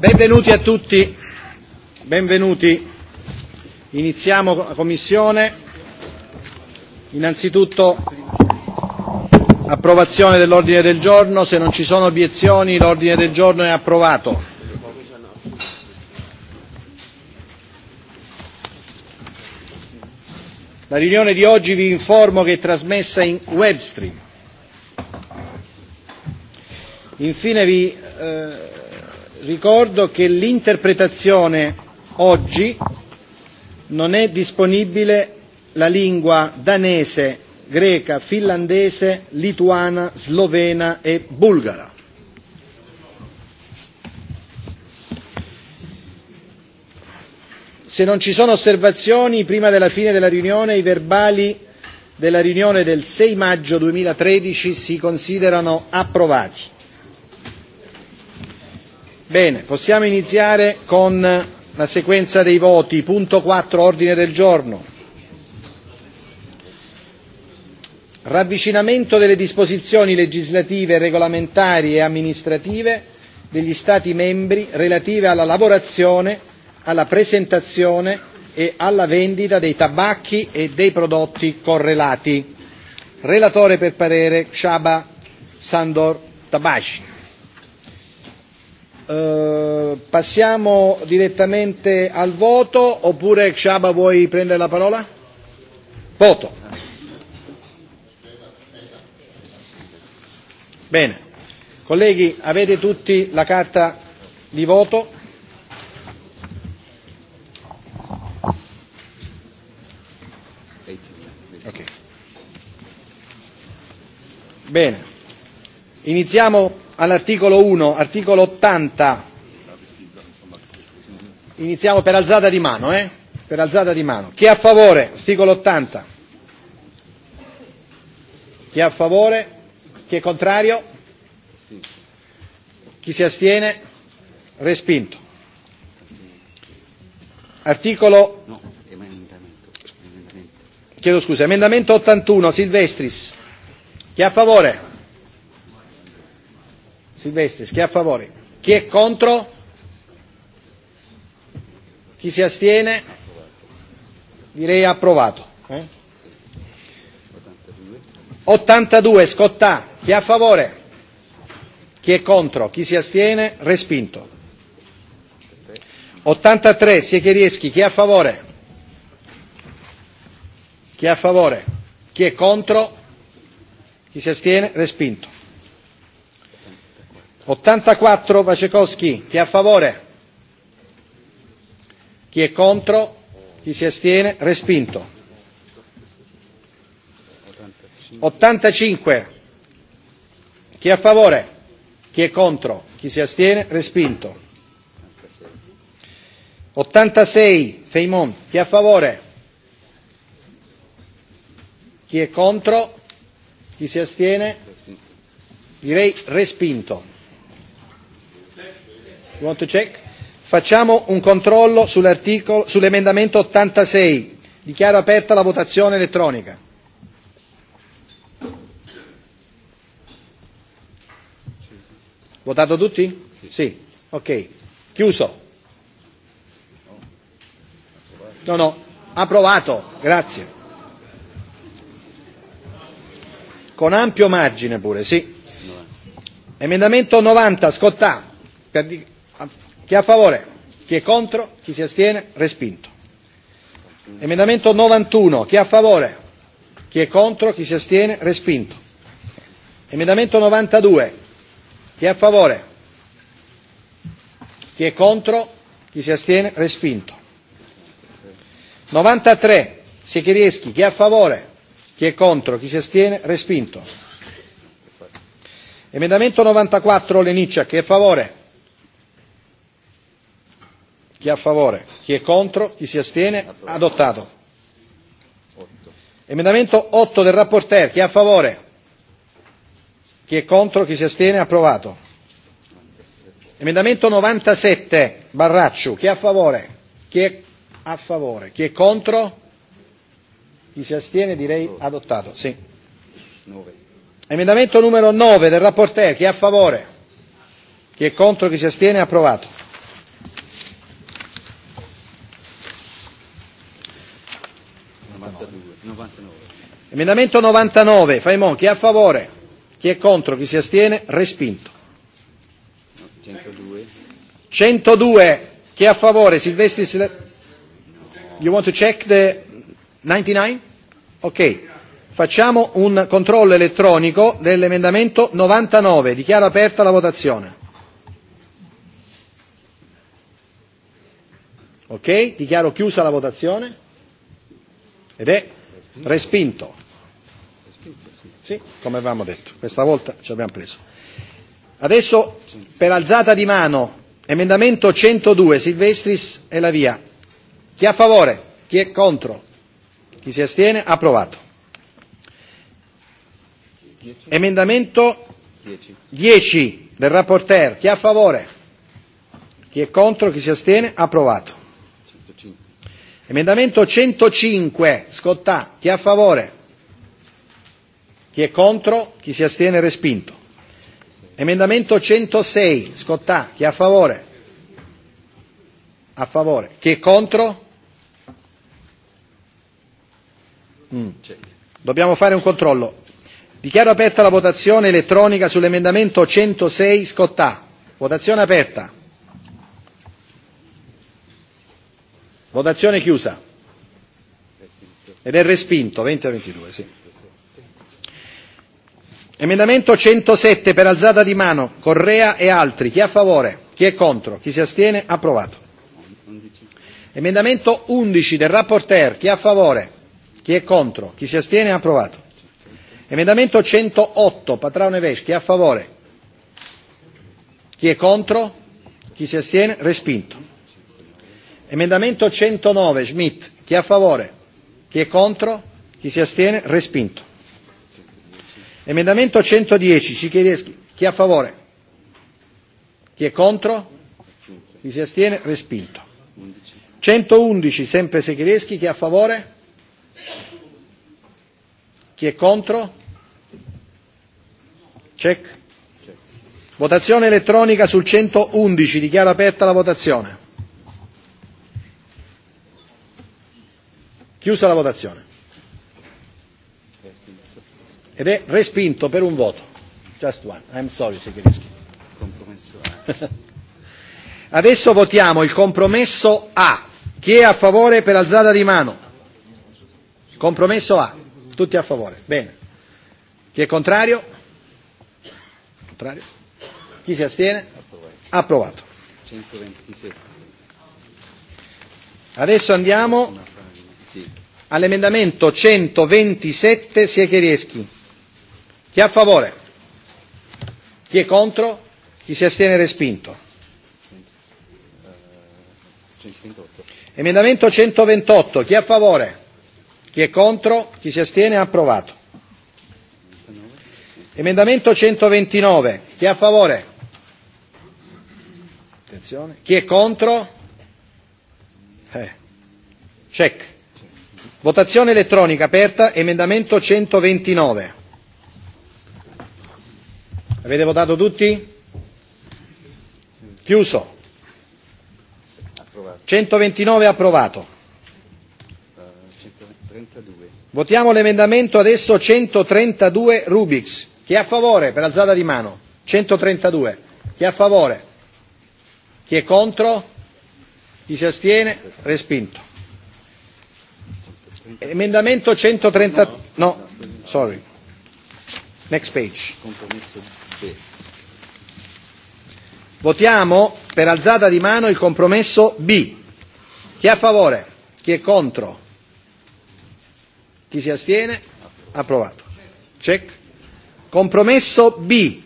Benvenuti a tutti, benvenuti. Iniziamo la Commissione. Innanzitutto approvazione dell'ordine del giorno, se non ci sono obiezioni l'ordine del giorno è approvato. La riunione di oggi vi informo che è trasmessa in webstream. Infine vi eh, ricordo che l'interpretazione oggi non è disponibile la lingua danese, greca, finlandese, lituana, slovena e bulgara. Se non ci sono osservazioni, prima della fine della riunione i verbali della riunione del 6 maggio 2013 si considerano approvati. Bene, possiamo iniziare con la sequenza dei voti. Punto 4, ordine del giorno. Ravvicinamento delle disposizioni legislative, regolamentari e amministrative degli Stati membri relative alla lavorazione, alla presentazione e alla vendita dei tabacchi e dei prodotti correlati. Relatore per parere Csaba Sandor Tabaci. Eh, passiamo direttamente al voto oppure Xaba vuoi prendere la parola? Voto. Bene. Colleghi, avete tutti la carta di voto? Okay. Bene. Iniziamo all'articolo 1, articolo 80. Iniziamo per alzata di mano, eh? Per alzata di mano. Chi è a favore? Articolo 80. Chi è a favore? Chi è contrario? Chi si astiene? Respinto. Articolo. No, emendamento, emendamento. Chiedo scusa, emendamento 81, Silvestris. Chi è a favore? Silvestris. Chi è a favore? Chi è contro? Chi si astiene? Direi approvato. Eh? 82 Scottà. Chi è a favore? Chi è contro? Chi si astiene? Respinto. 83 Siecherieschi. Chi è a favore? Chi è a favore? Chi è contro? Chi si astiene? Respinto. 84 Vacekowski, chi è a favore? Chi è contro? Chi si astiene? Respinto. 85. Chi è a favore? Chi è contro? Chi si astiene? Respinto. 86. Feimon. Chi è a favore? Chi è contro? Chi si astiene? Direi respinto. You want to check? Facciamo un controllo sull'articolo, sull'emendamento 86. Dichiaro aperta la votazione elettronica. Votato tutti? Sì. sì. Ok. Chiuso. No, no. Approvato. Grazie. Con ampio margine pure, sì. Emendamento 90, Scottà. Per Chi è a favore? Chi è contro? Chi si astiene? Respinto. Emendamento 91. Chi è a favore? Chi è contro? Chi si astiene? Respinto. Emendamento 92. Chi è a favore? Chi è contro? Chi si astiene? Respinto. 93. Secherieschi. Chi è a favore? Chi è contro? Chi si astiene? Respinto. Emendamento 94. Leniccia. Chi è a favore? Chi è a favore? Chi è contro? Chi si astiene? Adottato. Emendamento 8 del rapporteur. Chi è a favore? Chi è contro? Chi si astiene? Approvato. Emendamento 97 Barracciu. Chi è a favore? Chi è a favore? Chi è contro? Chi si astiene direi adottato. Sì. 9. Emendamento numero 9 del rapporteur. Chi è a favore? Chi è contro? Chi si astiene? Approvato. 99. Emendamento 99, Faimon, chi è a favore? Chi è contro? Chi si astiene? Respinto. 102. 102, chi è a favore? Silvestri no. You want to check the 99? Ok. Facciamo un controllo elettronico dell'emendamento 99. Dichiaro aperta la votazione. Ok, dichiaro chiusa la votazione ed è Respinto. Sì, come avevamo detto, questa volta ci abbiamo preso. Adesso per alzata di mano, emendamento 102, Silvestris e la via. Chi è a favore? Chi è contro? Chi si astiene? Approvato. Emendamento 10 del rapporteur. Chi è a favore? Chi è contro? Chi si astiene? Approvato. Emendamento 105, Scottà, chi è a favore? Chi è contro? Chi si astiene? Respinto. Emendamento 106, Scottà, chi è a favore? A favore. Chi è contro? Mm. Dobbiamo fare un controllo. Dichiaro aperta la votazione elettronica sull'emendamento 106, Scottà. Votazione aperta. Votazione chiusa. Ed è respinto, 20 a 22, sì. Emendamento 107 per alzata di mano, Correa e altri. Chi è a favore? Chi è contro? Chi si astiene? Approvato. Emendamento 11 del rapporteur. Chi è a favore? Chi è contro? Chi si astiene? Approvato. Emendamento 108, Patrao Neves. Chi è a favore? Chi è contro? Chi si astiene? Respinto. Emendamento 109, Schmidt. Chi è a favore? Chi è contro? Chi si astiene? Respinto. Emendamento 110, Cicchieschi. Chi è a favore? Chi è contro? Chi si astiene? Respinto. 111, sempre Cicchieschi. chi è a favore? Chi è contro? Check. Votazione elettronica sul 111, dichiaro aperta la votazione. Chiusa la votazione. Ed è respinto per un voto. Just one. I'm sorry, Seghereschi. Adesso votiamo il compromesso A. Chi è a favore per alzata di mano? Compromesso A. Tutti a favore. Bene. Chi è contrario? Contrario. Chi si astiene? Approvato. 127. Adesso andiamo all'emendamento 127 Siecherieschi. Chi è a favore? Chi è contro? Chi si astiene respinto? Emendamento 128. Chi è a favore? Chi è contro? Chi si astiene? Approvato. Emendamento 129. Chi è a favore? Attenzione. Chi è contro? Eh. Check. Votazione elettronica aperta, emendamento 129. Avete votato tutti? Chiuso. 129 approvato. 132. Eh, Votiamo l'emendamento adesso 132 Rubix. Chi è a favore per alzata di mano? 132. Chi è a favore? Chi è contro? Chi si astiene? Respinto. Emendamento 130... No, sorry. Next page. Votiamo per alzata di mano il compromesso B. Chi è a favore? Chi è contro? Chi si astiene? Approvato. Check. Compromesso B.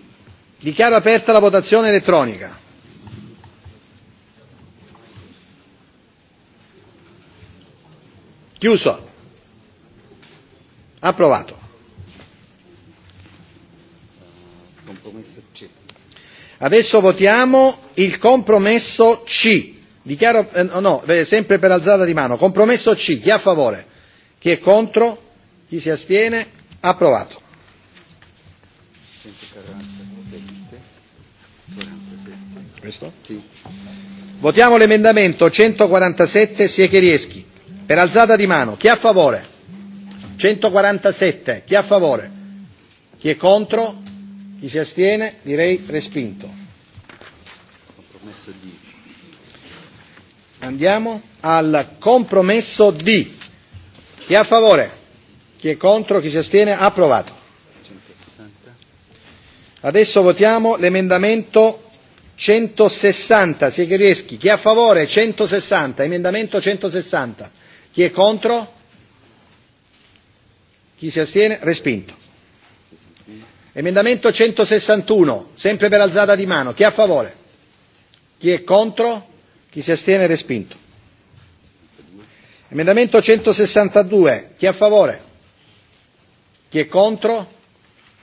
Dichiaro aperta la votazione elettronica. Chiuso. Approvato. Adesso votiamo il compromesso C. Dichiaro, eh, no, eh, sempre per alzata di mano. Compromesso C. Chi è a favore? Chi è contro? Chi si astiene? Approvato. 147. 47. Questo? Sì. Votiamo l'emendamento 147 Siecherieschi. Per alzata di mano. Chi è a favore? 147. Chi è a favore? Chi è contro? Chi si astiene? Direi respinto. Andiamo al compromesso D. Chi è a favore? Chi è contro? Chi si astiene? Approvato. Adesso votiamo l'emendamento 160. Siecherieschi. Chi è a favore? 160. Emendamento 160. Chi è contro? Chi si astiene? Respinto. Emendamento 161, sempre per alzata di mano. Chi è a favore? Chi è contro? Chi si astiene? Respinto. Emendamento 162, chi è a favore? Chi è contro?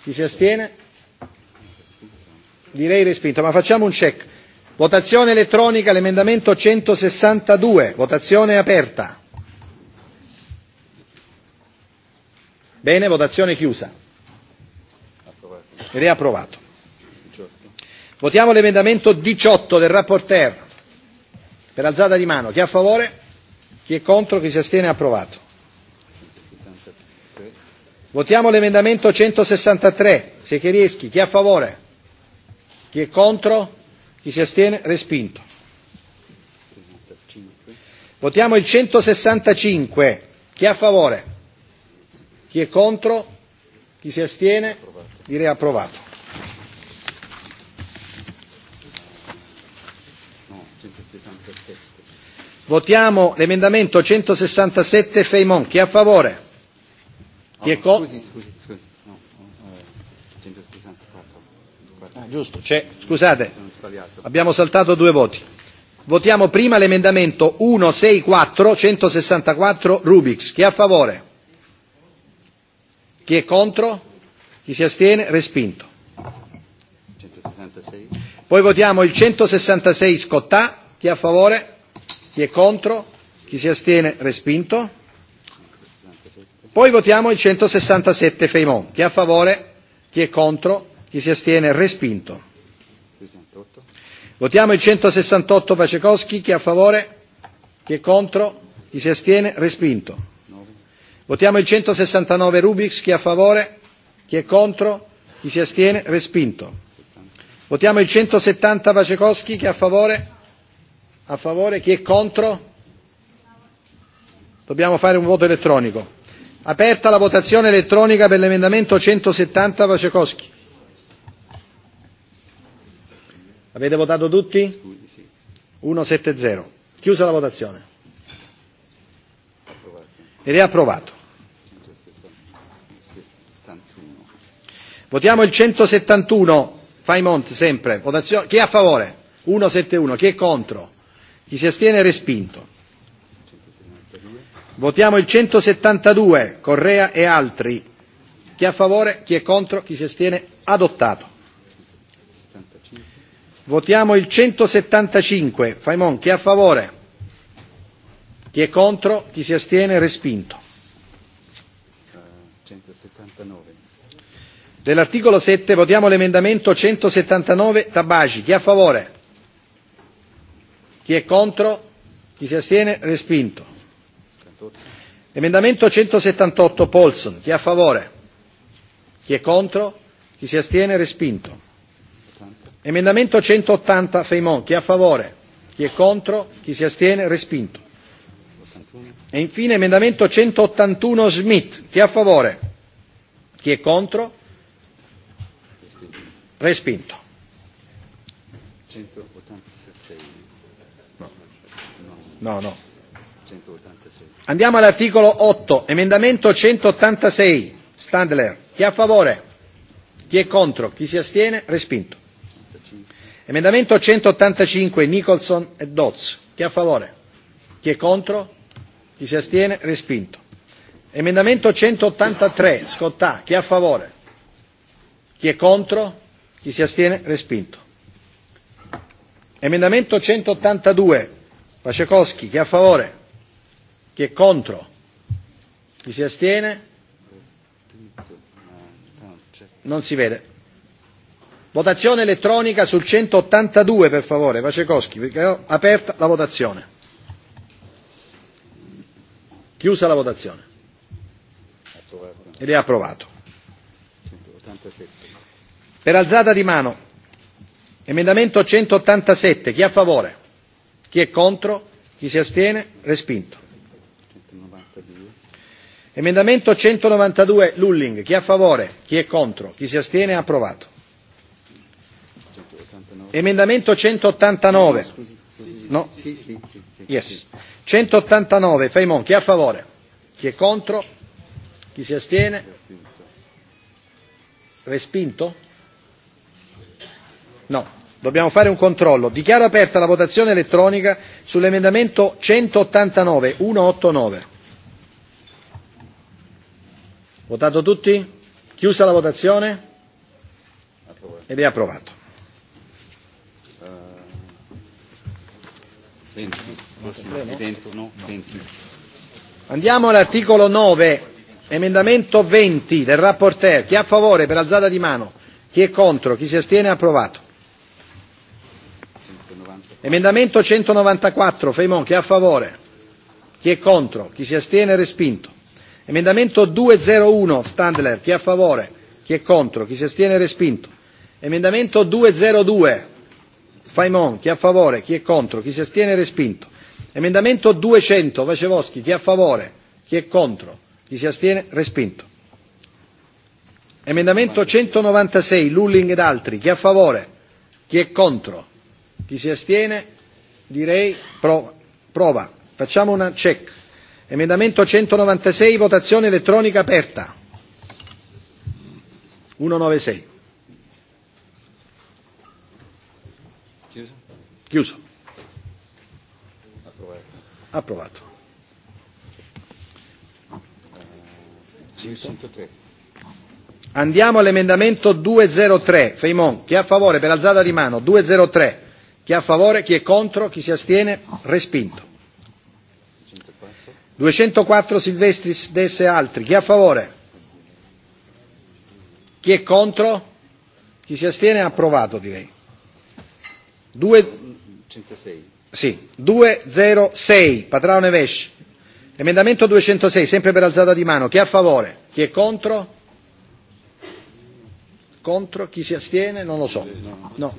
Chi si astiene? Direi respinto, ma facciamo un check. Votazione elettronica, l'emendamento 162, votazione aperta. Bene, votazione chiusa. Ed è approvato. Votiamo l'emendamento 18 del rapporteur. Per alzata di mano. Chi è a favore? Chi è contro? Chi si astiene? Approvato. Votiamo l'emendamento 163. Secherieschi. Chi è a favore? Chi è contro? Chi si astiene? Respinto. Votiamo il 165. Chi è a favore? Chi è contro? Chi si astiene? Direi approvato. Votiamo l'emendamento 167 Feimon. Chi è a favore? Chi è contro? Scusi, scusi, scusi. No, eh, 164. Ah, giusto, c'è. Scusate, abbiamo saltato due voti. Votiamo prima l'emendamento 164 164 Rubix. Chi è a favore? Chi è contro? Chi si astiene? Respinto. 166. Poi votiamo il 166 Scottà. Chi è a favore? Chi è contro? Chi si astiene? Respinto. Poi votiamo il 167 Feimon. Chi è a favore? Chi è contro? Chi si astiene? Respinto. 68. Votiamo il 168 Pacekowski. Chi è a favore? Chi è contro? Chi si astiene? Respinto. Votiamo il 169 Rubix, chi è a favore, chi è contro, chi si astiene, respinto. Votiamo il 170 Vacekowski, chi è a favore, a favore, chi è contro. Dobbiamo fare un voto elettronico. Aperta la votazione elettronica per l'emendamento 170 Vacekowski. Avete votato tutti? 170. Chiusa la votazione. Riapprovato. Votiamo il 171, Faimont sempre, votazione, chi è a favore? 171, chi è contro? Chi si astiene è respinto. Votiamo il 172, Correa e altri. Chi è a favore, chi è contro, chi si astiene adottato. Votiamo il 175, Faimont. chi è a favore? Chi è contro? Chi si astiene? Respinto. Dell'articolo 7 votiamo l'emendamento 179 Tabagi. Chi è a favore? Chi è contro? Chi si astiene? Respinto. Emendamento 178 Polson. Chi è a favore? Chi è contro? Chi si astiene? Respinto. Emendamento 180 Feimon. Chi è a favore? Chi è contro? Chi si astiene? Respinto. E infine emendamento 181 Smith. Chi è a favore? Chi è contro? Respinto. 186. No, no. no. 186. Andiamo all'articolo 8, emendamento 186, Standler. Chi è a favore? Chi è contro? Chi si astiene? Respinto. 85. Emendamento 185, Nicholson e Dodds. Chi è a favore? Chi è contro? Chi si astiene? Respinto. Emendamento 183, Scottà. Chi è a favore? Chi è contro? Chi si astiene? Respinto. Emendamento 182, Pacekowski. Chi è a favore? Chi è contro? Chi si astiene? Non si vede. Votazione elettronica sul 182, per favore. Pacekowski. Aperta la votazione. Chiusa la votazione. Ed è approvato. Per alzata di mano, emendamento 187, chi è a favore? Chi è contro? Chi si astiene? Respinto. Emendamento 192 Lulling, chi è a favore? Chi è contro? Chi si astiene? Approvato. Emendamento 189. No? Yes. 189, Faimon, chi è a favore? Chi è contro? Chi si astiene? Respinto? No. Dobbiamo fare un controllo. Dichiaro aperta la votazione elettronica sull'emendamento 189, 189. Votato tutti? Chiusa la votazione? Ed è approvato. Andiamo all'articolo 9, emendamento 20 del rapporteur. Chi è a favore per alzata di mano? Chi è contro? Chi si astiene? Approvato. Emendamento 194, Feimon, chi è a favore? Chi è contro? Chi si astiene? Respinto. Emendamento 201, Standler, chi è a favore? Chi è contro? Chi si astiene? Respinto. Emendamento 202, Faimon, chi è a favore, chi è contro, chi si astiene respinto. Emendamento 200, Vacevoschi, chi è a favore, chi è contro, chi si astiene respinto. Emendamento 196, Lulling ed altri, chi è a favore, chi è contro, chi si astiene direi prova. prova. Facciamo una check. Emendamento 196, votazione elettronica aperta. 196. Chiuso. Approvato. Approvato. 53. Eh, Andiamo all'emendamento 203. Feimon, chi è a favore per alzata di mano? 203. Chi è a favore, chi è contro, chi si astiene? Respinto. 204 Silvestris, Desse altri. Chi è a favore? Chi è contro? Chi si astiene? Approvato direi. Due, 206. Sì, 206, Patrao Nevesh. Emendamento 206, sempre per alzata di mano. Chi è a favore? Chi è contro? Contro? Chi si astiene? Non lo so. No.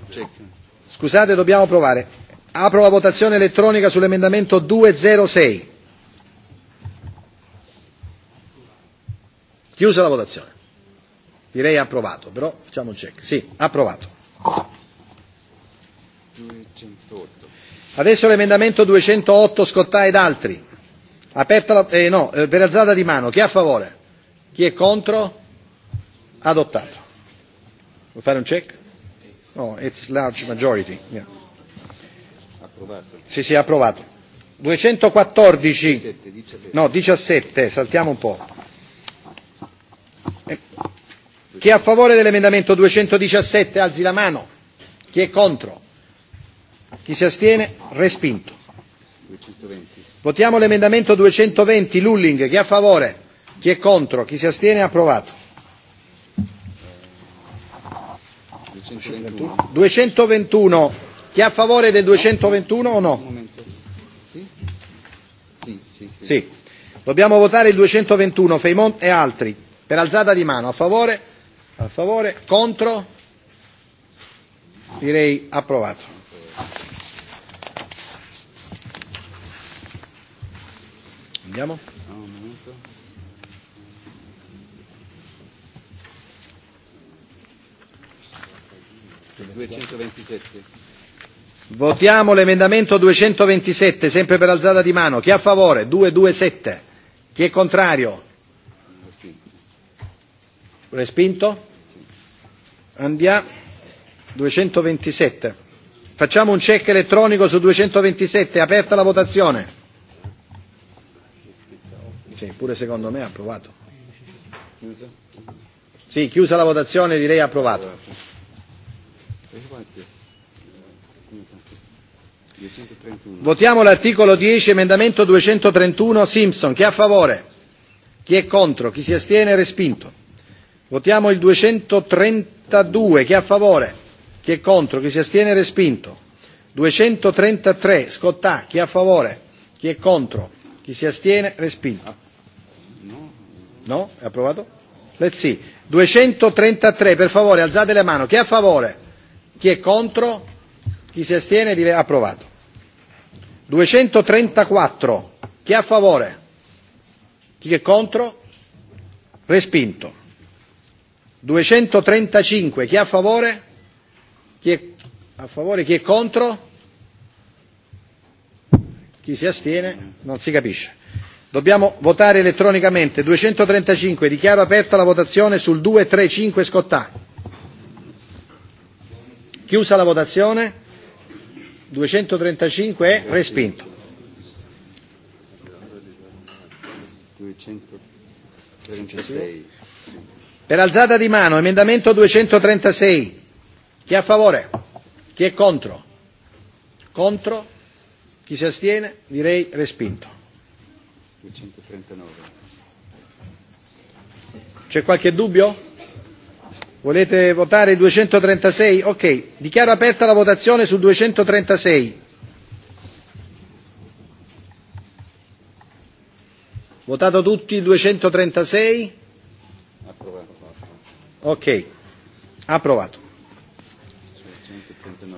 Scusate, dobbiamo provare. Apro la votazione elettronica sull'emendamento 206. Chiusa la votazione. Direi approvato, però facciamo un check. Sì, approvato. Adesso l'emendamento 208 Scottà ed altri. Aperta la, eh, no, eh, per alzata di mano. Chi è a favore? Chi è contro? Adottato. Vuoi fare un check? No, it's large majority. Yeah. Approvato. Sì, sì, approvato. 214. 17, 17. No, 17, saltiamo un po'. Eh, chi è a favore dell'emendamento 217 alzi la mano. Chi è contro? Chi si astiene? Respinto. Votiamo l'emendamento 220 Lulling. Chi è a favore? Chi è contro? Chi si astiene? Approvato. 221. Chi è a favore del 221 o no? Sì? Sì, sì, Dobbiamo votare il 221, Feimont e altri. Per alzata di mano. A favore? A favore? Contro? Direi approvato. Andiamo? Votiamo l'emendamento 227, sempre per alzata di mano. Chi è a favore? 227. Chi è contrario? Respinto? Andiamo. 227. Facciamo un check elettronico su 227. aperta la votazione. Sì, pure secondo me approvato. Chiusa? Sì, chiusa la votazione direi approvato. Votiamo l'articolo 10, emendamento 231 Simpson. Chi è a favore? Chi è contro? Chi si astiene? Respinto. Votiamo il 232. Chi è a favore? Chi è contro? Chi si astiene? Respinto. 233. Scottà. Chi è a favore? Chi è contro? Chi si astiene? Respinto. No? È approvato? Let's see. 233, per favore, alzate la mano. Chi è a favore? Chi è contro? Chi si astiene? Dire approvato. 234, chi è a favore? Chi è contro? Respinto. 235, chi è a favore? Chi è a favore? Chi è contro? Chi si astiene? Non si capisce dobbiamo votare elettronicamente duecentotrentacinque dichiaro aperta la votazione sul duecentotrentacinque scottà chiusa la votazione duecentotrentacinque è respinto per alzata di mano emendamento duecentotrentasei chi è a favore chi è contro contro chi si astiene direi respinto 239. C'è qualche dubbio? Volete votare il 236? Ok, dichiaro aperta la votazione sul 236. Votato tutti il 236? Ok, approvato.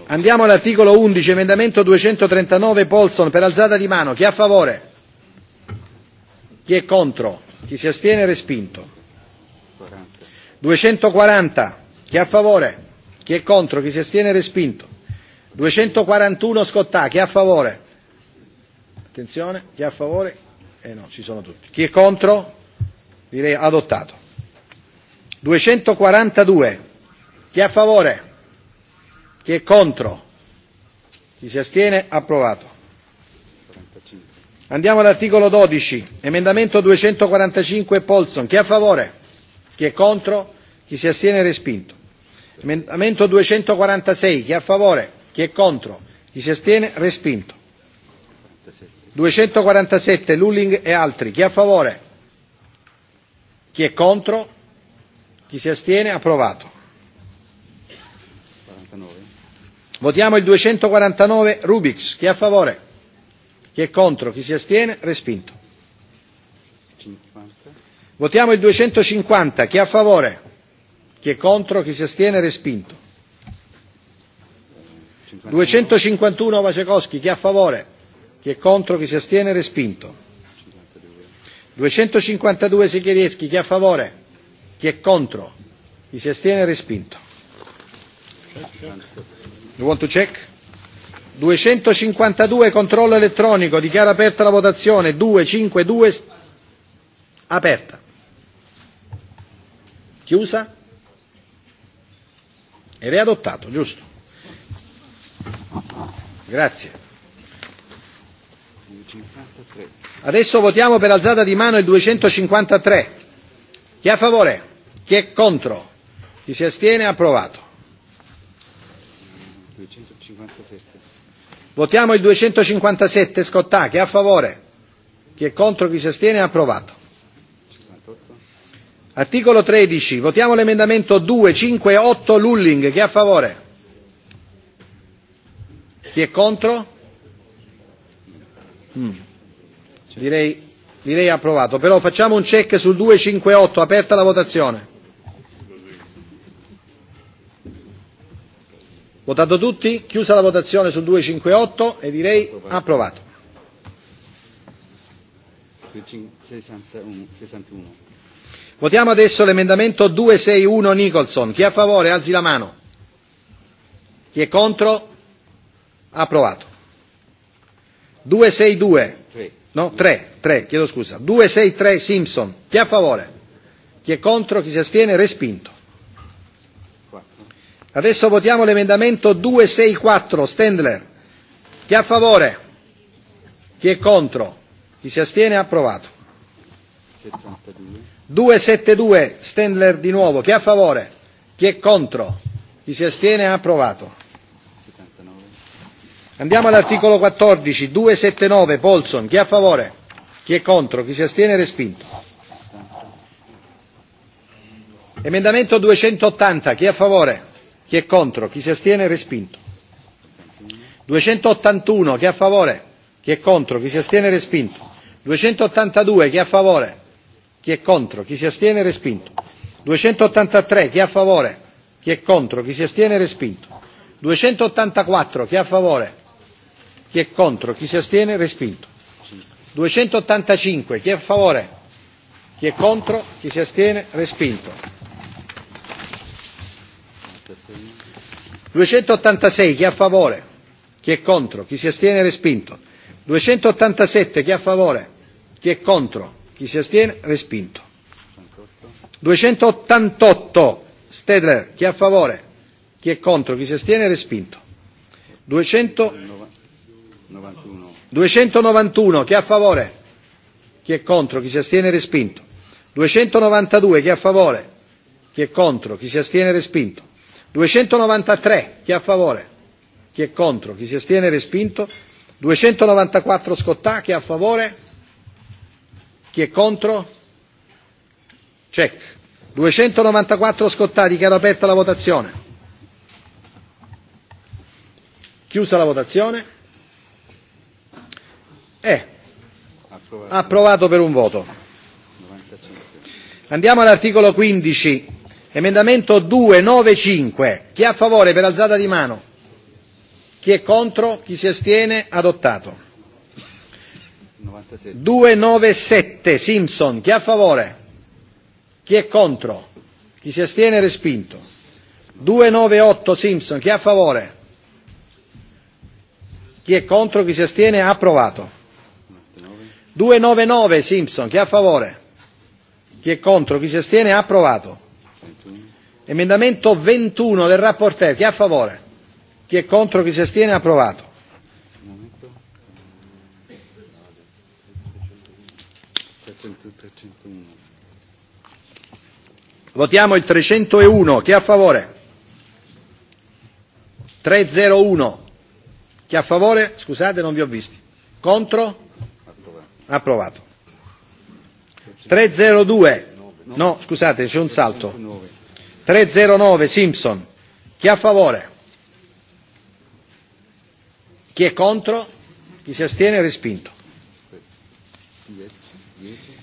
Andiamo all'articolo 11, emendamento 239 Polson per alzata di mano. Chi è a favore? Chi è contro? Chi si astiene? Respinto. 240. Chi è a favore? Chi è contro? Chi si astiene? Respinto. 241 Scottà. Chi è a favore? Attenzione. Chi è a favore? Eh no, ci sono tutti. Chi è contro? Direi adottato. 242. Chi è a favore? Chi è contro? Chi si astiene? Approvato. Andiamo all'articolo 12, emendamento 245 Polson. Chi è a favore? Chi è contro? Chi si astiene respinto. Emendamento 246, chi è a favore? Chi è contro? Chi si astiene respinto. 247 Lulling e altri, chi è a favore? Chi è contro? Chi si astiene? Approvato. 49. Votiamo il 249 Rubix, chi è a favore? Chi è contro? Chi si astiene? Respinto. 50. Votiamo il 250. Chi è a favore? Chi è contro? Chi si astiene? Respinto. 51. 251 Vacekowski. Chi è a favore? Chi è contro? Chi si astiene? Respinto. 252 Sechierieschi. Chi è a favore? Chi è contro? Chi si astiene? Respinto. Check, check. You want to check? duecentocinquantadue controllo elettronico, dichiara aperta la votazione, 252 aperta. Chiusa? Ed è adottato, giusto? Grazie. Adesso votiamo per alzata di mano il 253. Chi è a favore? Chi è contro? Chi si astiene? Approvato. 257. Votiamo il 257 Scottà, chi è a favore? Chi è contro, chi si astiene, approvato. Articolo 13, votiamo l'emendamento 258 Lulling, chi è a favore? Chi è contro? Mm. Direi, direi approvato, però facciamo un check sul 258, aperta la votazione. Votato tutti? Chiusa la votazione sul 258 e direi approvato. Votiamo adesso l'emendamento 261 Nicholson. Chi è a favore alzi la mano. Chi è contro? Approvato. 262. No, 3, 3, chiedo scusa. 263 Simpson. Chi è a favore? Chi è contro? Chi si astiene? Respinto. Adesso votiamo l'emendamento 264, Stendler. Chi è a favore? Chi è contro? Chi si astiene? Approvato. 72. 272, Stendler di nuovo. Chi è a favore? Chi è contro? Chi si astiene? Approvato. 79. Andiamo all'articolo 14, 279, Polson. Chi è a favore? Chi è contro? Chi si astiene? Respinto. Emendamento 280, chi è a favore? Chi è contro? Chi si astiene? Respinto. 281. Chi è a favore? Chi è contro? Chi si astiene? Respinto. 282. Chi è a favore? Chi è contro? Chi si astiene? Respinto. 283. Chi è a favore? Chi è contro? Chi si astiene? Respinto. 284. Chi è a favore? Chi è contro? Chi si astiene? Respinto. 285. Chi è a favore? Chi è contro? Chi si astiene? Respinto. 286 chi è a favore? Chi è contro? Chi si astiene? Respinto. 287 chi è a favore? Chi è contro? Chi si astiene? Respinto. 288 Stedler chi è a favore? Chi è contro? Chi si astiene? Respinto. 200... 291 chi è a favore? Chi è contro? Chi si astiene? Respinto. 292 chi è a favore? Chi è contro? Chi si astiene? Respinto. 293 chi è a favore? Chi è contro? Chi si astiene? Respinto. 294 Scottà chi è a favore? Chi è contro? Check. 294 Scottà dichiaro aperta la votazione. Chiusa la votazione. È approvato per un voto. Andiamo all'articolo 15 Emendamento 295. Chi è a favore per alzata di mano? Chi è contro? Chi si astiene? Adottato. 97. 297. Simpson. Chi è a favore? Chi è contro? Chi si astiene? Respinto. 298. Simpson. Chi è a favore? Chi è contro? Chi si astiene? Approvato. 299. Simpson. Chi è a favore? Chi è contro? Chi si astiene? Approvato. Emendamento 21 del rapporteur, chi è a favore? Chi è contro? Chi si astiene? Approvato. Votiamo il 301, chi è a favore? 301, chi è a favore? Scusate, non vi ho visti. Contro? Approvato. Approvato. 302, No, scusate, c'è un salto. 309 Simpson. Chi è a favore? Chi è contro? Chi si astiene? Respinto.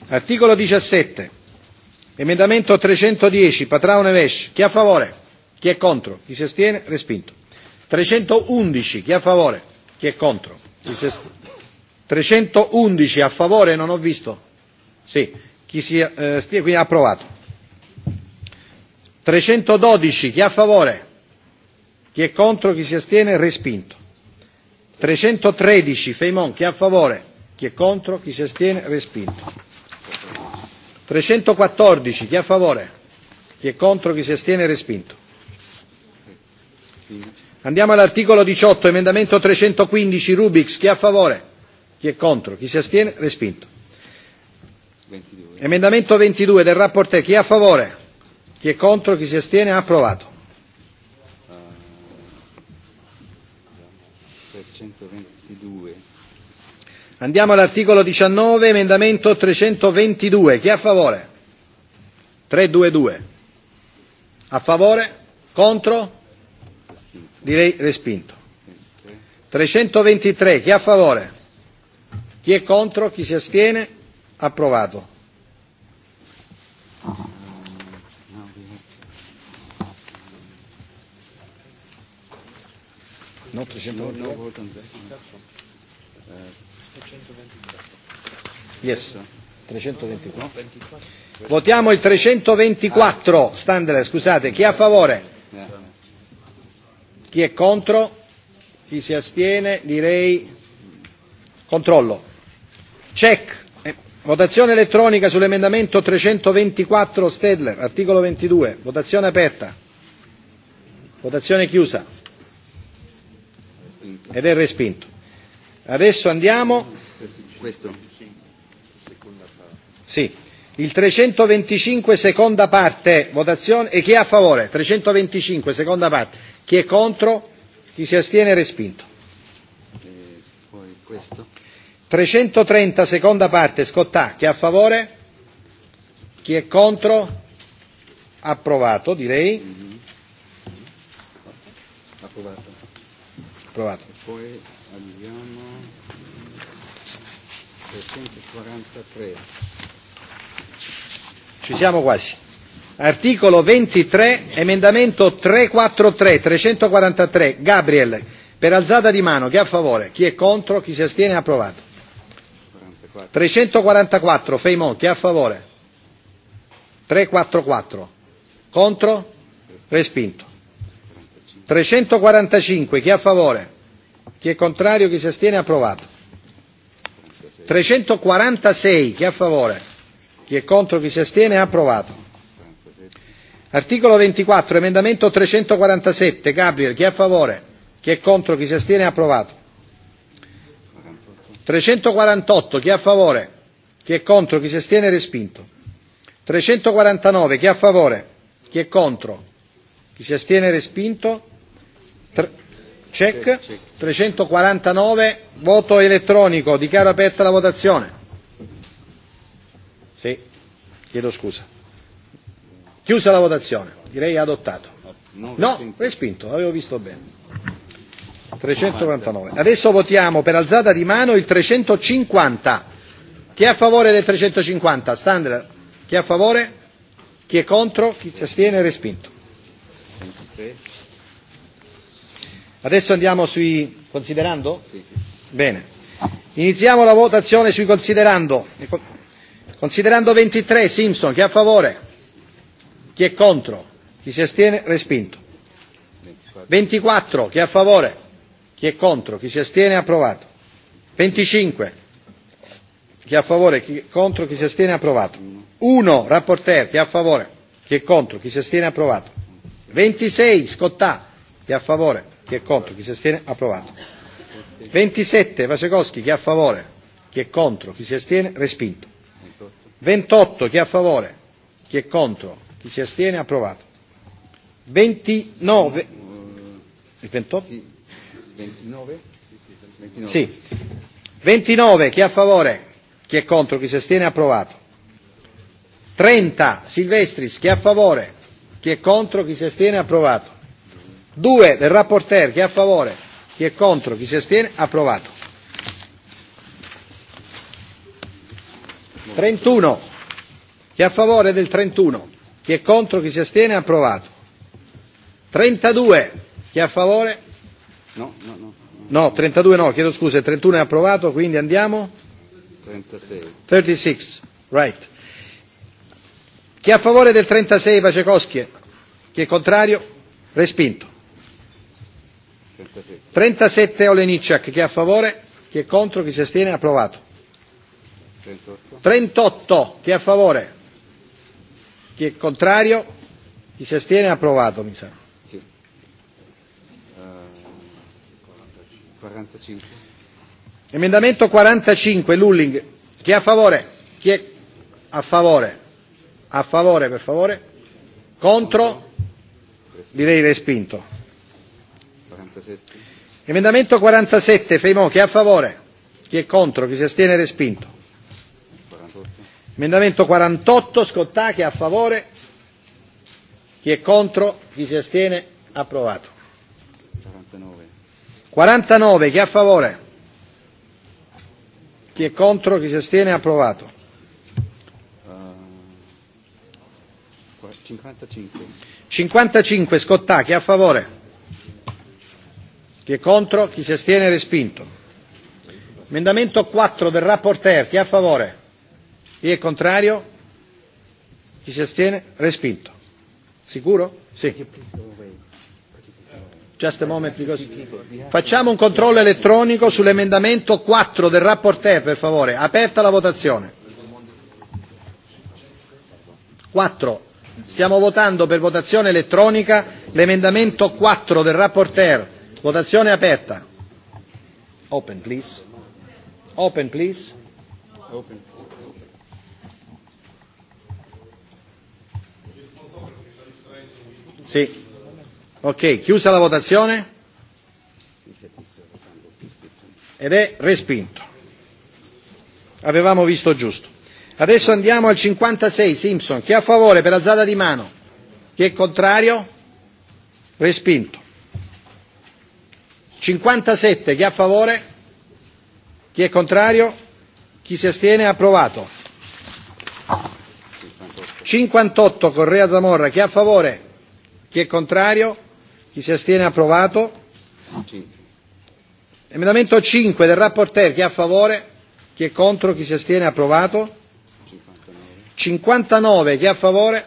Articolo 17. Emendamento 310, Patrao Neves. Chi è a favore? Chi è contro? Chi si astiene? Respinto. 311, chi è a favore? Chi è contro? Chi si astiene? 311 a favore, non ho visto. Sì. Chi sia, eh, stia quindi approvato. 312. Chi è a favore? Chi è contro? Chi si astiene? Respinto. 313. Feimon. Chi è a favore? Chi è contro? Chi si astiene? Respinto. 314. Chi è a favore? Chi è contro? Chi si astiene? Respinto. Andiamo all'articolo 18, emendamento 315 Rubix, chi è a favore? Chi è contro? Chi si astiene? Respinto. 22. Emendamento 22 del rapporto. Chi è a favore? Chi è contro? Chi si astiene? Approvato. Uh, eh, 322. Andiamo all'articolo 19, emendamento 322. Chi è a favore? 322. A favore? Contro? Direi respinto. 323. Chi è a favore? Chi è contro? Chi si astiene? approvato. 324. Eh. Yes. 324. Da. Votiamo il 324, Standler, scusate, chi è a favore? Eh. Chi è contro? Chi si astiene? Direi controllo. Check votazione elettronica sull'emendamento trecentoventiquattro stedler articolo ventidue votazione aperta votazione chiusa ed è respinto adesso andiamo sì il trecentoventicinque seconda parte votazione e chi è a favore trecentoventicinque seconda parte chi è contro chi si astiene è respinto questo 330 seconda parte Scottà, chi è a favore? Chi è contro? Approvato direi. Mhm. Approvato. Approvato. Poi andiamo 343. Ci siamo quasi. Articolo 23, emendamento 343, 343. Gabriel, per alzata di mano, chi è a favore? Chi è contro? Chi si astiene? Approvato. 344 Feimò, chi è a favore? 344 contro? Respinto. 345 chi è a favore? Chi è contrario? Chi si astiene? Approvato. 346 chi è a favore? Chi è contro? Chi si astiene? Approvato. Articolo 24, emendamento 347, Gabriel, chi è a favore? Chi è contro? Chi si astiene? Approvato. 348 chi è a favore? Chi è contro? Chi si astiene? Respinto. 349 chi è a favore? Chi è contro? Chi si astiene? Respinto. Tre... Check. 349 voto elettronico. Dichiaro aperta la votazione. Sì, chiedo scusa. Chiusa la votazione. Direi adottato. No, respinto. Avevo visto bene. 399. Adesso votiamo per alzata di mano il 350. Chi è a favore del 350? Standard. Chi è a favore? Chi è contro? Chi si astiene? Respinto. Adesso andiamo sui considerando? Bene. Iniziamo la votazione sui considerando. Considerando 23, Simpson, chi è a favore? Chi è contro? Chi si astiene? Respinto. 24, chi è a favore? Chi è contro? Chi si astiene? Approvato. 25. Chi è a favore? Chi è contro? Chi si astiene? Approvato. 1. Rapporteur. Chi è a favore? Chi è contro? Chi si astiene? Approvato. 26. Scottà. Chi è a favore? Chi è contro? Chi si astiene? Approvato. 27. Vasecoschi. Chi è a favore? Chi è contro? Chi si astiene? Respinto. 28. Chi è a favore? Chi è contro? Chi si astiene? Approvato. 29. Il 28? 29? Sì. 29, chi è a favore? Chi è contro? Chi si astiene? Approvato. 30, Silvestris, chi è a favore? Chi è contro? Chi si astiene? Approvato. 2, del rapporteur, chi è a favore? Chi è contro? Chi si astiene? Approvato. 31, chi è a favore del 31? Chi è contro? Chi si astiene? Approvato. 32, chi è a favore? No, no, no. No, 32 no, chiedo scusa, 31 è approvato, quindi andiamo. 36. 36, right. Chi è a favore del 36 Pacekoschi? Chi è contrario? Respinto. 37, Olenicciak, chi è a favore? Chi è contro? Chi si astiene? Approvato. 38. 38, chi è a favore? Chi è contrario? Chi si astiene? Approvato, mi sa. 45. Emendamento 45, Lulling. Chi è a favore? Chi è a favore? A favore, per favore. Contro? Direi respinto. 47. Emendamento 47, Feimò. Chi è a favore? Chi è contro? Chi si astiene? Respinto. 48. Emendamento 48, Scottà. Chi è a favore? Chi è contro? Chi si astiene? Approvato. 49 chi è a favore? Chi è contro? Chi si astiene? Approvato. Uh, 55. 55 Scottà, chi è a favore? Chi è contro? Chi si astiene? Respinto. Emendamento 4 del rapporteur, chi è a favore? Chi è contrario? Chi si astiene? Respinto. Sicuro? Sì. Just a moment, because... Facciamo un controllo elettronico sull'emendamento 4 del rapporteur, per favore. Aperta la votazione. 4. Stiamo votando per votazione elettronica l'emendamento 4 del rapporteur. Votazione aperta. Open, please. Open, please. Open. Sì. Ok, chiusa la votazione ed è respinto. Avevamo visto giusto. Adesso andiamo al 56, Simpson. Chi è a favore per alzata di mano? Chi è contrario? Respinto. 57, chi è a favore? Chi è contrario? Chi si astiene? Approvato. 58, Correa Zamorra. Chi è a favore? Chi è contrario? Chi si astiene approvato. Emendamento 5 del rapporteur, chi è a favore? Chi è contro? Chi si astiene approvato? 59, chi è a favore?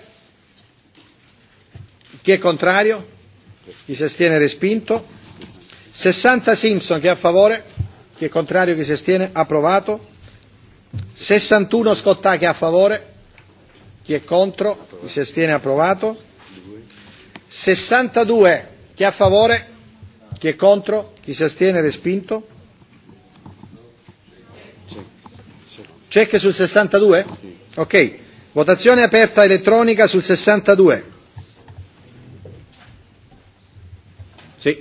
Chi è contrario? Chi si astiene respinto? 60 Simpson, chi è a favore? Chi è contrario? Chi si astiene approvato? 61 Scottà, chi è a favore? Chi è contro? Chi si astiene approvato? 62 Chi è a favore? Chi è contro? Chi si astiene? Respinto. Check sul 62? Ok. Votazione aperta elettronica sul 62. Sì.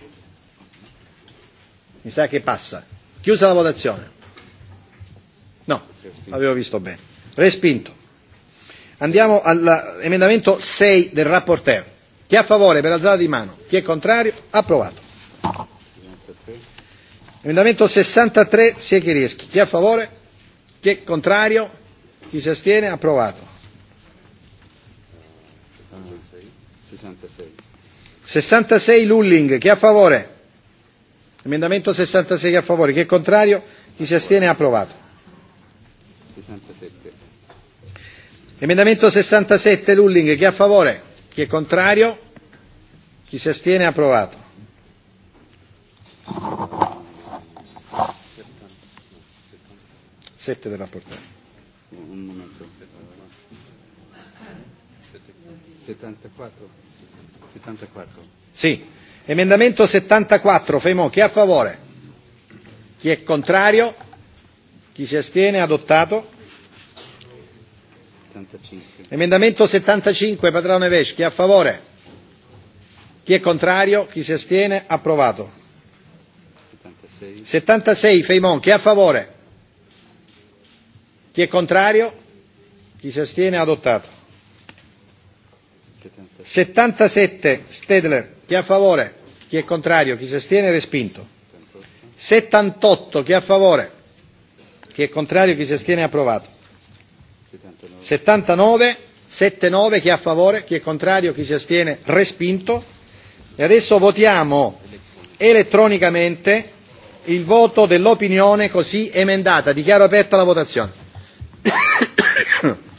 Mi sa che passa. Chiusa la votazione. No, avevo visto bene. Respinto. Andiamo all'emendamento 6 del rapporteur. Chi è a favore per alzata di mano? Chi è contrario? Approvato. Emendamento 63 Secherieschi. Chi è a favore? Chi è contrario? Chi si astiene? Approvato. 66. 66 Lulling. Chi è a favore? Emendamento 66 chi è a favore. Chi è contrario? Chi si astiene? Approvato. 67. Emendamento 67 Lulling. Chi è a favore? Chi è contrario? Chi si astiene? Approvato. Sette della portata. Un momento. 74. 74. Sì. Emendamento 74, Femo, chi è a favore? Chi è contrario? Chi si astiene? Adottato. 75. Emendamento 75, Padrone Vesci, chi è a favore? Chi è contrario? Chi si astiene? Approvato. 76, 76 Feimon. Chi è a favore? Chi è contrario? Chi si astiene? Adottato. 77, Stedler. Chi è a favore? Chi è contrario? Chi si astiene? Respinto. 78. chi è a favore? Chi è contrario? Chi si astiene? Approvato. 79. 79 79 chi è a favore? Chi è contrario? Chi si astiene? Respinto. E adesso votiamo elettronicamente il voto dell'opinione così emendata. Dichiaro aperta la votazione.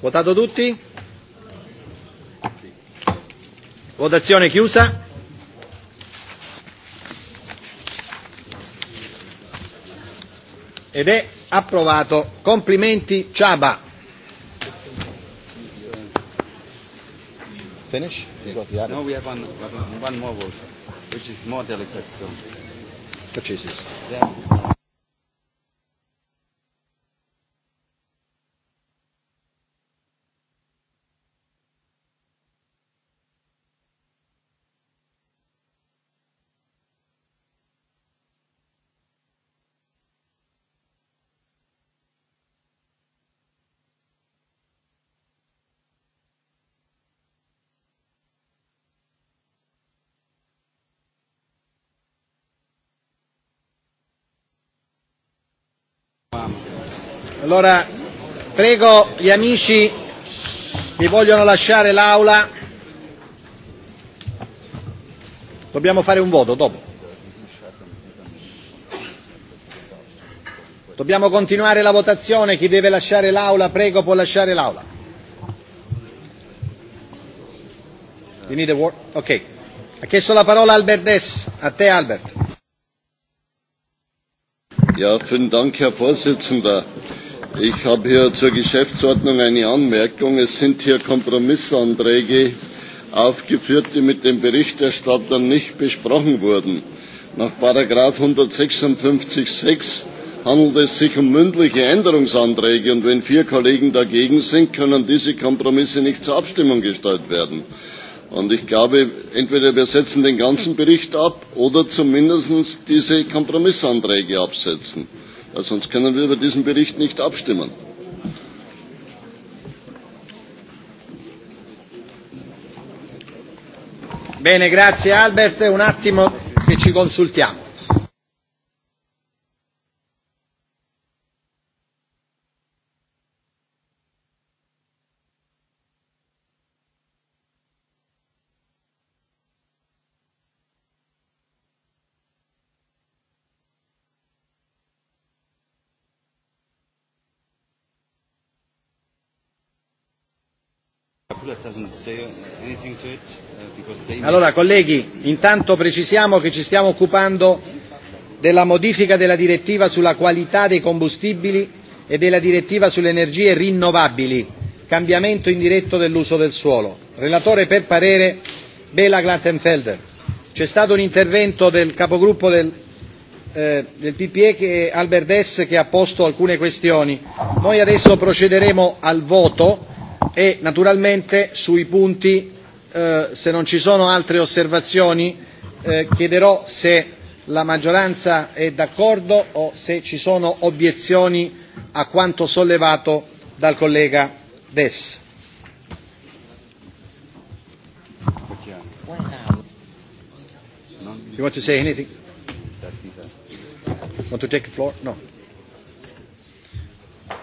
Votato tutti? Votazione chiusa. Ed è approvato. Complimenti Ciaba. Finish situația. No, we have one, one more vote, which is more delicate still. So. Yeah. Allora, prego gli amici che vogliono lasciare l'aula. Dobbiamo fare un voto dopo. Dobbiamo continuare la votazione. Chi deve lasciare l'aula, prego, può lasciare l'aula. You need a word? Ok. Ha chiesto la parola Albert Dess. A te, Albert. Ja, vielen Dank, Herr Vorsitzender Ich habe hier zur Geschäftsordnung eine Anmerkung. Es sind hier Kompromissanträge aufgeführt, die mit dem Berichterstatter nicht besprochen wurden. Nach Paragraf 156.6 handelt es sich um mündliche Änderungsanträge und wenn vier Kollegen dagegen sind, können diese Kompromisse nicht zur Abstimmung gestellt werden. Und ich glaube, entweder wir setzen den ganzen Bericht ab oder zumindest diese Kompromissanträge absetzen weil sonst können wir über diesen bericht nicht abstimmen. Bene, grazie Albert, un attimo che ci consultiamo. Uh, allora, colleghi, intanto precisiamo che ci stiamo occupando della modifica della direttiva sulla qualità dei combustibili e della direttiva sulle energie rinnovabili, cambiamento indiretto dell'uso del suolo. Relatore per parere Bela Glattenfelder. C'è stato un intervento del capogruppo del eh, del PPE che Albert Dess che ha posto alcune questioni. Noi adesso procederemo al voto e naturalmente sui punti, eh, se non ci sono altre osservazioni, eh, chiederò se la maggioranza è d'accordo o se ci sono obiezioni a quanto sollevato dal collega Dess. You want to say anything? Want to take the floor? No.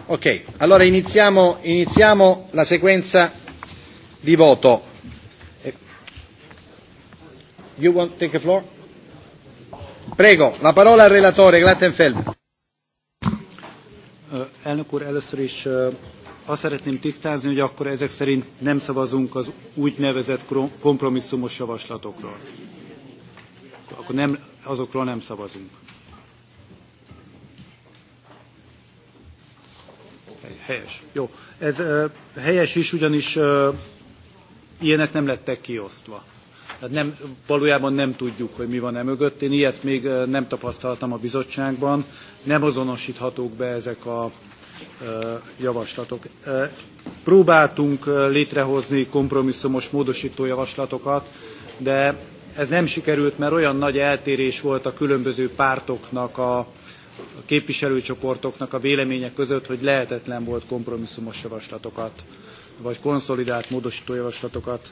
Ok, allora iniziamo, iniziamo la sequenza di voto. Eh, you want to take the floor? Prego, la parola al relatore Glattenfeld. Elnök úr, először is azt szeretném tisztázni, hogy akkor ezek szerint nem szavazunk az úgynevezett kompromisszumos javaslatokról. Akkor nem, azokról nem szavazunk. helyes. Jó, ez uh, helyes is, ugyanis uh, ilyenek nem lettek kiosztva. Tehát nem, valójában nem tudjuk, hogy mi van e mögött. Én ilyet még uh, nem tapasztaltam a bizottságban. Nem azonosíthatók be ezek a uh, javaslatok. Uh, Próbáltunk uh, létrehozni kompromisszumos módosító javaslatokat, de ez nem sikerült, mert olyan nagy eltérés volt a különböző pártoknak a a képviselőcsoportoknak a véleménye között, hogy lehetetlen volt kompromisszumos javaslatokat, vagy konszolidált módosító javaslatokat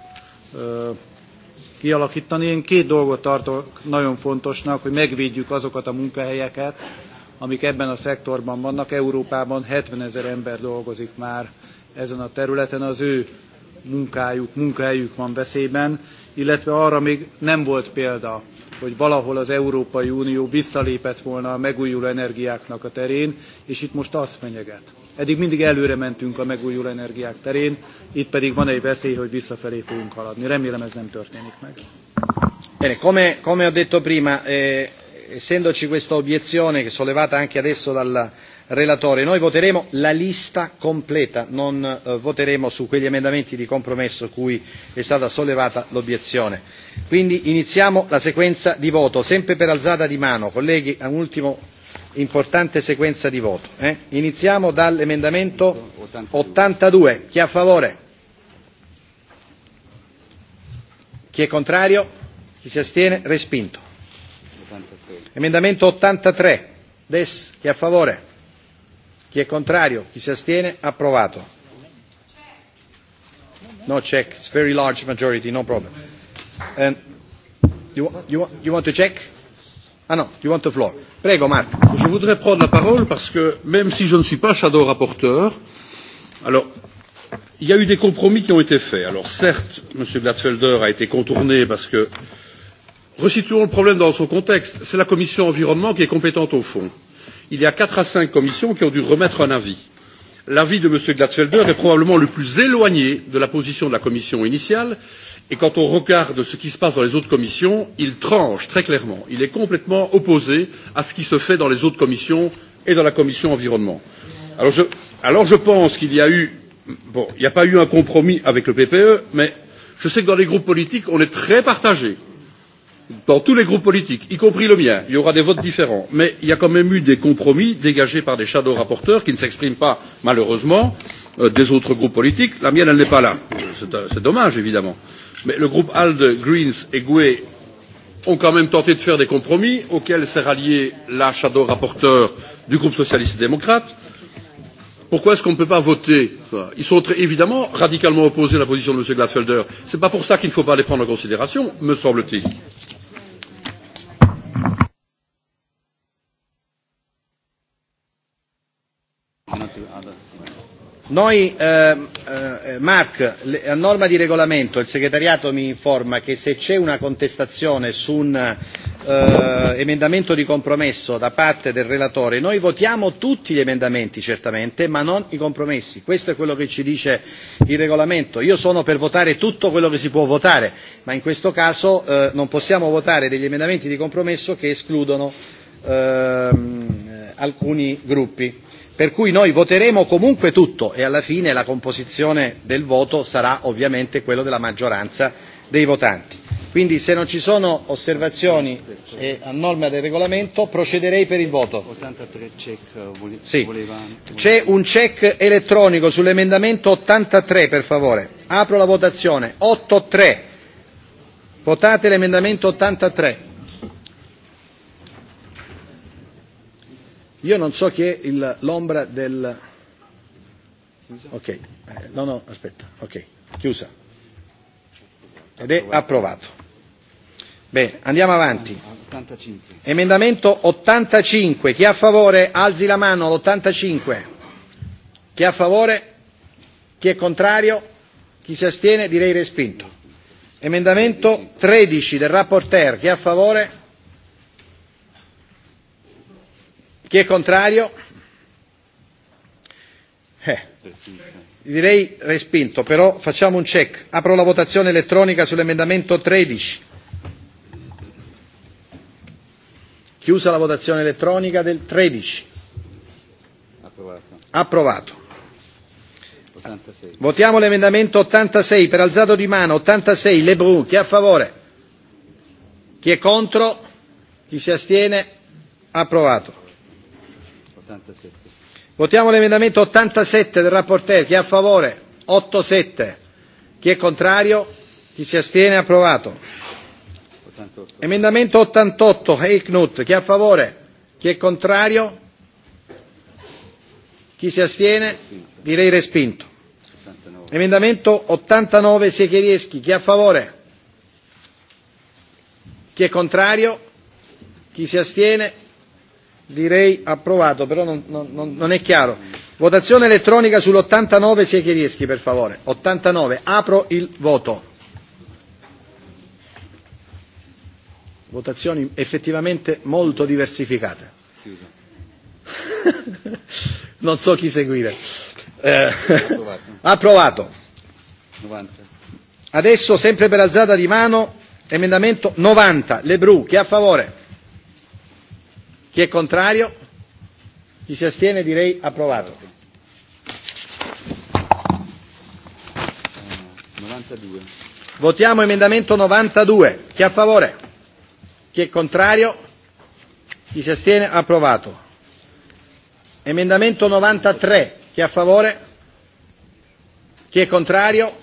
kialakítani. Én két dolgot tartok nagyon fontosnak, hogy megvédjük azokat a munkahelyeket, amik ebben a szektorban vannak. Európában 70 ezer ember dolgozik már ezen a területen, az ő munkájuk, munkahelyük van veszélyben, illetve arra még nem volt példa, hogy valahol az Európai Unió visszalépett volna a megújuló energiáknak a terén, és itt most az fenyeget. Eddig mindig előre mentünk a megújuló energiák terén, itt pedig van egy veszély, hogy visszafelé fogunk haladni. Remélem ez nem történik meg. Bene, come, come ho detto prima, eh, essendoci questa obiezione che sollevata anche adesso dalla, relatore. Noi voteremo la lista completa, non eh, voteremo su quegli emendamenti di compromesso cui è stata sollevata l'obiezione. Quindi iniziamo la sequenza di voto, sempre per alzata di mano. Colleghi, un'ultima importante sequenza di voto. Eh? Iniziamo dall'emendamento ottantadue Chi è a favore? Chi è contrario? Chi si astiene? Respinto. Emendamento ottantatré Des, chi è a favore? Chi è contrario? Chi si astiene? Approvato. No check. It's very large majority. No problem. And you, you, you want to check? Ah no, you want the floor. Prego, Marc. Je voudrais prendre la parole parce que même si je ne suis pas shadow rapporteur, alors il y a eu des compromis qui ont été faits. Alors certes, M. Gladfelder a été contourné parce que resituons le problème dans son contexte. C'est la commission environnement qui est compétente au fond il y a quatre à cinq commissions qui ont dû remettre un avis. l'avis de m. glatfelder est probablement le plus éloigné de la position de la commission initiale et quand on regarde ce qui se passe dans les autres commissions il tranche très clairement il est complètement opposé à ce qui se fait dans les autres commissions et dans la commission de l'environnement. Alors je, alors je pense qu'il y a bon n'y a pas eu un compromis avec le ppe mais je sais que dans les groupes politiques on est très partagés dans tous les groupes politiques y compris le mien il y aura des votes différents mais il y a quand même eu des compromis dégagés par des rapporteurs fictifs qui ne s'expriment pas malheureusement euh, des autres groupes politiques la mienne n'est pas là euh, c'est dommage évidemment mais le groupe alde greens et gue ont quand même tenté de faire des compromis auxquels s'est rallié la rapporteure rapporteure du groupe socialiste et démocrate pourquoi est ce qu'on ne peut pas voter? ils sont très, évidemment radicalement opposés à la position de m. gladfelder ce n'est pas pour ça qu'il ne faut pas les prendre en considération me semble t il Noi, eh, eh, Mark, a norma di regolamento il segretariato mi informa che se c'è una contestazione su un eh, emendamento di compromesso da parte del relatore, noi votiamo tutti gli emendamenti certamente, ma non i compromessi. Questo è quello che ci dice il regolamento. Io sono per votare tutto quello che si può votare, ma in questo caso eh, non possiamo votare degli emendamenti di compromesso che escludono ehm, alcuni gruppi per cui noi voteremo comunque tutto e alla fine la composizione del voto sarà ovviamente quella della maggioranza dei votanti. Quindi se non ci sono osservazioni e a norma del regolamento procederei per il voto. Eh, sì. C'è un check elettronico sull'emendamento 83 per favore. Apro la votazione. 83. Votate l'emendamento 83. Io non so chi è il, l'ombra del... Ok, eh, no, no, aspetta, ok, chiusa. Ed è approvato. Bene, andiamo avanti. 85. Emendamento 85, chi è a favore alzi la mano, l'85. Chi è a favore? Chi è contrario? Chi si astiene? Direi respinto. Emendamento 13 del rapporteur, chi è a favore? Chi è contrario? Eh. Direi respinto, però facciamo un check. Apro la votazione elettronica sull'emendamento 13. Chiusa la votazione elettronica del 13. Approvato. Approvato. 86. Votiamo l'emendamento 86 per alzato di mano 86 Lebrun, chi è a favore? Chi è contro? Chi si astiene? Approvato. 87. Votiamo l'emendamento 87 del rapporteur. Chi è a favore? 87. Chi è contrario? Chi si astiene? Approvato. 88. Emendamento 88, Heiknut. Chi è a favore? Chi è contrario? Chi si astiene? Direi respinto. 89. Emendamento 89, Secherieschi. Chi è a favore? Chi è contrario? Chi si astiene? direi approvato, però non, non, non è chiaro. Votazione elettronica sull'89 Secherieschi, per favore. 89, apro il voto. Votazioni effettivamente molto diversificate. non so chi seguire. Eh, approvato. approvato. Adesso, sempre per alzata di mano, emendamento 90, Lebru, chi è a favore? Chi è contrario? Chi si astiene direi approvato. 92. Votiamo emendamento 92. Chi è a favore? Chi è contrario? Chi si astiene? Approvato. Emendamento 93. Chi è a favore? Chi è contrario?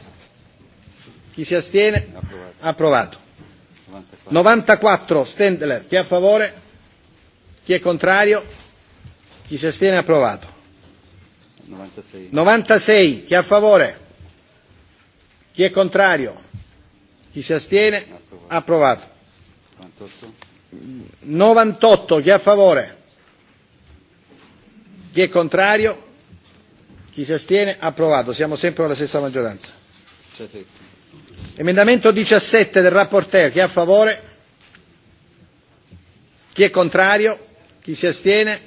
Chi si astiene? Approvato. 94. 94. Stendler. Chi è a favore? Chi è contrario? Chi si astiene? Approvato. 96. 96. Chi è a favore? Chi è contrario? Chi si astiene? Approvato. approvato. 98. 98. Chi è a favore? Chi è contrario? Chi si astiene? Approvato. Siamo sempre alla stessa maggioranza. Emendamento 17 del rapporteur. Chi è a favore? Chi è contrario? Chi si astiene?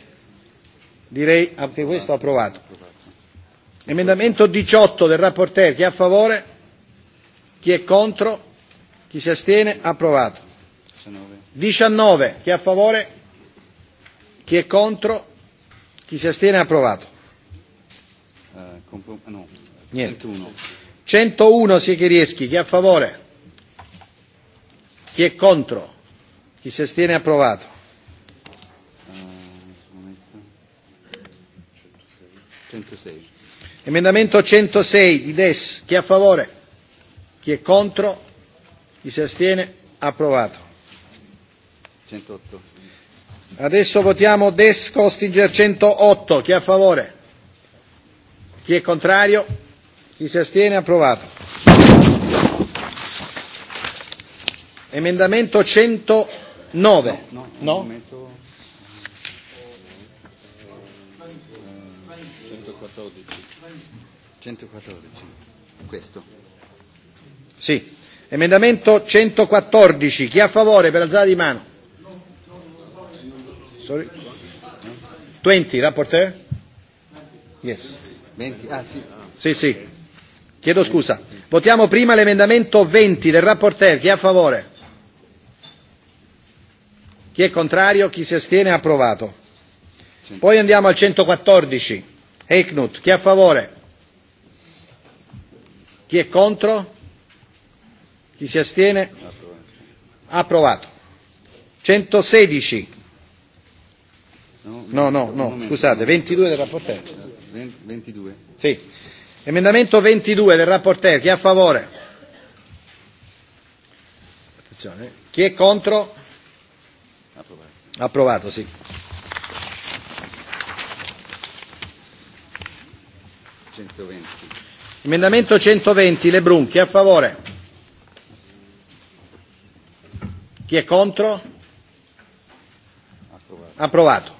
Direi anche questo approvato. Emendamento 18 del rapporteur. Chi è a favore? Chi è contro? Chi si astiene? Approvato. 19. Chi è a favore? Chi è contro? Chi si astiene? Approvato. No. Niente. 101 Siecherieschi. Chi è a favore? Chi è contro? Chi si astiene? Approvato. 106. Emendamento 106 di Des. Chi è a favore? Chi è contro? Chi si astiene? Approvato. 108. Adesso votiamo Des Costinger 108. Chi è a favore? Chi è contrario? Chi si astiene? Approvato. Emendamento 109. No? no, no? 114. 114. Questo. Sì. Emendamento 114. Chi è a favore per alzare di mano? Sorry. 20, rapporteur? Yes. 20, ah sì. Sì, sì. Chiedo scusa. Votiamo prima l'emendamento 20 del rapporteur. Chi è a favore? Chi è contrario? Chi si astiene? Approvato. Poi andiamo al 114. Eknut, chi è a favore? Chi è contro? Chi si astiene? Approvato. 116. No, no, no, scusate, 22 del rapporteur. 22. Sì. Emendamento 22 del rapporteur, chi è a favore? Attenzione. Eh. Chi è contro? Approvato. Approvato, sì. 120. Emendamento 120, Lebrun, chi è a favore? Chi è contro? Approvato. Approvato.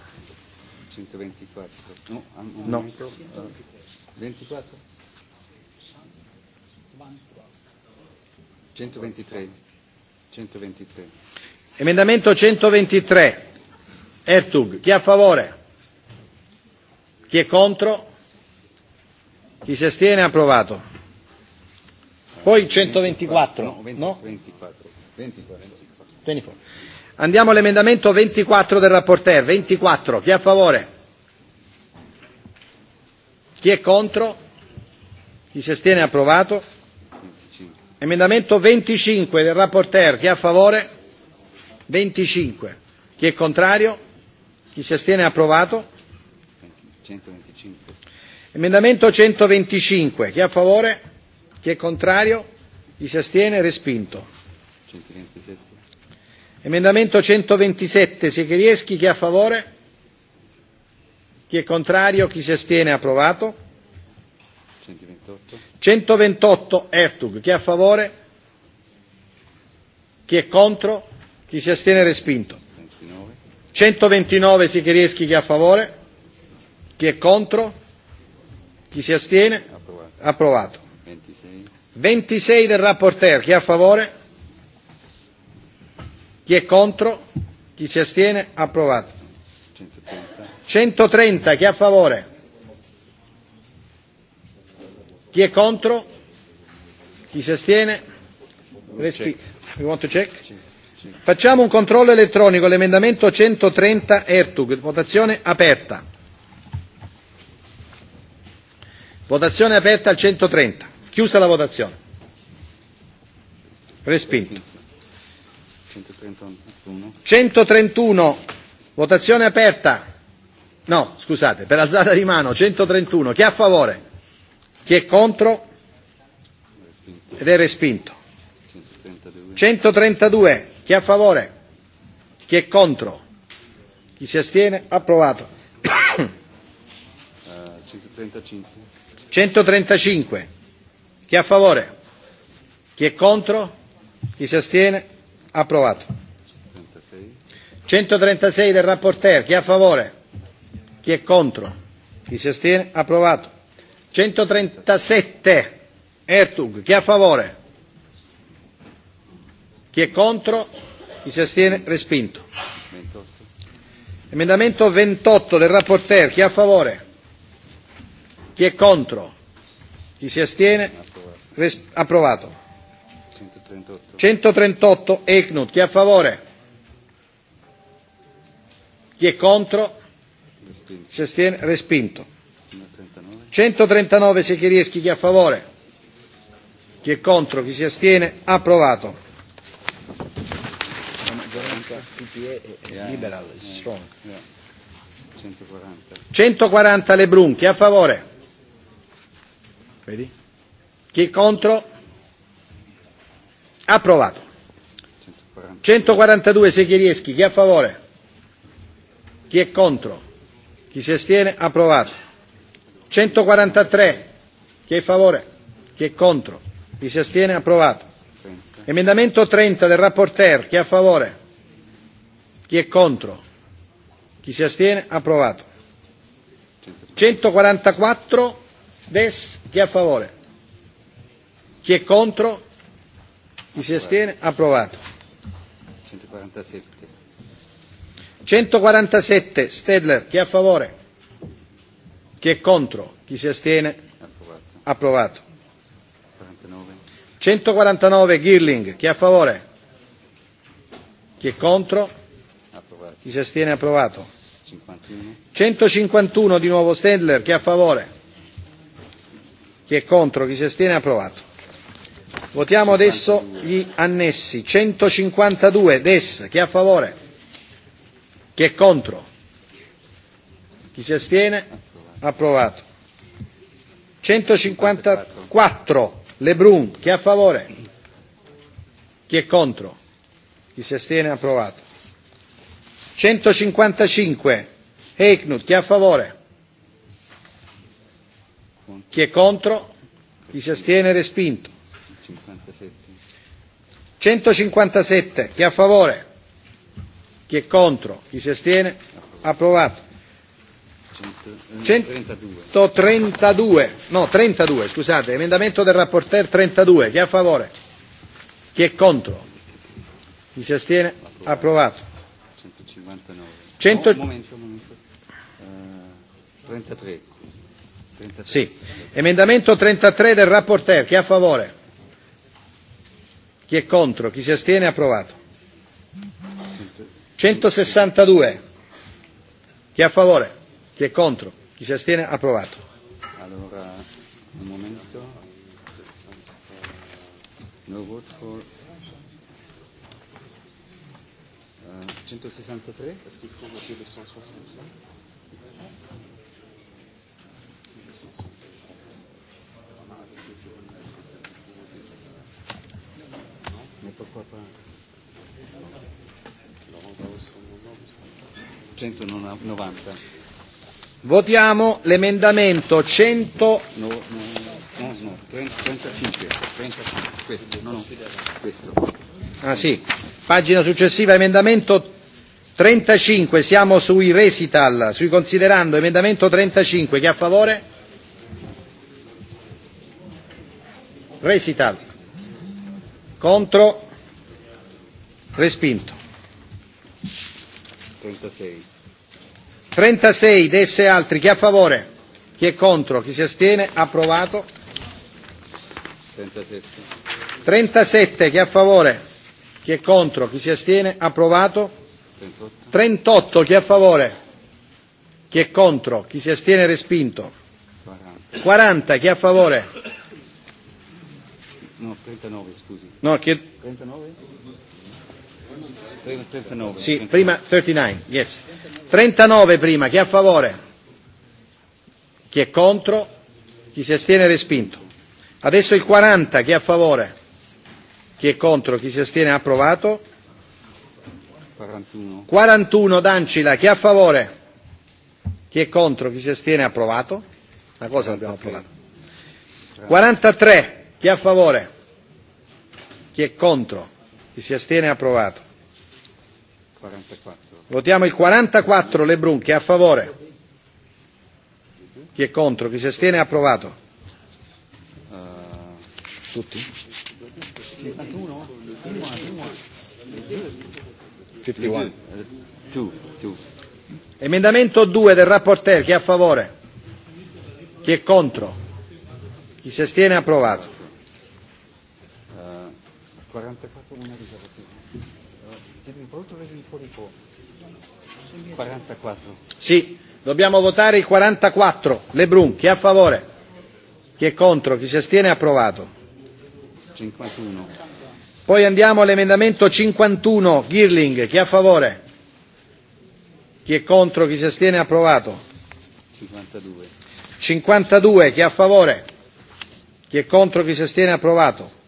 124. No. no. 124? 123. 123. Emendamento 123. Ertug, chi è a favore? Chi è contro? Chi si astiene? Approvato. Poi 124. No, 20, no? 24. 24. 24. Andiamo all'emendamento 24 del rapporteur. 24. Chi è a favore? Chi è contro? Chi si astiene? Approvato. 25. Emendamento 25 del rapporteur. Chi è a favore? 25. Chi è contrario? Chi si astiene? Approvato. 125. Emendamento 125, chi è a favore? Chi è contrario? Chi si astiene? Respinto. 127. Emendamento 127, Secherieschi, chi è a favore? Chi è contrario? Chi si astiene? Approvato. 128. 128, Ertug, chi è a favore? Chi è contro? Chi si astiene? Respinto. 129, 129 Secherieschi, chi è a favore? Chi è contro? Chi si astiene? Approvato. Approvato. 26. 26 del rapporteur. Chi è a favore? Chi è contro? Chi si astiene? Approvato. 130. 130. Chi è a favore? Chi è contro? Chi si astiene? Respi- We want to check? Facciamo un controllo elettronico. L'emendamento 130 Ertug. Votazione aperta. Votazione aperta al 130. Chiusa la votazione. Respinto. 131. Votazione aperta. No, scusate, per alzata di mano 131. Chi è a favore? Chi è contro? Ed è respinto. 132. Chi è a favore? Chi è contro? Chi si astiene? Approvato. 135. Eh, 135. Chi è a favore? Chi è contro? Chi si astiene? Approvato. 136 del rapporteur. Chi è a favore? Chi è contro? Chi si astiene? Approvato. 137. Ertug. Chi è a favore? Chi è contro? Chi si astiene? Respinto. Emendamento 28 del rapporteur. Chi è a favore? Chi è contro? Chi si astiene? Res- approvato. 138 138 Eknut. Chi è a favore? Chi è contro? Si astiene? Respinto. 139 Secherieschi. Chi è a favore? Chi è contro? Chi si astiene? Approvato. Eh, eh, liberal, strong. 140 eh, Lebrun, chi è a favore? Vedi? Chi è contro? Approvato. 142 Secherieschi, chi è a favore? Chi è contro? Chi si astiene? Approvato. 143, chi è a favore? Chi è contro? Chi si astiene? Approvato. Emendamento 30 del rapporteur, chi è a favore? Chi è contro? Chi si astiene? Approvato. 144 Des, chi è a favore? Chi è contro? Chi si astiene? Approvato. 147. 147. Stedler, chi è a favore? Chi è contro? Chi si astiene? Approvato. Approvato. 149. Girling, chi è a favore? Chi è contro? Approvato. Chi si astiene? Approvato. 151 di nuovo Stedler, chi è a favore? Chi è contro? Chi si astiene? Approvato. Votiamo adesso gli annessi. 152 DES. Chi è a favore? Chi è contro? Chi si astiene? Approvato. 154 Lebrun. Chi è a favore? Chi è contro? Chi si astiene? Approvato. 155 Eichnut. Chi è a favore? Chi è contro? Chi si astiene? Respinto. 157. Chi è a favore? Chi è contro? Chi si astiene? Approvato. 132. No, 32, scusate. Emendamento del rapporteur 32. Chi è a favore? Chi è contro? Chi si astiene? Approvato. 159. 100... No, momento, momento. Uh, eh, 33. Sì. Emendamento 33 del rapporteur. Chi è a favore? Chi è contro? Chi si astiene? Approvato. 162. Chi è a favore? Chi è contro? Chi si astiene? Approvato. Allora, un momento. No vote for... Uh, 163? Est-ce qu'il faut voter le 163 Mais pourquoi pas Votiamo l'emendamento 100... No, no, no, no, 35, 35, questo, no, no, questo. Ah sì, pagina successiva, emendamento 35, siamo sui resital, sui considerando, emendamento 35, chi ha favore? Resital contro respinto 36 36 desse altri chi è a favore chi è contro chi si astiene approvato 37 37 chi è a favore chi è contro chi si astiene approvato 38, 38 chi è a favore chi è contro chi si astiene respinto 40, 40 chi è a favore No, 39, scusi. No, chied... 39? 39. Sì, 39. prima 39, yes. 39 prima, chi è a favore? Chi è contro? Chi si astiene respinto. Adesso il 40, chi è a favore? Chi è contro? Chi si astiene approvato? 41. 41 Dancila, chi è a favore? Chi è contro? Chi si astiene approvato? La cosa l'abbiamo approvata. 43 Chi è a favore? Chi è contro? Chi si astiene è approvato. 44. Votiamo il 44 Lebrun. Chi è a favore? Chi è contro? Chi si astiene è approvato. Eh, Tutti? 51? 2, Emendamento 2 del rapporteur. Chi è a favore? Chi è contro? Chi si astiene è approvato. 44 non è riservativo. 44. Sì, dobbiamo votare il 44. Lebrun, chi è a favore? Chi è contro? Chi si astiene? Approvato. 51. Poi andiamo all'emendamento 51, Girling, chi è a favore? Chi è contro? Chi si astiene? Approvato. 52. 52, chi è a favore? Chi è contro? Chi si astiene? Approvato.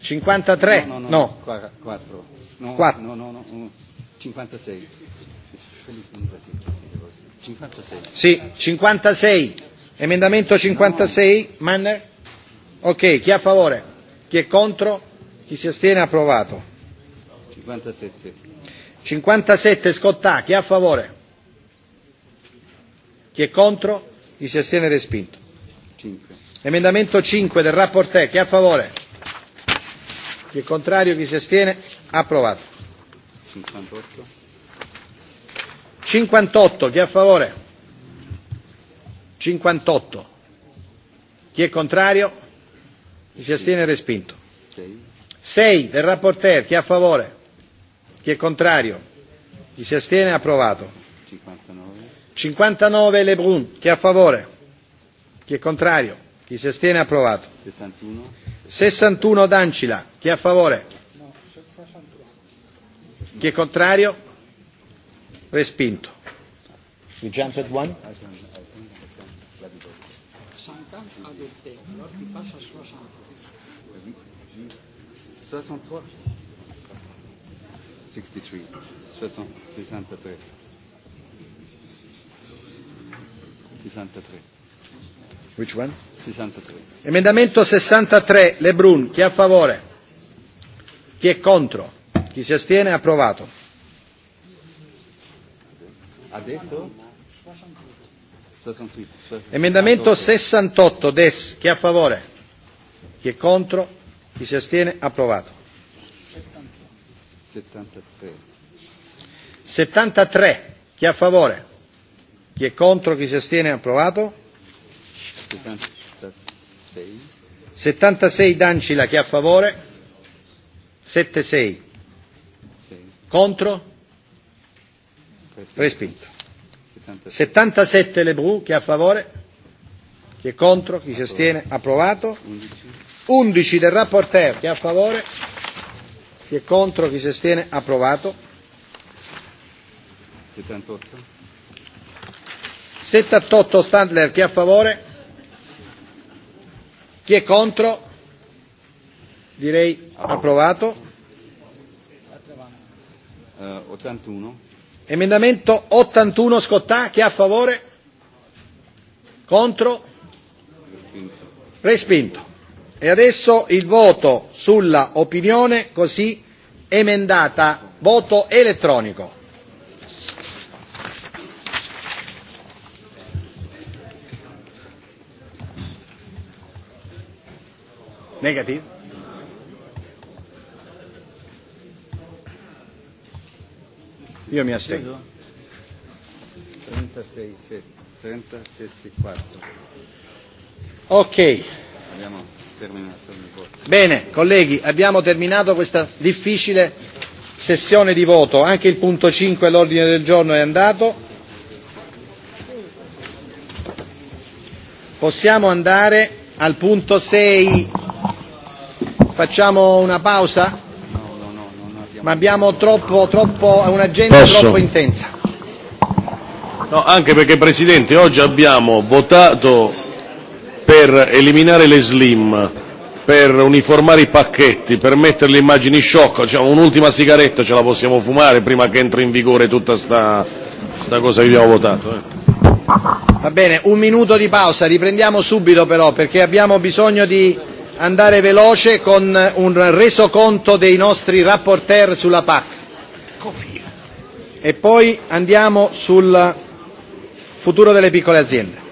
53? No. no, no, no. 4. No, 4. No, no, no, 56. 56. Sì, 56. Emendamento 56, no. Manner? Ok, chi è a favore? Chi è contro? Chi si astiene? Approvato. 57. 57, Scottà, chi è a favore? Chi è contro? Chi si astiene? Respinto. 5. Emendamento 5 del rapporteur, chi è a favore? Chi è contrario, chi si astiene? Approvato. 58. 58. Chi è a favore? 58. Chi è contrario? Chi si astiene? Respinto. 6 del rapporteur. Chi è a favore? Chi è contrario? Chi si astiene? Approvato. 59. 59 Lebrun. Chi è a favore? Chi è contrario? Chi si astiene approvato. 61. 61 Dancila. Chi è a favore? No, 61. Chi è contrario? Respinto. We jump at one? adopté. Alors qu'il passe à 63. 63 63. 63. 63. Which one? 63. Emendamento 63, Lebrun, chi è a favore? Chi è contro? Chi si astiene? Approvato. Adesso? 68. Emendamento 68, Des, chi è a favore? Chi è contro? Chi si astiene? Approvato. 73. 73, chi è a favore? Chi è contro? Chi si astiene? Approvato. 76. 76 la chi a favore? 76. Contro? Respinto. 77 Lebrou, chi a favore? Chi è contro? Chi si astiene? Approvato. 11 del rapporteur, chi a favore? Chi è contro? Chi si astiene? Approvato. 78. 78 Standler, chi a favore? Chi è contro? Direi approvato. Uh, eh, 81. Emendamento 81 Scottà, chi è a favore? Contro? Respinto. Respinto. E adesso il voto sulla opinione così emendata. Voto elettronico. Negativ. Io mi astengo. 36, 37, 4. Ok. Abbiamo terminato il voto. Bene, colleghi, abbiamo terminato questa difficile sessione di voto. Anche il punto 5 all'ordine del giorno è andato. Possiamo andare al punto 6 Facciamo una pausa? Ma abbiamo troppo, troppo, un'agenda Posso. troppo intensa. No, anche perché Presidente, oggi abbiamo votato per eliminare le slim, per uniformare i pacchetti, per mettere le immagini shock, cioè un'ultima sigaretta ce la possiamo fumare prima che entri in vigore tutta sta, sta cosa che abbiamo votato. Eh. Va bene, un minuto di pausa, riprendiamo subito però perché abbiamo bisogno di andare veloce con un resoconto dei nostri rapporteur sulla PAC. E poi andiamo sul futuro delle piccole aziende.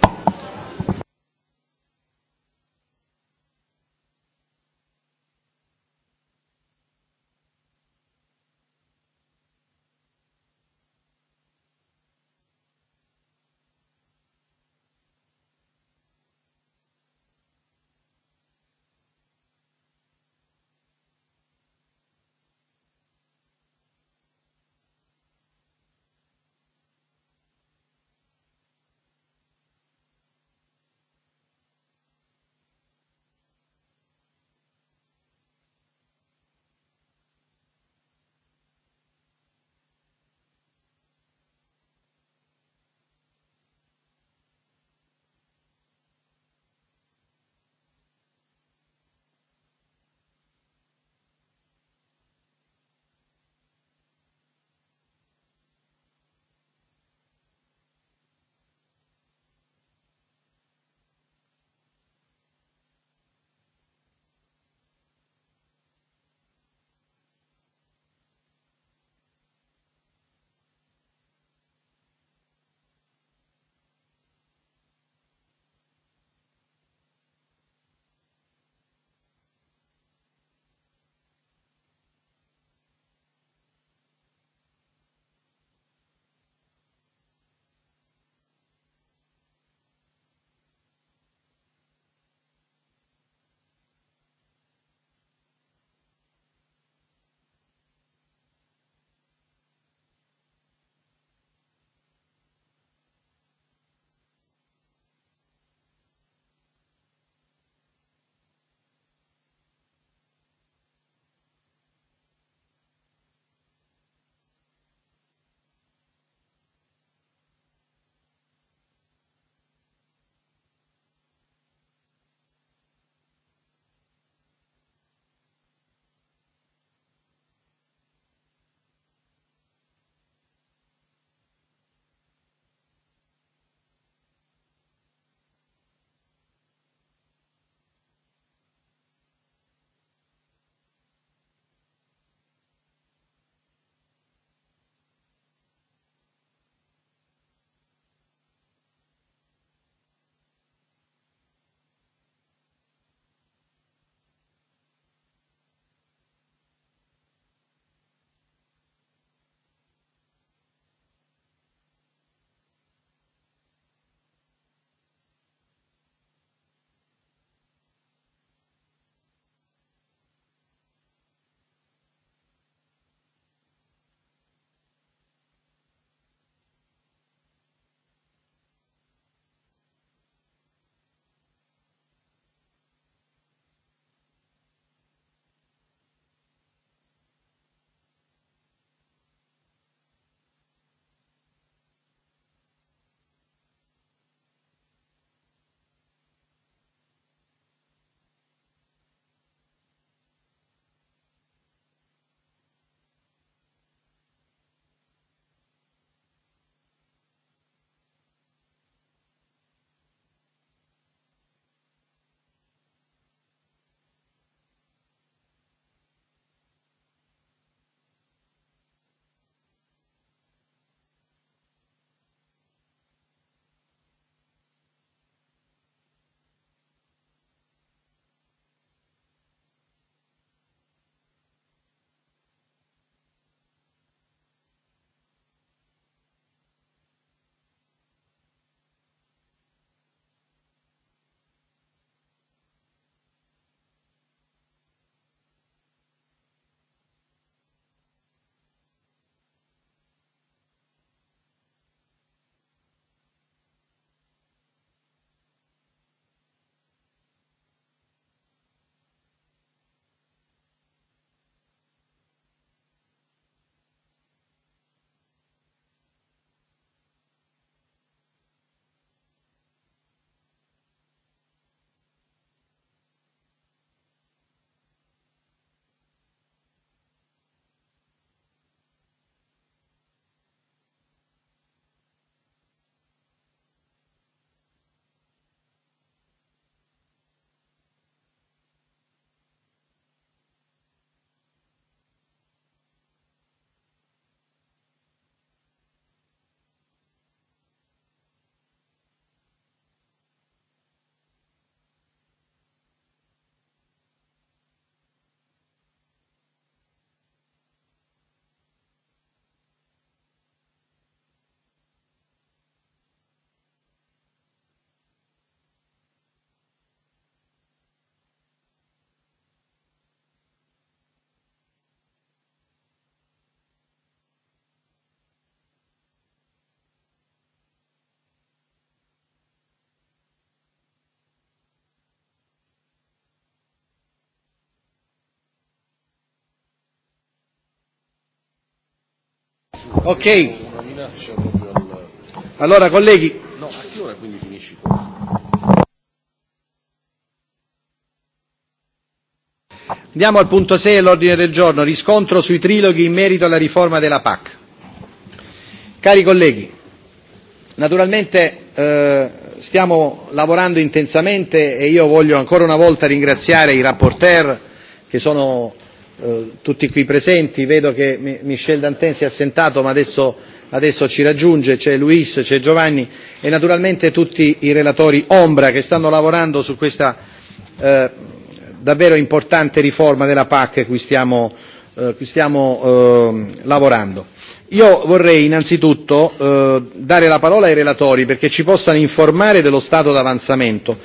Ok. Allora, colleghi. No, a che ora quindi finisci Andiamo al punto 6 dell'ordine del giorno, riscontro sui triloghi in merito alla riforma della PAC. Cari colleghi, naturalmente eh, stiamo lavorando intensamente e io voglio ancora una volta ringraziare i rapporteur che sono Eh, tutti qui presenti. Vedo che Michel Dantin si è assentato, ma adesso, adesso ci raggiunge. C'è Luis, c'è Giovanni e naturalmente tutti i relatori ombra che stanno lavorando su questa eh, davvero importante riforma della PAC cui stiamo, eh, stiamo eh, lavorando. Io vorrei innanzitutto eh, dare la parola ai relatori perché ci possano informare dello stato d'avanzamento.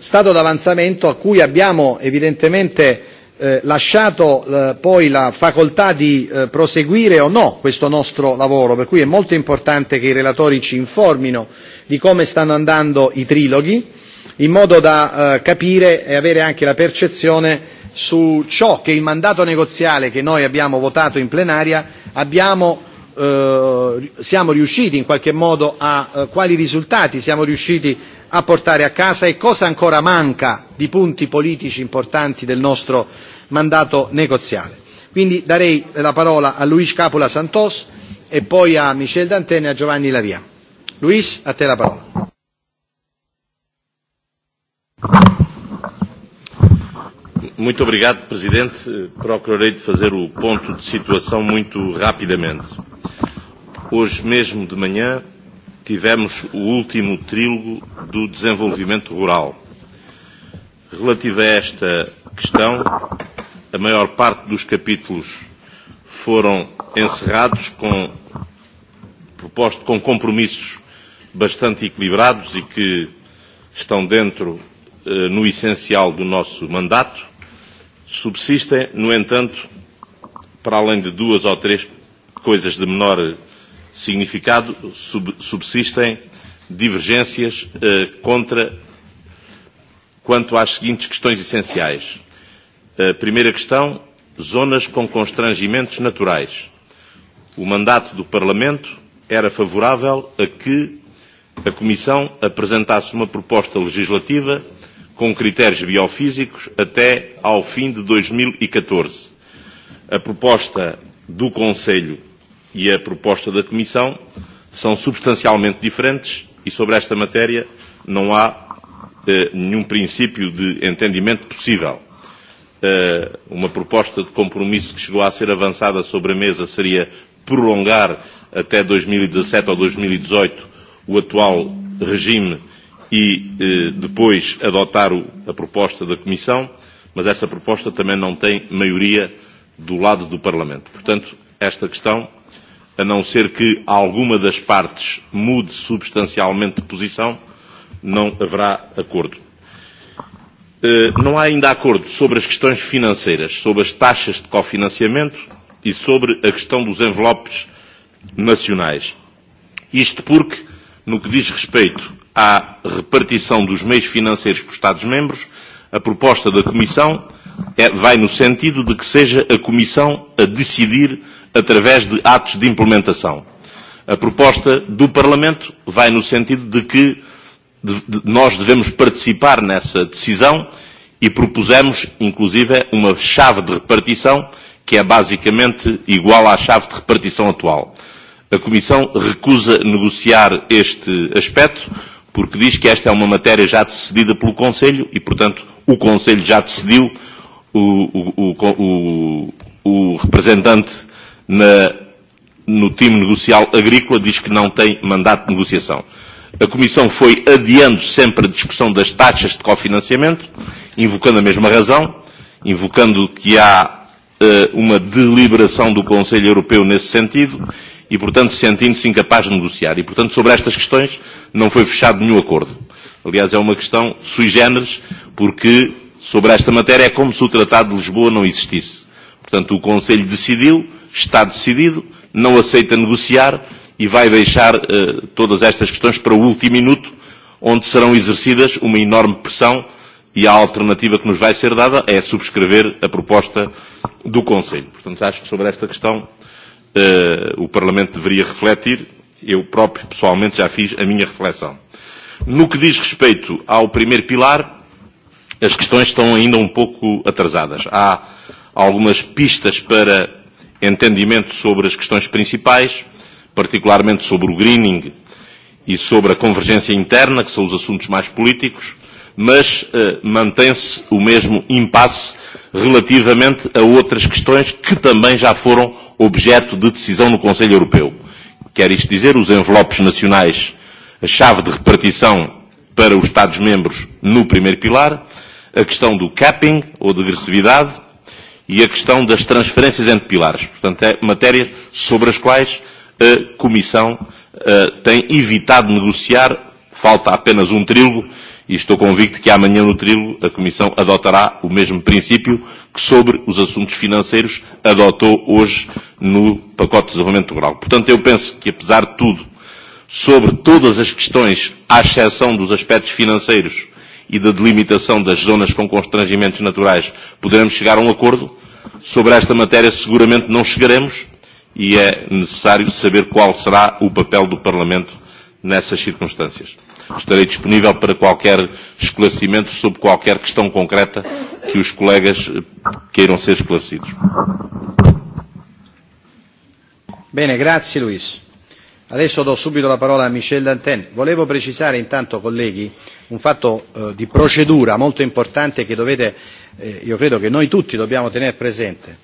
Stato d'avanzamento a cui abbiamo evidentemente Eh, lasciato eh, poi la facoltà di eh, proseguire o no questo nostro lavoro, per cui è molto importante che i relatori ci informino di come stanno andando i triloghi, in modo da capire e avere anche la percezione su ciò che il mandato negoziale che noi abbiamo votato in plenaria abbiamo eh, siamo riusciti in qualche modo a eh, quali risultati siamo riusciti a portare a casa e cosa ancora manca di punti politici importanti del nostro mandato negoziale. Quindi darei la parola a Luis Capula Santos e poi a Michel Dantene e a Giovanni Lavia. Luis, a te la parola. Muito obrigado, Presidente. Procurarei fazer o ponto de situação muito rapidamente. Hoje mesmo de manhã tivemos o último trílogo do desenvolvimento rural. Relativo a esta questão, a maior parte dos capítulos foram encerrados com, proposto, com compromissos bastante equilibrados e que estão dentro, eh, no essencial, do nosso mandato. Subsistem, no entanto, para além de duas ou três coisas de menor significado, subsistem divergências eh, contra quanto às seguintes questões essenciais. A eh, primeira questão, zonas com constrangimentos naturais. O mandato do Parlamento era favorável a que a Comissão apresentasse uma proposta legislativa com critérios biofísicos até ao fim de 2014. A proposta do Conselho e a proposta da Comissão são substancialmente diferentes e sobre esta matéria não há eh, nenhum princípio de entendimento possível uma proposta de compromisso que chegou a ser avançada sobre a mesa seria prolongar até 2017 ou 2018 o atual regime e eh, depois adotar a proposta da Comissão, mas essa proposta também não tem maioria do lado do Parlamento. Portanto, esta questão, a não ser que alguma das partes mude substancialmente de posição, não haverá acordo. Eh, não há ainda acordo sobre as questões financeiras, sobre as taxas de cofinanciamento e sobre a questão dos envelopes nacionais. Isto porque, no que diz respeito à repartição dos meios financeiros por Estados-membros, a proposta da Comissão é, vai no sentido de que seja a Comissão a decidir através de atos de implementação. A proposta do Parlamento vai no sentido de que nós devemos participar nessa decisão e propusemos, inclusive, uma chave de repartição que é basicamente igual à chave de repartição atual. A Comissão recusa negociar este aspecto porque diz que esta é uma matéria já decidida pelo Conselho e, portanto, o Conselho já decidiu o, o, o, o, o representante na, no time negocial agrícola diz que não tem mandato de negociação. A Comissão foi adiando sempre a discussão das taxas de cofinanciamento, invocando a mesma razão, invocando que há uh, uma deliberação do Conselho Europeu nesse sentido e, portanto, sentindo-se incapaz de negociar. E, portanto, sobre estas questões não foi fechado nenhum acordo. Aliás, é uma questão sui generis, porque sobre esta matéria é como se o Tratado de Lisboa não existisse. Portanto, o Conselho decidiu, está decidido, não aceita negociar, e vai deixar uh, todas estas questões para o último minuto, onde serão exercidas uma enorme pressão e a alternativa que nos vai ser dada é subscrever a proposta do Conselho. Portanto, acho que sobre esta questão uh, o Parlamento deveria refletir. Eu próprio, pessoalmente, já fiz a minha reflexão. No que diz respeito ao primeiro pilar, as questões estão ainda um pouco atrasadas. Há algumas pistas para entendimento sobre as questões principais particularmente sobre o greening e sobre a convergência interna, que são os assuntos mais políticos, mas eh, mantém-se o mesmo impasse relativamente a outras questões que também já foram objeto de decisão no Conselho Europeu. Quer isto dizer, os envelopes nacionais, a chave de repartição para os Estados-membros no primeiro pilar, a questão do capping ou de agressividade e a questão das transferências entre pilares. Portanto, é matérias sobre as quais a Comissão uh, tem evitado negociar, falta apenas um trílogo, e estou convicto que amanhã no trílogo a Comissão adotará o mesmo princípio que sobre os assuntos financeiros adotou hoje no pacote de desenvolvimento rural. Portanto, eu penso que, apesar de tudo, sobre todas as questões, à exceção dos aspectos financeiros e da delimitação das zonas com constrangimentos naturais, poderemos chegar a um acordo. Sobre esta matéria seguramente não chegaremos, e é necessário saber qual será o papel do Parlamento nessas circunstâncias. Estarei disponível para qualquer esclarecimento sobre qualquer questão concreta que os colegas eh, queiram ser esclarecidos. Bene, grazie Luis. Adesso do subito a palavra a Michel Danten. Volevo precisar, intanto, colleghi, um fato eh, di procedura muito importante que dovete, eh, credo que nós todos dobbiamo tener presente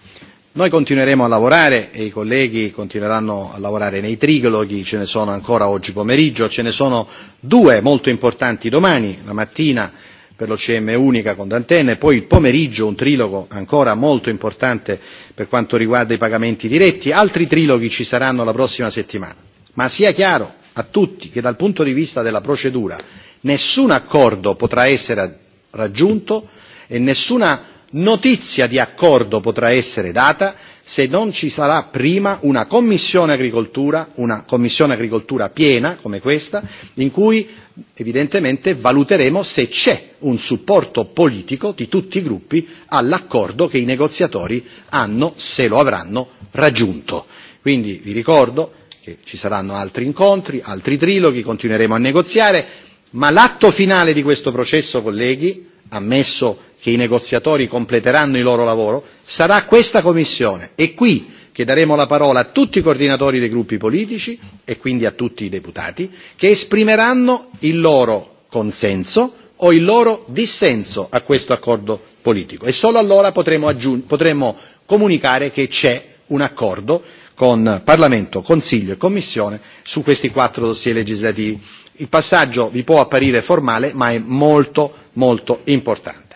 noi continueremo a lavorare e i colleghi continueranno a lavorare nei trigloghi, ce ne sono ancora oggi pomeriggio, ce ne sono due molto importanti domani, la mattina per l'OCM unica con Dantenne, poi il pomeriggio un trilogo ancora molto importante per quanto riguarda i pagamenti diretti, altri triloghi ci saranno la prossima settimana. Ma sia chiaro a tutti che dal punto di vista della procedura nessun accordo potrà essere raggiunto e nessuna notizia di accordo potrà essere data se non ci sarà prima una commissione agricoltura, una commissione agricoltura piena come questa, in cui evidentemente valuteremo se c'è un supporto politico di tutti i gruppi all'accordo che i negoziatori hanno, se lo avranno, raggiunto. Quindi vi ricordo che ci saranno altri incontri, altri triloghi, continueremo a negoziare, ma l'atto finale di questo processo, colleghi, ammesso che i negoziatori completeranno il loro lavoro sarà questa commissione e qui che daremo la parola a tutti i coordinatori dei gruppi politici e quindi a tutti i deputati che esprimeranno il loro consenso o il loro dissenso a questo accordo politico e solo allora potremo, potremo comunicare che c'è un accordo con Parlamento, Consiglio e Commissione su questi quattro dossier legislativi. Il passaggio vi può apparire formale ma è molto molto importante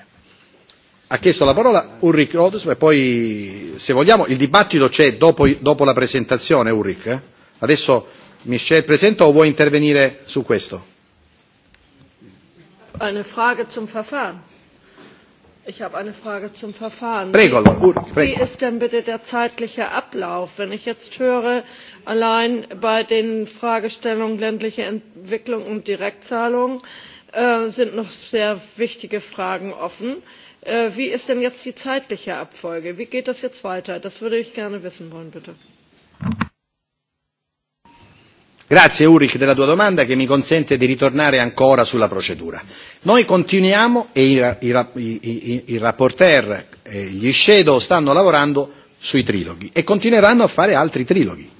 ha chiesto la parola Ulrich rodust e poi se vogliamo il dibattito c'è dopo, dopo la presentazione Ulrich eh? adesso Michel presenta o vuoi intervenire su questo? Eine Frage zum Verfahren. Ich habe eine Frage zum Verfahren. Prego, allora. prego. Wie ist denn bitte der zeitliche Ablauf? Wenn ich jetzt höre, allein bei den Fragestellungen ländliche Entwicklung und Direktzahlung äh, sind noch sehr wichtige Fragen offen. Äh, Äh, wie ist denn jetzt die zeitliche abfolge? wie geht das jetzt weiter? das würde ich gerne wissen wollen bitte. Grazie Ulrich della tua domanda che mi consente di ritornare ancora sulla procedura. Noi continuiamo e i, i, i, i rapporteur e gli shadow stanno lavorando sui triloghi e continueranno a fare altri triloghi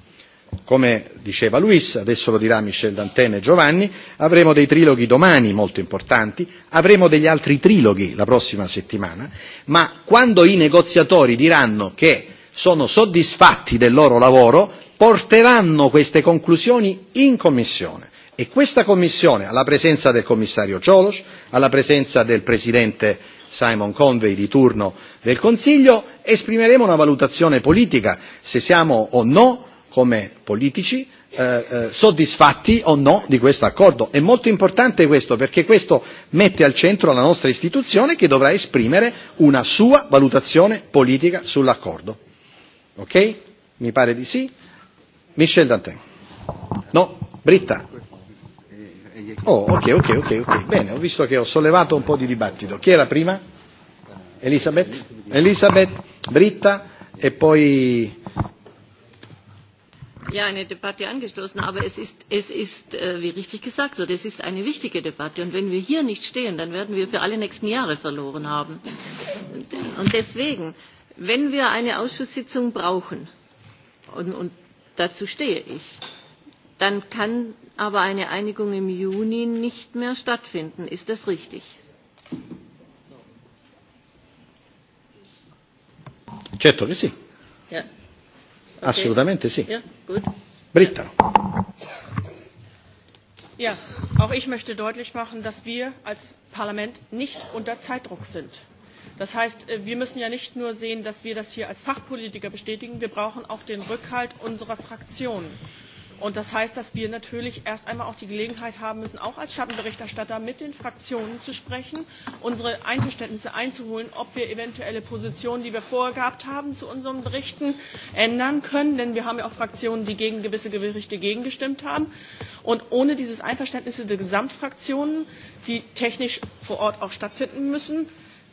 come diceva Luis, adesso lo dirà Michel Danten e Giovanni, avremo dei triloghi domani molto importanti, avremo degli altri triloghi la prossima settimana, ma quando i negoziatori diranno che sono soddisfatti del loro lavoro, porteranno queste conclusioni in Commissione. E questa Commissione, alla presenza del commissario Cioloș, alla presenza del Presidente Simon Convey di turno del Consiglio, esprimeremo una valutazione politica se siamo o no come politici eh, eh, soddisfatti o no di questo accordo. È molto importante questo perché questo mette al centro la nostra istituzione che dovrà esprimere una sua valutazione politica sull'accordo. Ok? Mi pare di sì. Michel Dantin. No, Britta. Oh, ok, ok, ok, ok. Bene, ho visto che ho sollevato un po' di dibattito. Chi era prima? Elisabeth? Elisabeth, Britta e poi ja eine Debatte angestoßen, aber es ist, äh, wie richtig gesagt wird, es ist eine wichtige Debatte. Und wenn wir hier nicht stehen, dann werden wir für alle nächsten Jahre verloren haben. Und deswegen, wenn wir eine Ausschusssitzung brauchen, und, und dazu stehe ich, dann kann aber eine Einigung im Juni nicht mehr stattfinden. Ist das richtig? Certo che sì. Assolutamente sì. Britta. Ja, auch ich möchte deutlich machen, dass wir als Parlament nicht unter Zeitdruck sind. Das heißt, äh, wir müssen ja nicht nur sehen, dass wir das hier als Fachpolitiker bestätigen, wir brauchen auch den Rückhalt unserer Fraktionen. Und das heißt, dass wir natürlich erst einmal auch die Gelegenheit haben müssen, auch als Schattenberichterstatter mit den Fraktionen zu sprechen, unsere Einverständnisse einzuholen, ob wir eventuelle Positionen, die wir vorher gehabt haben, zu unseren Berichten ändern können. Denn wir haben ja auch Fraktionen, die gegen gewisse Berichte gegengestimmt haben. Und ohne dieses Einverständnis der Gesamtfraktionen, die technisch vor Ort auch stattfinden müssen,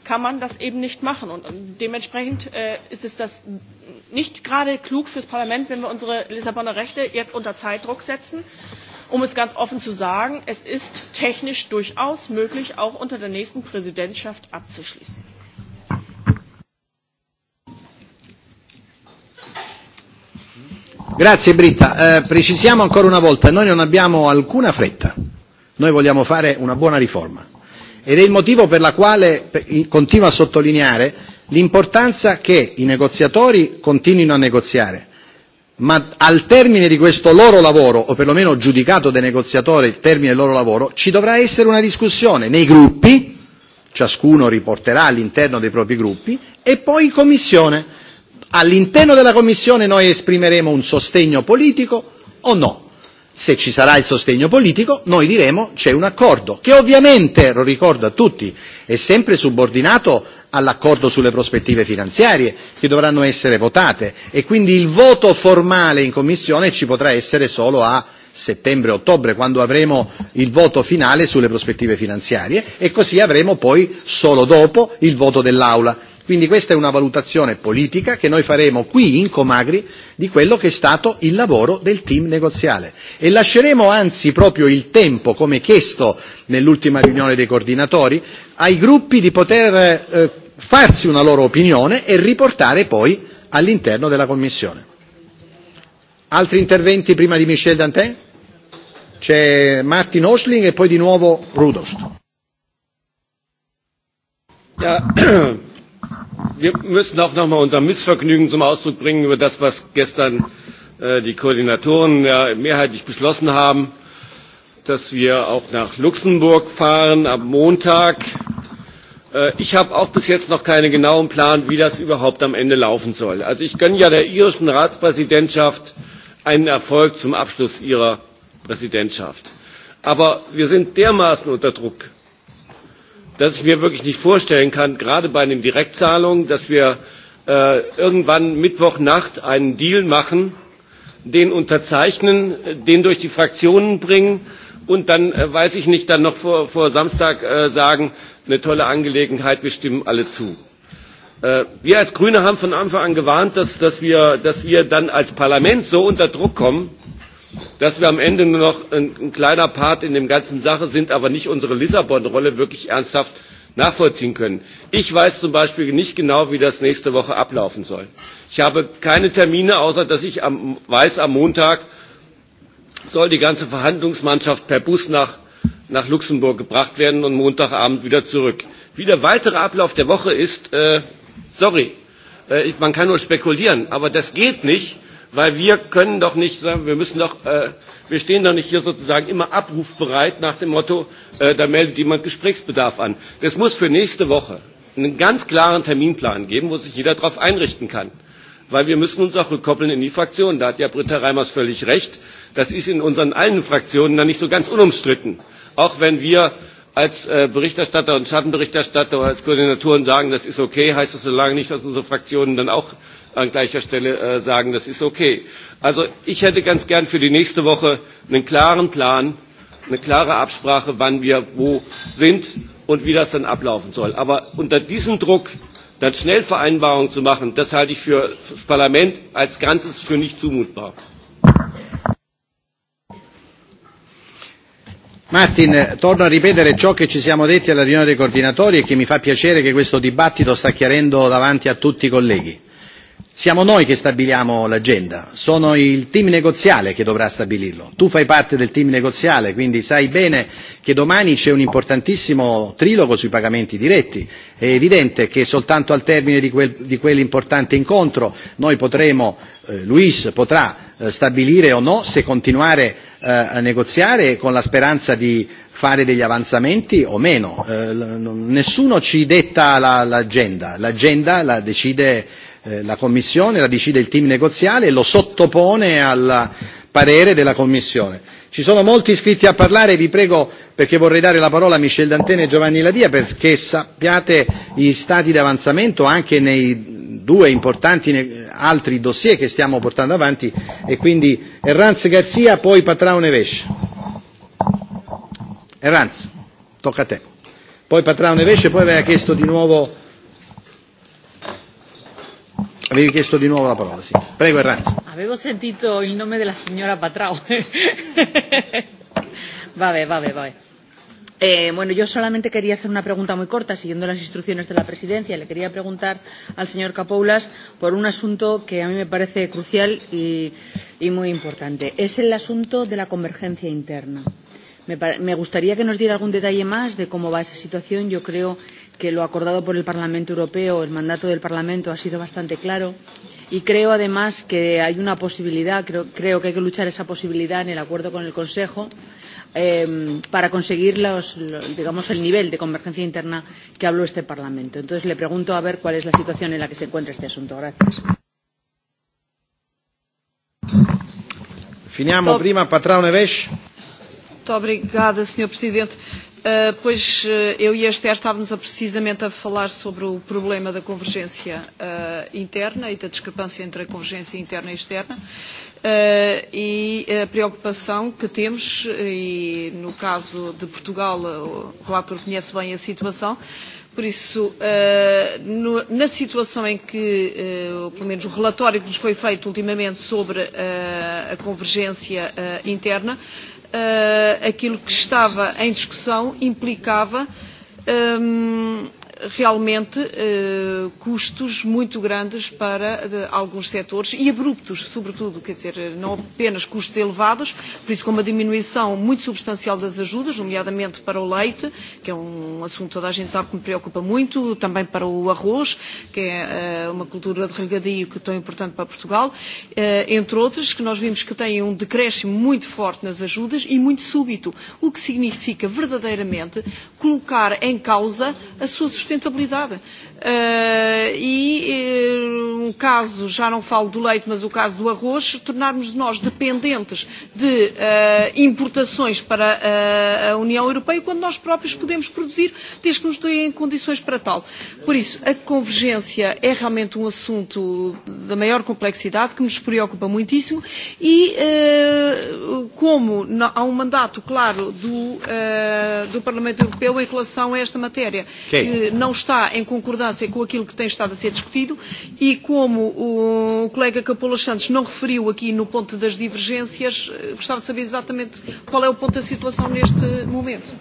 kann man das eben nicht machen. Und dementsprechend äh, ist es das nicht gerade klug fürs Parlament, wenn wir unsere Lissabonner Rechte jetzt unter Zeitdruck setzen. Um es ganz offen zu sagen, es ist technisch durchaus möglich, auch unter der nächsten Präsidentschaft abzuschließen. Grazie Britta. Eh, precisiamo ancora una volta, noi non abbiamo alcuna fretta, noi vogliamo fare una buona riforma ed è il motivo per la quale continuo a sottolineare l'importanza che i negoziatori continuino a negoziare, ma al termine di questo loro lavoro, o perlomeno giudicato dai negoziatori il termine del loro lavoro, ci dovrà essere una discussione nei gruppi, ciascuno riporterà all'interno dei propri gruppi, e poi in commissione. All'interno della commissione noi esprimeremo un sostegno politico o no, se ci sarà il sostegno politico, noi diremo c'è un accordo, che ovviamente, lo ricordo a tutti, è sempre subordinato all'accordo sulle prospettive finanziarie che dovranno essere votate e quindi il voto formale in Commissione ci potrà essere solo a settembre-ottobre, quando avremo il voto finale sulle prospettive finanziarie e così avremo poi solo dopo il voto dell'Aula Quindi questa è una valutazione politica che noi faremo qui in Comagri di quello che è stato il lavoro del team negoziale e lasceremo anzi proprio il tempo, come chiesto nell'ultima riunione dei coordinatori, ai gruppi di poter eh, farsi una loro opinione e riportare poi all'interno della Commissione. Altri interventi prima di Michel Dantin? C'è Martin Osling e poi di nuovo Rudolf. Ja, wir müssen auch noch einmal unser missvergnügen zum ausdruck bringen über das was gestern äh, die koordinatoren ja mehrheitlich beschlossen haben dass wir auch nach luxemburg fahren am montag. Äh, ich habe auch bis jetzt noch keinen genauen plan wie das überhaupt am ende laufen soll. also ich gönne ja der irischen ratspräsidentschaft einen erfolg zum abschluss ihrer präsidentschaft. aber wir sind dermaßen unter druck dass ich mir wirklich nicht vorstellen kann, gerade bei den Direktzahlungen, dass wir äh, irgendwann Mittwochnacht einen Deal machen, den unterzeichnen, den durch die Fraktionen bringen und dann, äh, weiß ich nicht, dann noch vor, vor Samstag äh, sagen, eine tolle Angelegenheit, wir stimmen alle zu. Äh, wir als Grüne haben von Anfang an gewarnt, dass, dass, wir, dass wir dann als Parlament so unter Druck kommen, äh, dass wir am Ende nur noch ein, ein kleiner Part in dem ganzen Sache sind, aber nicht unsere Lissabon-Rolle wirklich ernsthaft nachvollziehen können. Ich weiß zum Beispiel nicht genau, wie das nächste Woche ablaufen soll. Ich habe keine Termine, außer dass ich am, weiß, am Montag soll die ganze Verhandlungsmannschaft per Bus nach, nach Luxemburg gebracht werden und Montagabend wieder zurück. Wie der weitere Ablauf der Woche ist, äh, sorry, äh, man kann nur spekulieren, aber das geht nicht, weil wir können doch nicht sagen, wir müssen doch, äh, wir stehen doch nicht hier sozusagen immer abrufbereit nach dem Motto, äh, da meldet jemand Gesprächsbedarf an. Es muss für nächste Woche einen ganz klaren Terminplan geben, wo sich jeder darauf einrichten kann. Weil wir müssen uns auch rückkoppeln in die Fraktionen. Da hat ja Britta Reimers völlig recht. Das ist in unseren allen Fraktionen dann nicht so ganz unumstritten. Auch wenn wir als äh, Berichterstatter und Schattenberichterstatter oder als Koordinatoren sagen, das ist okay, heißt das so lange nicht, dass unsere Fraktionen dann auch an gleicher Stelle äh, sagen, das ist okay. Also ich hätte ganz gern für die nächste Woche einen klaren Plan, eine klare Absprache, wann wir wo sind und wie das dann ablaufen soll. Aber unter diesem Druck dann schnell Vereinbarungen zu machen, das halte ich für das Parlament als Ganzes für nicht zumutbar. Martin, torno a ripetere ciò che ci siamo detti alla riunione dei coordinatori e che mi fa piacere che questo dibattito sta chiarendo davanti a tutti i colleghi Siamo noi che stabiliamo l'agenda, sono il team negoziale che dovrà stabilirlo. Tu fai parte del team negoziale, quindi sai bene che domani c'è un importantissimo trilogo sui pagamenti diretti. È evidente che soltanto al termine di, quel, di quell'importante incontro noi potremo, eh, Luis potrà eh, stabilire o no se continuare eh, a negoziare con la speranza di fare degli avanzamenti o meno. Eh, nessuno ci detta l'agenda, la, l'agenda la decide Eh, la Commissione, la decide il team negoziale e lo sottopone al parere della Commissione. Ci sono molti iscritti a parlare, vi prego perché vorrei dare la parola a Michel Dantene e Giovanni Lavia perché sappiate gli stati di avanzamento anche nei due importanti altri dossier che stiamo portando avanti e quindi Erranz Garzia, poi Patrao Neves. Erranz, tocca a te. Poi Patrao Neves e poi aveva chiesto di nuovo Avevi chiesto di nuovo la parola, sì. Prego, Erranzi. Avevo sentito il nome della signora Patrao. vabbè, vabbè, vabbè. Eh, bueno, yo solamente quería hacer una pregunta muy corta, siguiendo las instrucciones de la presidencia. Le quería preguntar al señor Capoulas por un asunto que a mí me parece crucial y, y muy importante. Es el asunto de la convergencia interna. Me, me gustaría que nos diera algún detalle más de cómo va esa situación. Yo creo que que lo acordado por el Parlamento Europeo, el mandato del Parlamento ha sido bastante claro y creo además que hay una posibilidad, creo, creo que hay que luchar esa posibilidad en el acuerdo con el Consejo eh, para conseguir los, los, digamos, el nivel de convergencia interna que habló este Parlamento. Entonces le pregunto a ver cuál es la situación en la que se encuentra este asunto. Gracias. Finiamo prima Patrão Neves. Muito obrigada, Sr. Presidente. Uh, pois eh, eu e a Esther estávamos a, precisamente a falar sobre o problema da convergência uh, interna e da discrepância entre a convergência interna e externa uh, e a preocupação que temos, e no caso de Portugal o relator conhece bem a situação, por isso, uh, no, na situação em que, uh, ou pelo menos o relatório que nos foi feito ultimamente sobre uh, a convergência uh, interna, uh, uh, aquilo que estava em discussão implicava um, realmente eh, custos muito grandes para de, eh, alguns setores e abruptos, sobretudo, quer dizer, não apenas custos elevados, por isso com uma diminuição muito substancial das ajudas, nomeadamente para o leite, que é um assunto que toda a gente sabe que me preocupa muito, também para o arroz, que é eh, uma cultura de regadio que é tão importante para Portugal, eh, entre outras, que nós vimos que têm um decréscimo muito forte nas ajudas e muito súbito, o que significa verdadeiramente colocar em causa a sua sustentabilidade sustentabilidade. Uh, e uh, um caso, já não falo do leite, mas o caso do arroz, tornarmos nós dependentes de uh, importações para uh, a União Europeia quando nós próprios podemos produzir, desde que nos deem condições para tal. Por isso, a convergência é realmente um assunto da maior complexidade, que nos preocupa muitíssimo e, uh, como na, há um mandato claro do, uh, do Parlamento Europeu em relação a esta matéria, okay. que não está em concordância concordância com aquilo que tem estado a ser discutido e como o colega Capola Santos não referiu aqui no ponto das divergências, eh, gostava de saber exatamente qual é o ponto da situação neste momento.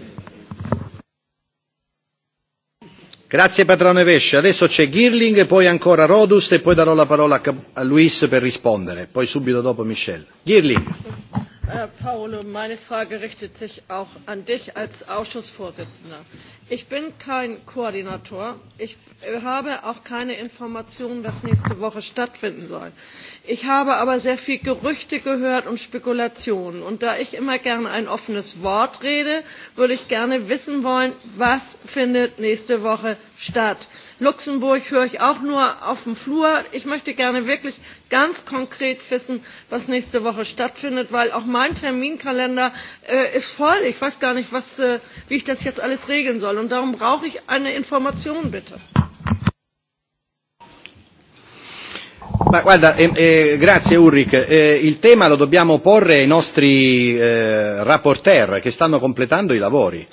Grazie Patrone Vesce. Adesso c'è Girling, poi ancora Rodust e poi darò la parola a Luis per rispondere, poi subito dopo Michel. Girling. Äh, Paolo, meine Frage richtet sich auch an dich als Ausschussvorsitzender Ich bin kein Koordinator. Ich habe auch keine Informationen, was nächste Woche stattfinden soll. Ich habe aber sehr viel Gerüchte gehört und Spekulationen. Und da ich immer gerne ein offenes Wort rede, würde ich gerne wissen wollen, was findet nächste Woche statt luxemburg höre ich auch nur auf dem flur. ich möchte gerne wirklich ganz konkret wissen was nächste woche stattfindet denn auch mein terminkalender äh, ist voll. ich weiß gar nicht äh, wie ich das jetzt alles regeln soll und darum brauche ich eine information bitte. Ma guarda, eh, eh, grazie Ulrich. Eh, il tema lo dobbiamo porre ai nostri eh, rapporteur che stanno completando i lavori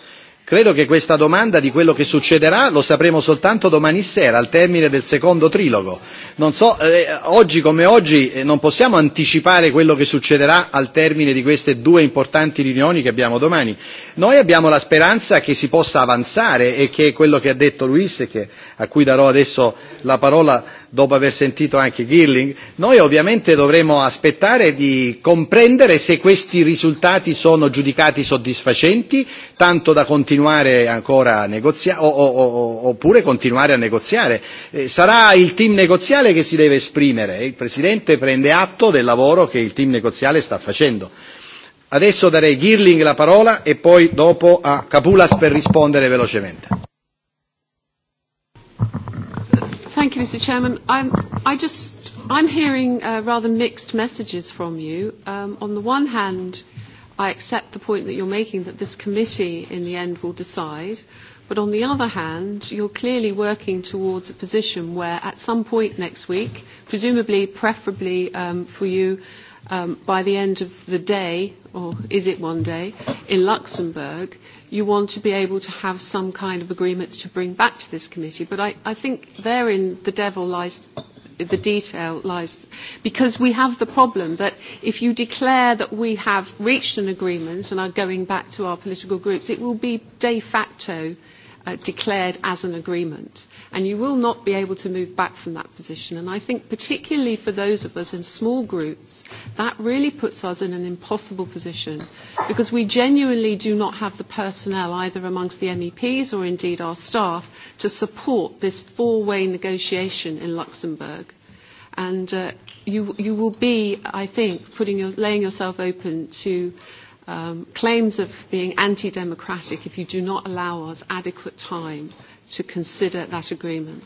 Credo che questa domanda di quello che succederà lo sapremo soltanto domani sera, al termine del secondo trilogo. Non so, eh, oggi come oggi eh, non possiamo anticipare quello che succederà al termine di queste due importanti riunioni che abbiamo domani. Noi abbiamo la speranza che si possa avanzare e che quello che ha detto Luis, e che, a cui darò adesso la parola, dopo aver sentito anche Girling, noi ovviamente dovremo aspettare di comprendere se questi risultati sono giudicati soddisfacenti, tanto da continuare ancora a negoziare, o, o, o, oppure continuare a negoziare. Eh, sarà il team negoziale che si deve esprimere, il Presidente prende atto del lavoro che il team negoziale sta facendo. Adesso darei Girling la parola e poi dopo a Capulas per rispondere velocemente. Thank you, Mr. Chairman. I'm, I just, I'm hearing uh, rather mixed messages from you. Um, on the one hand, I accept the point that you're making that this committee in the end will decide. But on the other hand, you're clearly working towards a position where at some point next week, presumably, preferably um, for you, um, by the end of the day, or is it one day, in Luxembourg, uh, you want to be able to have some kind of agreement to bring back to this committee. But I, I think therein the devil lies, the detail lies, because we have the problem that if you declare that we have reached an agreement and are going back to our political groups, it will be de facto uh, declared as an agreement. And you will not be able to move back from that position. And I think particularly for those of us in small groups, that really puts us in an impossible position because we genuinely do not have the personnel either amongst the MEPs or indeed our staff to support this four-way negotiation in Luxembourg. And uh, you, you will be, I think, putting your, laying yourself open to um, claims of being anti-democratic if you do not allow us adequate time to consider that agreement.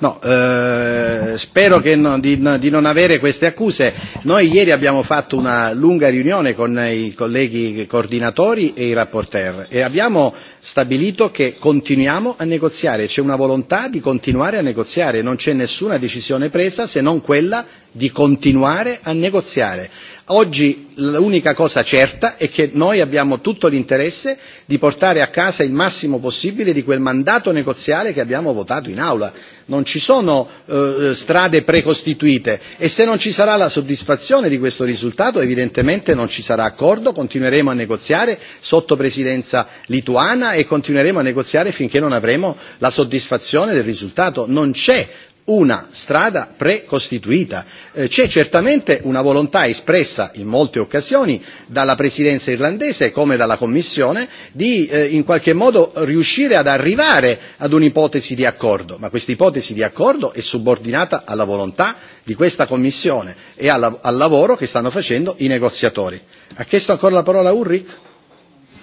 No, eh, spero che no, di, di non avere queste accuse. Noi ieri abbiamo fatto una lunga riunione con i colleghi coordinatori e i rapporteur e abbiamo stabilito che continuiamo a negoziare, c'è una volontà di continuare a negoziare, non c'è nessuna decisione presa se non quella di continuare a negoziare. Oggi l'unica cosa certa è che noi abbiamo tutto l'interesse di portare a casa il massimo possibile di quel mandato negoziale che abbiamo votato in aula non ci sono eh, eh, strade precostituite e se non ci sarà la soddisfazione di questo risultato evidentemente non ci sarà accordo, continueremo a negoziare sotto presidenza lituana e continueremo a negoziare finché non avremo la soddisfazione del risultato. Non c'è una strada precostituita. Eh, c'è certamente una volontà espressa in molte occasioni dalla presidenza irlandese come dalla commissione di eh, in qualche modo riuscire ad arrivare ad un'ipotesi di accordo ma questa ipotesi di accordo è subordinata alla volontà di questa commissione e alla, al lavoro che stanno facendo i negoziatori. Ha chiesto ancora la parola Ulrich?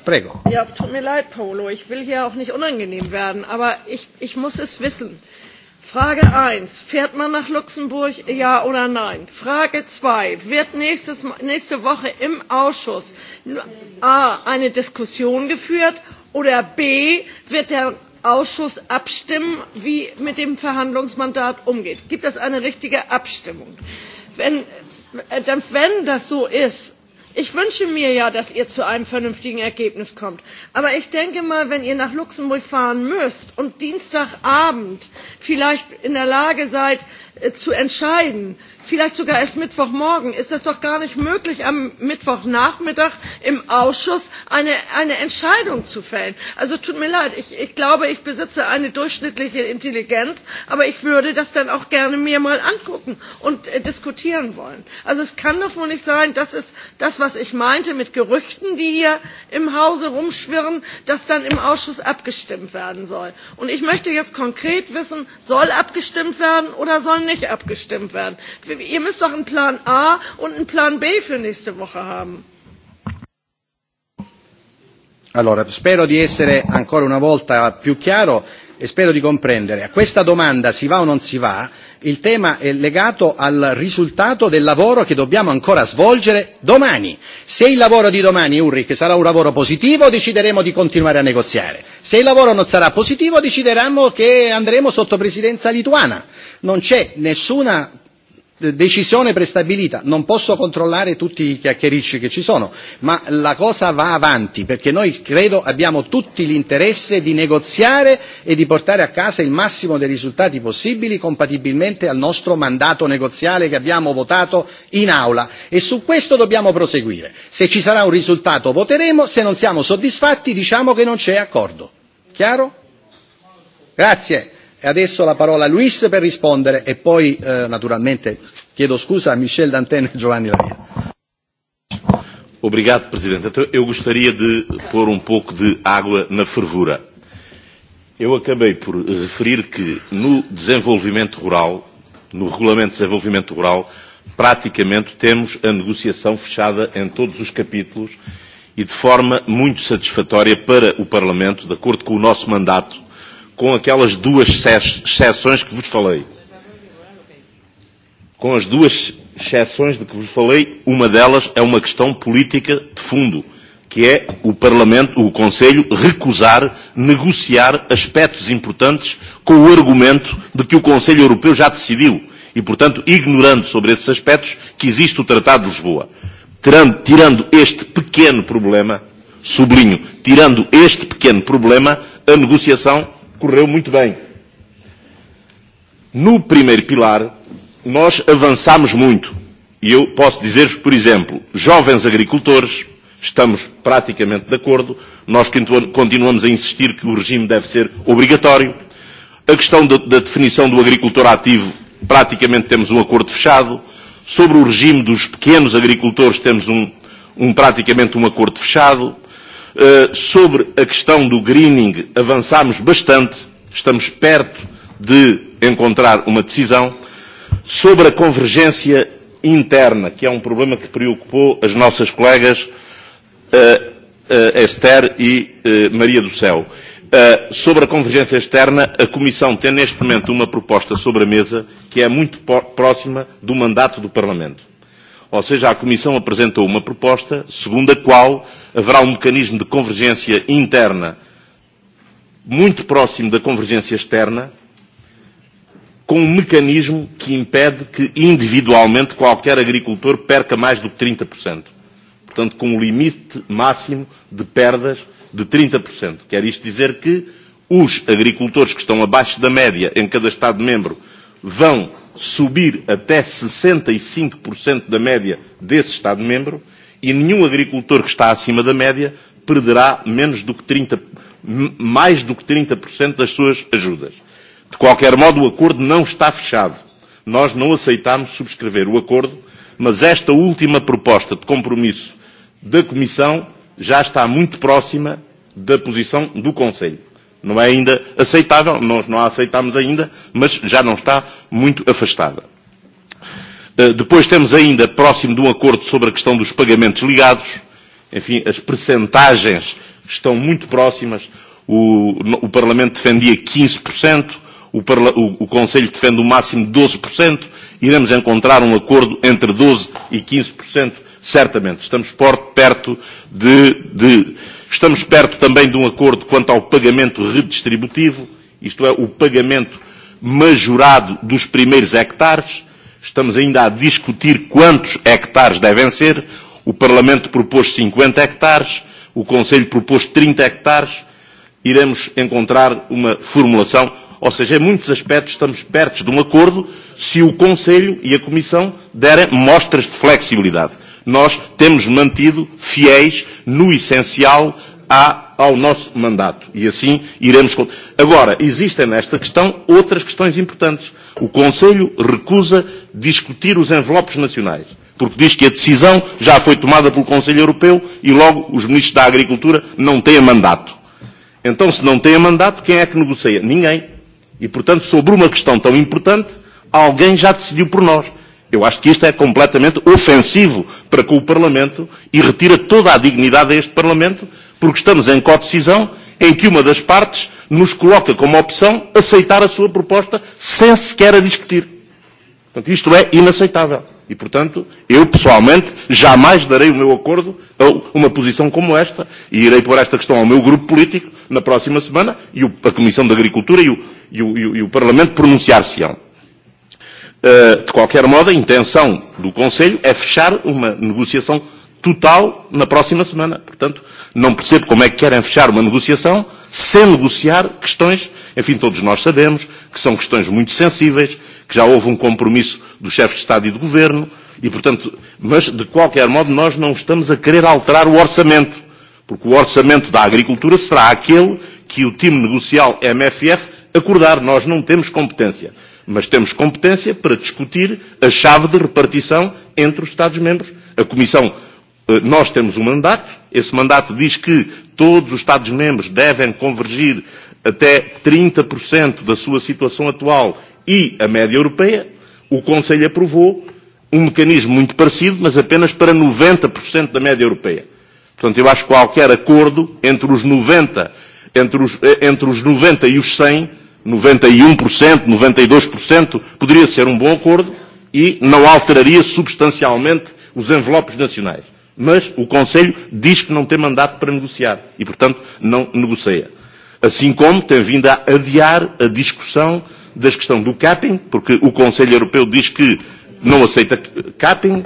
Prego. Ja, tut mir leid, Paolo. Ich will hier auch nicht unangenehm werden, aber ich, ich muss es wissen Frage eins Fährt man nach Luxemburg? Ja oder nein? Frage zwei Wird nächste Woche im Ausschuss A. eine Diskussion geführt oder B. wird der Ausschuss abstimmen, wie mit dem Verhandlungsmandat umgeht? Gibt es eine richtige Abstimmung? Wenn, äh, wenn das so ist, ich wünsche mir ja dass ihr zu einem vernünftigen ergebnis kommt aber ich denke mal wenn ihr nach luxemburg fahren müsst und dienstagabend vielleicht in der lage seid äh, zu entscheiden vielleicht sogar erst mittwochmorgen ist es doch gar nicht möglich am mittwochnachmittag im ausschuss eine, entscheidung zu fällen. also tut mir leid ich, glaube ich besitze eine durchschnittliche intelligenz aber ich würde das dann auch gerne mir mal angucken und äh, diskutieren wollen. also es kann doch wohl nicht sein das ist das was ich meinte mit gerüchten die hier im hause herumschwirren dass dann im ausschuss abgestimmt werden soll. und ich möchte jetzt konkret wissen soll abgestimmt werden oder soll nicht abgestimmt werden? ihr müsst doch einen Plan A und einen Plan B für nächste Woche haben. Allora, spero di essere ancora una volta più chiaro e spero di comprendere. A questa domanda si va o non si va, il tema è legato al risultato del lavoro che dobbiamo ancora svolgere domani. Se il lavoro di domani, Ulrich, sarà un lavoro positivo, decideremo di continuare a negoziare. Se il lavoro non sarà positivo, decideremo che andremo sotto presidenza lituana. Non c'è nessuna Eh, decisione prestabilita non posso controllare tutti i chiacchiericci che ci sono ma la cosa va avanti perché noi credo abbiamo tutti l'interesse di negoziare e di portare a casa il massimo dei risultati possibili compatibilmente al nostro mandato negoziale che abbiamo votato in aula e su questo dobbiamo proseguire se ci sarà un risultato voteremo se non siamo soddisfatti diciamo che non c'è accordo chiaro? grazie. E adesso la parola a Luis per rispondere e poi eh, naturalmente chiedo scusa a Michel Danten e Giovanni Lavia. Obrigado, Presidente. eu gostaria de pôr um pouco de água na fervura. Eu acabei por referir que no desenvolvimento rural, no Regulamento de Desenvolvimento Rural, praticamente temos a negociação fechada em todos os capítulos e de forma muito satisfatória para o Parlamento, de acordo com o nosso mandato com aquelas duas exceções que vos falei. Com as duas exceções de que vos falei, uma delas é uma questão política de fundo, que é o Parlamento, o Conselho recusar negociar aspectos importantes com o argumento de que o Conselho Europeu já decidiu e, portanto, ignorando sobre esses aspectos que existe o Tratado de Lisboa. Tirando, tirando este pequeno problema, sublinho, tirando este pequeno problema, a negociação correu muito bem. No primeiro pilar, nós avançámos muito. E eu posso dizer-vos, por exemplo, jovens agricultores, estamos praticamente de acordo, nós continuamos a insistir que o regime deve ser obrigatório. A questão da, da definição do agricultor ativo, praticamente temos um acordo fechado. Sobre o regime dos pequenos agricultores, temos um, um, praticamente um acordo fechado. Eh, sobre a questão do greening avançámos bastante, estamos perto de encontrar uma decisão. Sobre a convergência interna, que é um problema que preocupou as nossas colegas uh, uh, Esther e uh, Maria do Céu. Uh, sobre a convergência externa, a Comissão tem neste momento uma proposta sobre a mesa que é muito próxima do mandato do Parlamento Ou seja, a Comissão apresentou uma proposta segundo a qual haverá um mecanismo de convergência interna muito próximo da convergência externa, com um mecanismo que impede que individualmente qualquer agricultor perca mais do que 30%. Portanto, com um limite máximo de perdas de 30%. Quer isto dizer que os agricultores que estão abaixo da média em cada Estado-membro vão subir até 65% da média desse Estado-membro e nenhum agricultor que está acima da média perderá menos do que 30, mais do que 30% das suas ajudas. De qualquer modo, o acordo não está fechado. Nós não aceitámos subscrever o acordo, mas esta última proposta de compromisso da Comissão já está muito próxima da posição do Conselho. Não é ainda aceitável, nós não a aceitamos ainda, mas já não está muito afastada. Eh, depois temos ainda, próximo de um acordo sobre a questão dos pagamentos ligados, enfim, as percentagens estão muito próximas. O, o Parlamento defendia 15%, o, Parla, o, o Conselho defende o máximo de 12%, iremos encontrar um acordo entre 12% e 15%, certamente. Estamos perto de, de Estamos perto também de um acordo quanto ao pagamento redistributivo, isto é, o pagamento majorado dos primeiros hectares. Estamos ainda a discutir quantos hectares devem ser. O Parlamento propôs 50 hectares, o Conselho propôs 30 hectares. Iremos encontrar uma formulação, ou seja, em muitos aspectos estamos perto de um acordo se o Conselho e a Comissão derem mostras de flexibilidade nós temos mantido fiéis, no essencial, à, ao nosso mandato. E assim iremos. Agora, existem nesta questão outras questões importantes. O Conselho recusa discutir os envelopes nacionais porque diz que a decisão já foi tomada pelo Conselho Europeu e logo os ministros da Agricultura não têm mandato. Então, se não têm mandato, quem é que negocia? Ninguém. E, portanto, sobre uma questão tão importante, alguém já decidiu por nós. Eu acho que isto é completamente ofensivo para com o Parlamento e retira toda a dignidade a este Parlamento, porque estamos em co-decisão em que uma das partes nos coloca como opção aceitar a sua proposta sem sequer a discutir. Portanto, isto é inaceitável. E, portanto, eu pessoalmente jamais darei o meu acordo a uma posição como esta e irei pôr esta questão ao meu grupo político na próxima semana e a Comissão de Agricultura e o, e o, e o Parlamento pronunciar-se-ão. Eh, de qualquer modo, a intenção do Conselho é fechar uma negociação total na próxima semana. Portanto, não percebo como é que querem fechar uma negociação sem negociar questões, enfim, todos nós sabemos que são questões muito sensíveis, que já houve um compromisso dos chefes de Estado e de Governo, e portanto, mas de qualquer modo nós não estamos a querer alterar o orçamento, porque o orçamento da agricultura será aquele que o time negocial MFF acordar. Nós não temos competência mas temos competência para discutir a chave de repartição entre os Estados-membros. A Comissão, eh, nós temos um mandato, esse mandato diz que todos os Estados-membros devem convergir até 30% da sua situação atual e a média europeia. O Conselho aprovou um mecanismo muito parecido, mas apenas para 90% da média europeia. Portanto, eu acho que qualquer acordo entre os 90, entre os, eh, entre os 90 e os 100 91%, 92%, um poderia ser um bom acordo e não alteraria substancialmente os envelopes nacionais. Mas o Conselho diz que não tem mandato para negociar e, portanto, não negocia. Assim como tem vindo a adiar a discussão da questão do capping, porque o Conselho Europeu diz que não aceita capping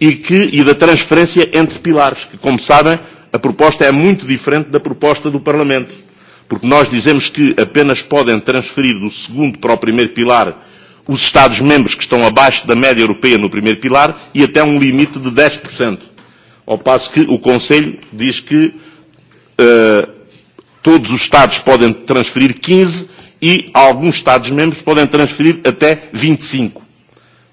e, que, e da transferência entre pilares, que, como sabem, a proposta é muito diferente da proposta do Parlamento porque nós dizemos que apenas podem transferir do segundo para o primeiro pilar os Estados-membros que estão abaixo da média europeia no primeiro pilar e até um limite de 10%. Ao passo que o Conselho diz que uh, todos os Estados podem transferir 15% e alguns Estados-membros podem transferir até 25%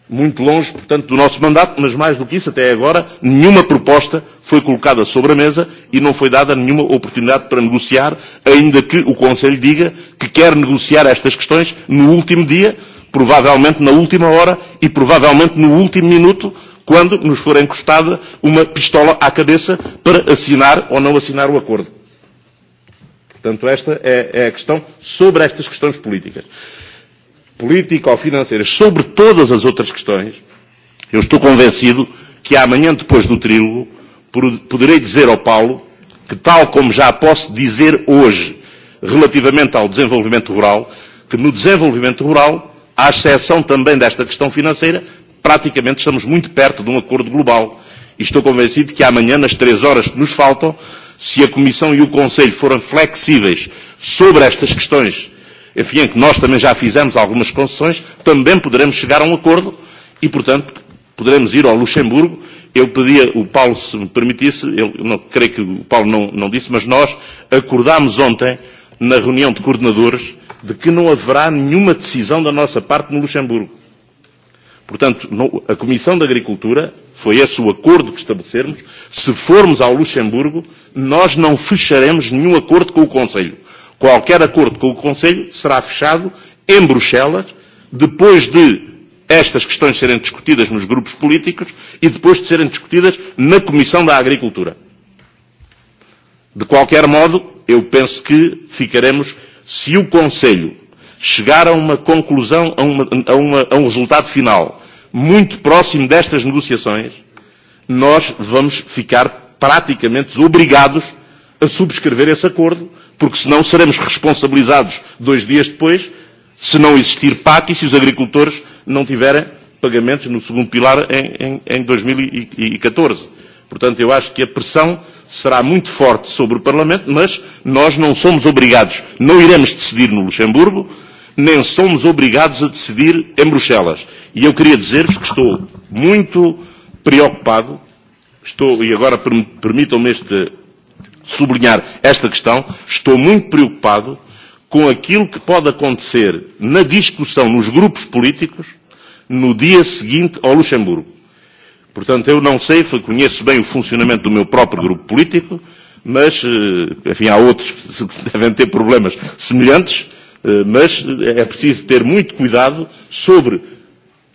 muito longe, portanto, do nosso mandato, mas mais do que isso, até agora, nenhuma proposta foi colocada sobre a mesa e não foi dada nenhuma oportunidade para negociar, ainda que o Conselho diga que quer negociar estas questões no último dia, provavelmente na última hora e provavelmente no último minuto, quando nos for encostada uma pistola à cabeça para assinar ou não assinar o acordo. Portanto, esta é, a questão sobre estas questões políticas política ou financeira, sobre todas as outras questões, eu estou convencido que amanhã, depois do trílogo, poderei dizer ao Paulo que, tal como já posso dizer hoje relativamente ao desenvolvimento rural, que no desenvolvimento rural, à exceção também desta questão financeira, praticamente estamos muito perto de um acordo global. E estou convencido que amanhã, nas três horas que nos faltam, se a Comissão e o Conselho forem flexíveis sobre estas questões enfim, em que nós também já fizemos algumas concessões, também poderemos chegar a um acordo e, portanto, poderemos ir ao Luxemburgo. Eu pedia, o Paulo, se me permitisse, eu não, creio que o Paulo não, não disse, mas nós acordámos ontem, na reunião de coordenadores, de que não haverá nenhuma decisão da nossa parte no Luxemburgo. Portanto, a Comissão da Agricultura, foi esse o acordo que estabelecermos, se formos ao Luxemburgo, nós não fecharemos nenhum acordo com o Conselho. Qualquer acordo com o Conselho será fechado em Bruxelas, depois de estas questões serem discutidas nos grupos políticos e depois de serem discutidas na Comissão da Agricultura. De qualquer modo, eu penso que ficaremos, se o Conselho chegar a uma conclusão, a, uma, a, uma, a um resultado final muito próximo destas negociações, nós vamos ficar praticamente obrigados a subscrever esse acordo, porque senão seremos responsabilizados dois dias depois se não existir PAC e se os agricultores não tiverem pagamentos no segundo pilar em, em, em 2014. Portanto, eu acho que a pressão será muito forte sobre o Parlamento, mas nós não somos obrigados, não iremos decidir no Luxemburgo, nem somos obrigados a decidir em Bruxelas. E eu queria dizer-vos que estou muito preocupado, estou, e agora permitam-me este sublinhar esta questão, estou muito preocupado com aquilo que pode acontecer na discussão nos grupos políticos no dia seguinte ao Luxemburgo. Portanto, eu não sei, conheço bem o funcionamento do meu próprio grupo político, mas, eh, enfim, há outros que devem ter problemas semelhantes, eh, mas eh, é preciso ter muito cuidado sobre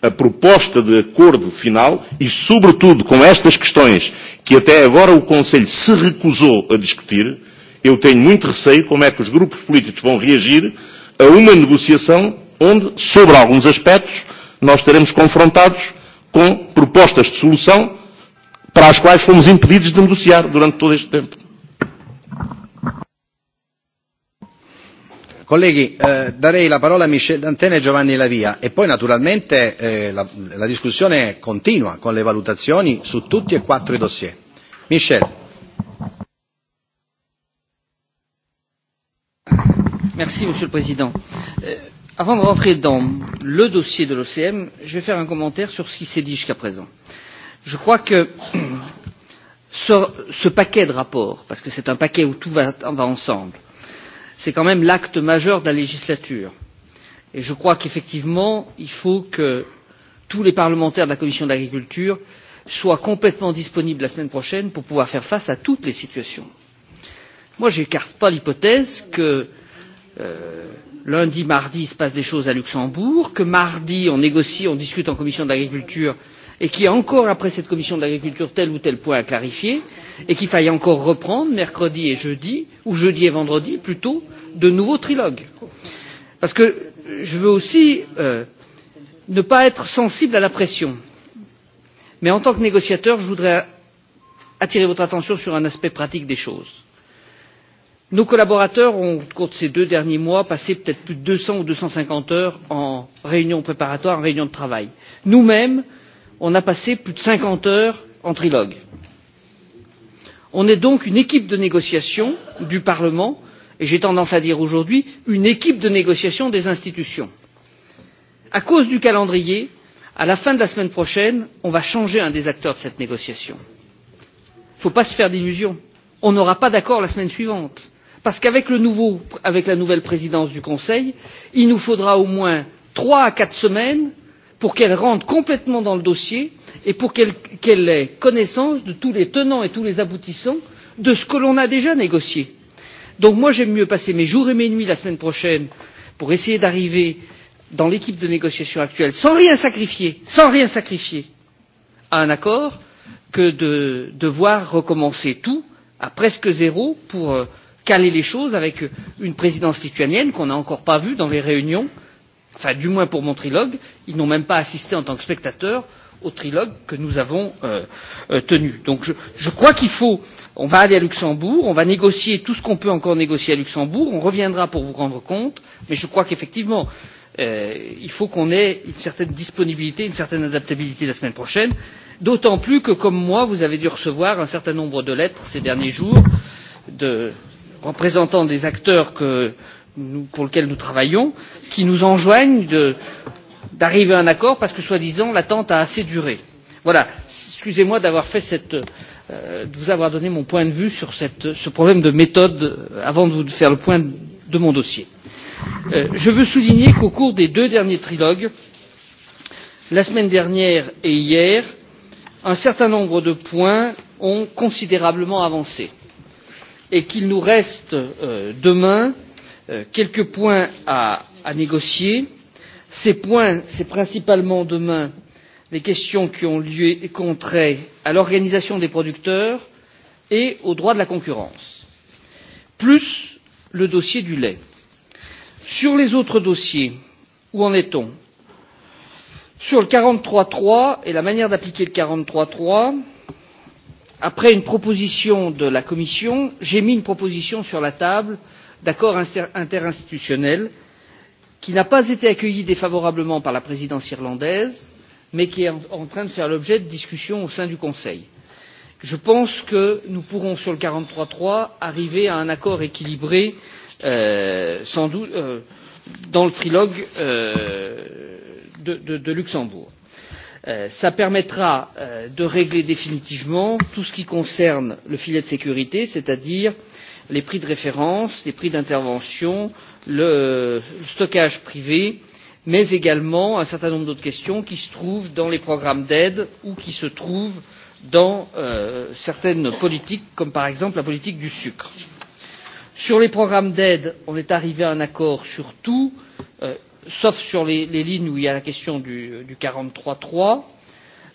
a proposta de acordo final e, sobretudo, com estas questões que até agora o Conselho se recusou a discutir, eu tenho muito receio como é que os grupos políticos vão reagir a uma negociação onde, sobre alguns aspectos, nós estaremos confrontados com propostas de solução para as quais fomos impedidos de negociar durante todo este tempo. Colleghi, eh, darei la parola a Michel dantin e Giovanni la via e poi naturalmente eh, la, discussione continua con le valutazioni su tutti e quattro i dossier. Michel. Monsieur le Président. Euh, avant de rentrer dans le dossier de l'OCM, je vais faire un commentaire sur ce qui s'est dit jusqu'à présent. Je crois que ce, paquet de rapports, parce que c'est un paquet où tout va ensemble, c'est quand même l'acte majeur de la législature. Et je crois qu'effectivement, il faut que tous les parlementaires de la Commission de l'agriculture soient complètement disponibles la semaine prochaine pour pouvoir faire face à toutes les situations. Moi, je n'écarte pas l'hypothèse que euh, lundi, mardi, il se passe des choses à Luxembourg, que mardi, on négocie, on discute en Commission de l'agriculture et qu'il y a encore après cette Commission de l'agriculture tel ou tel point à clarifier et qu'il faille encore reprendre mercredi et jeudi ou jeudi et vendredi plutôt de nouveaux trilogues. Parce que je veux aussi euh, ne pas être sensible à la pression. Mais en tant que négociateur, je voudrais attirer votre attention sur un aspect pratique des choses. Nos collaborateurs ont, au cours de ces deux derniers mois, passé peut-être plus de 200 ou 250 heures en réunion préparatoire, en réunion de travail. Nous-mêmes, on a passé plus de 50 heures en trilogue. Euh, on est donc une équipe de négociation du parlement et j'ai tendance à dire aujourd'hui une équipe de négociation des institutions. à cause du calendrier à la fin de la semaine prochaine on va changer un des acteurs de cette négociation. il ne faut pas se faire d'illusions on n'aura pas d'accord la semaine suivante parce qu'avec le nouveau avec la nouvelle présidence du conseil il nous faudra au moins trois à quatre semaines pour qu'elle rentre complètement dans le dossier et pour qu'elle ait connaissance de tous les tenants et tous les aboutissants de ce que l'on a déjà négocié. donc moi j'aime mieux passer mes jours et mes nuits la semaine prochaine pour essayer d'arriver dans l'équipe de négociation actuelle sans rien sacrifier sans rien sacrifier à un accord que de devoir recommencer tout à presque zéro pour euh, caler les choses avec une présidence lituanienne qu'on n'a encore pas vue dans les réunions enfin du moins pour mon trilogue ils n'ont même pas assisté en tant que spectateurs au trilogue que nous avons euh, euh, tenu. Donc je, je crois qu'il faut on va aller à Luxembourg, on va négocier tout ce qu'on peut encore négocier à Luxembourg, on reviendra pour vous rendre compte, mais je crois qu'effectivement euh, il faut qu'on ait une certaine disponibilité, une certaine adaptabilité la semaine prochaine, d'autant plus que, comme moi, vous avez dû recevoir un certain nombre de lettres ces derniers jours de représentants des acteurs que nous, pour lesquels nous travaillons, qui nous enjoignent de d'arriver à un accord parce que, soi disant, l'attente a assez duré. Voilà, excusez moi d'avoir fait cette euh, de vous avoir donné mon point de vue sur cette, ce problème de méthode euh, avant de vous faire le point de mon dossier. Euh, je veux souligner qu'au cours des deux derniers trilogues, la semaine dernière et hier, un certain nombre de points ont considérablement avancé et qu'il nous reste euh, demain euh, quelques points à, à négocier Ces points, c'est principalement demain les questions qui ont lieu et qui ont trait à l'organisation des producteurs et au droit de la concurrence, plus le dossier du lait. Sur les autres dossiers, où en est-on Sur le quarante trois trois et la manière d'appliquer le quarante trois trois après une proposition de la Commission, j'ai mis une proposition sur la table d'accord interinstitutionnel inter qui n'a pas été accueilli défavorablement par la présidence irlandaise mais qui est en, train de faire l'objet de discussions au sein du conseil. je pense que nous pourrons sur le quarante trois trois arriver à un accord équilibré euh, sans doute euh, dans le trilogue euh, de, de, de luxembourg. Cela euh, permettra euh, de régler définitivement tout ce qui concerne le filet de sécurité c'est à dire les prix de référence les prix d'intervention et le stockage privé, mais également un certain nombre d'autres questions qui se trouvent dans les programmes d'aide ou qui se trouvent dans euh, certaines politiques, comme par exemple la politique du sucre. Sur les programmes d'aide, on est arrivé à un accord sur tout, euh, sauf sur les, les lignes où il y a la question du, du 43.3.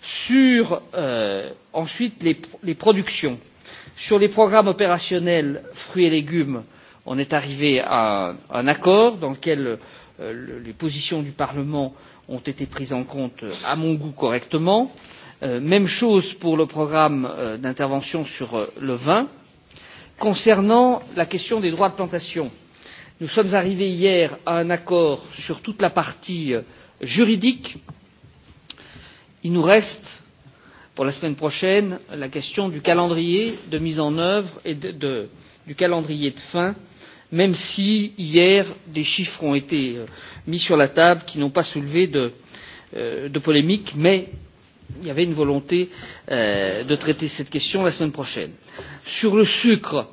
Sur euh, ensuite les, les productions, sur les programmes opérationnels fruits et légumes, euh, on est arrivé à un accord dans lequel euh, les positions du parlement ont été prises en compte à mon goût correctement. Euh, même chose pour le programme euh, d'intervention sur le vin. concernant la question des droits de plantation nous sommes arrivés hier à un accord sur toute la partie juridique. il nous reste pour la semaine prochaine la question du calendrier de mise en œuvre et de, de, du calendrier de fin même si hier des chiffres ont été euh, mis sur la table qui n'ont pas soulevé de, euh, de polémique, mais il y avait une volonté euh, de traiter cette question la semaine prochaine. Sur le sucre,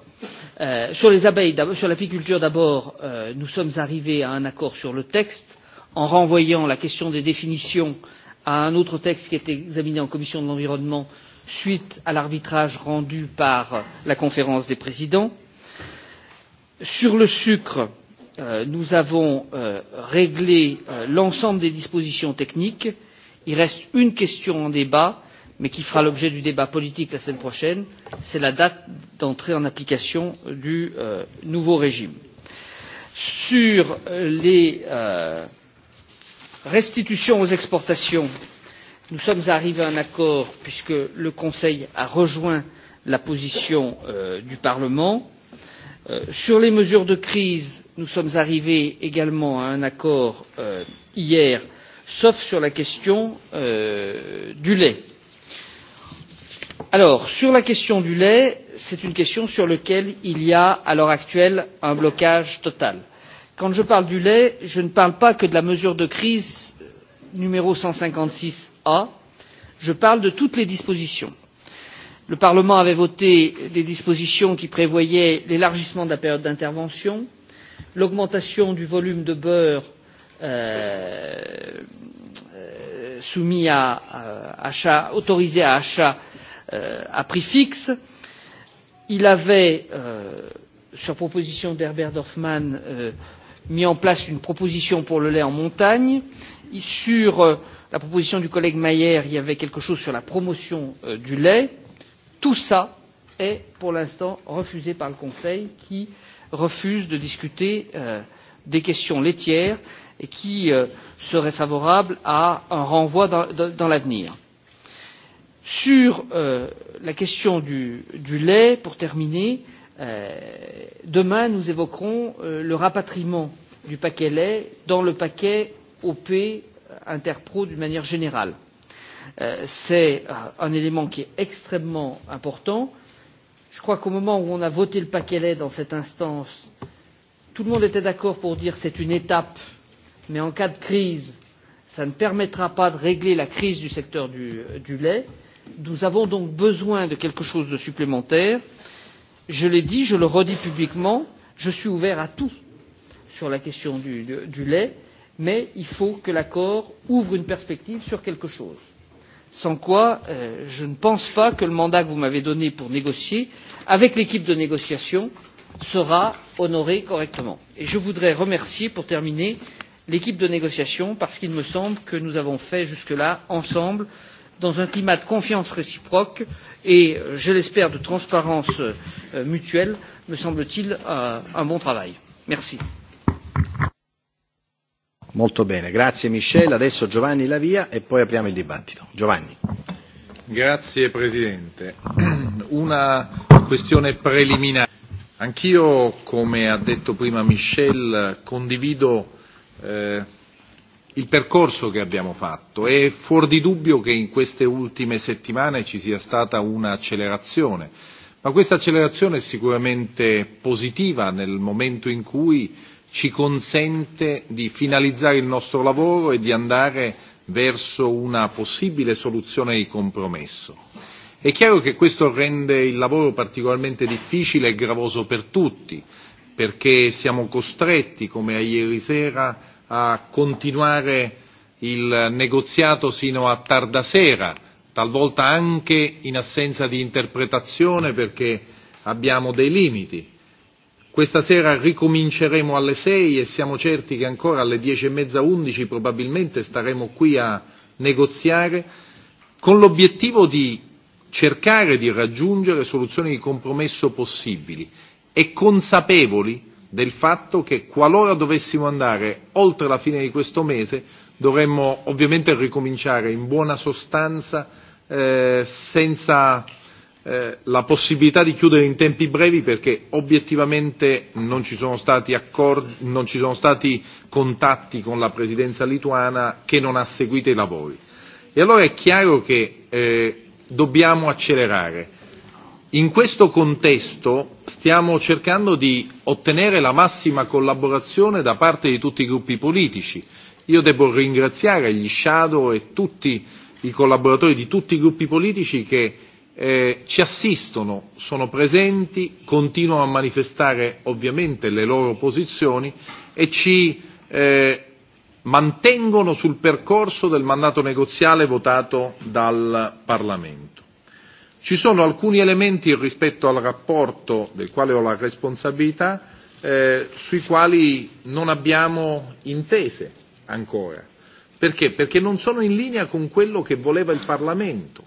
euh, sur les abeilles, sur l'apiculture d'abord, euh, nous sommes arrivés à un accord sur le texte en renvoyant la question des définitions à un autre texte qui a été examiné en commission de l'environnement suite à l'arbitrage rendu par la conférence des présidents sur le sucre euh, nous avons euh, réglé euh, l'ensemble des dispositions techniques il reste une question en débat mais qui fera l'objet du débat politique la semaine prochaine c'est la date d'entrée en application du nouveau régime. sur les restitutions aux exportations nous sommes arrivés à un accord puisque le conseil a rejoint la position du parlement Euh, sur les mesures de crise nous sommes arrivés également à un accord euh, hier sauf sur la question euh, du lait. sur la question du lait c'est une question sur laquelle il y a à l'heure actuelle un blocage total. quand je parle du lait je ne parle pas que de la mesure de crise n cent cinquante six a je parle de toutes les dispositions le parlement avait voté des dispositions qui prévoyaient l'élargissement de la période d'intervention l'augmentation du volume de beurre euh, euh soumis à, à achat, autorisé à achat euh, à prix fixe. Il avait, euh, sur proposition d'Herbert Dorfman, euh, mis en place une proposition pour le lait en montagne. Sur euh, la proposition du collègue Mayer, il y avait quelque chose sur la promotion euh, du lait. Tout ça est pour l'instant refusé par le Conseil qui refuse de discuter euh, des questions laitières et qui euh, serait favorable à un renvoi dans, l'avenir. Sur euh, la question du, lait, pour terminer, demain nous évoquerons le rapatriement du paquet lait dans le paquet OP Interpro d'une manière générale Euh, c'est euh, un élément qui est extrêmement important. Je crois qu'au moment où on a voté le paquet lait dans cette instance, tout le monde était d'accord pour dire que c'est une étape, mais en cas de crise, ça ne permettra pas de régler la crise du secteur du, euh, du lait. Nous avons donc besoin de quelque chose de supplémentaire. Je l'ai dit, je le redis publiquement, je suis ouvert à tout sur la question du, du, du lait, mais il faut que l'accord ouvre une perspective sur quelque chose sans quoi euh, je ne pense pas que le mandat que vous m'avez donné pour négocier avec l'équipe de négociation sera honoré correctement. Et je voudrais remercier pour terminer l'équipe de négociation parce qu'il me semble que nous avons fait jusque là ensemble dans un climat de confiance réciproque et euh, je l'espère de transparence euh, mutuelle me semble t il un bon travail. merci. Molto bene, grazie Michel. Adesso Giovanni Lavia e poi apriamo il dibattito. Giovanni. Grazie Presidente. Una questione preliminare. Anch'io, come ha detto prima Michel, condivido eh, il percorso che abbiamo fatto. È fuor di dubbio che in queste ultime settimane ci sia stata un'accelerazione, ma questa accelerazione è sicuramente positiva nel momento in cui ci consente di finalizzare il nostro lavoro e di andare verso una possibile soluzione di compromesso. È chiaro che questo rende il lavoro particolarmente difficile e gravoso per tutti, perché siamo costretti, come a ieri sera, a continuare il negoziato sino a tarda sera, talvolta anche in assenza di interpretazione perché abbiamo dei limiti Questa sera ricominceremo alle 6 e siamo certi che ancora alle e mezza 11 probabilmente staremo qui a negoziare con l'obiettivo di cercare di raggiungere soluzioni di compromesso possibili e consapevoli del fatto che qualora dovessimo andare oltre la fine di questo mese dovremmo ovviamente ricominciare in buona sostanza eh, senza Eh, la possibilità di chiudere in tempi brevi perché obiettivamente non ci sono stati, accordi, non ci sono stati contatti con la presidenza lituana che non ha seguito i lavori. E allora è chiaro che eh, dobbiamo accelerare. In questo contesto stiamo cercando di ottenere la massima collaborazione da parte di tutti i gruppi politici. Io devo ringraziare gli shadow e tutti i collaboratori di tutti i gruppi politici che eh, ci assistono, sono presenti, continuano a manifestare ovviamente le loro posizioni e ci eh, mantengono sul percorso del mandato negoziale votato dal Parlamento. Ci sono alcuni elementi rispetto al rapporto del quale ho la responsabilità eh, sui quali non abbiamo intese ancora. Perché? Perché non sono in linea con quello che voleva il Parlamento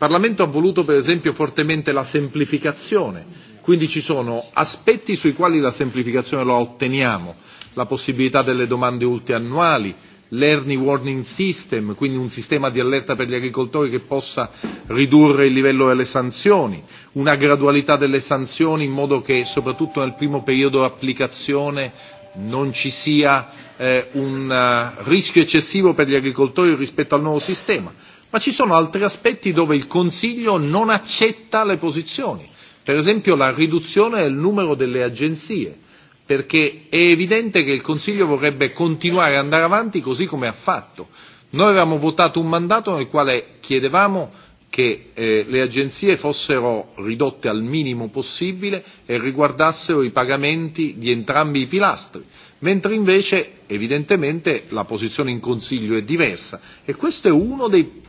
Parlamento ha voluto per esempio fortemente la semplificazione, quindi ci sono aspetti sui quali la semplificazione la otteniamo, la possibilità delle domande ultiannuali, l'early warning system, quindi un sistema di allerta per gli agricoltori che possa ridurre il livello delle sanzioni, una gradualità delle sanzioni in modo che soprattutto nel primo periodo di applicazione non ci sia eh, un uh, rischio eccessivo per gli agricoltori rispetto al nuovo sistema ma ci sono altri aspetti dove il Consiglio non accetta le posizioni, per esempio la riduzione del numero delle agenzie, perché è evidente che il Consiglio vorrebbe continuare ad andare avanti così come ha fatto. Noi avevamo votato un mandato nel quale chiedevamo che eh, le agenzie fossero ridotte al minimo possibile e riguardassero i pagamenti di entrambi i pilastri, mentre invece evidentemente la posizione in Consiglio è diversa e questo è uno dei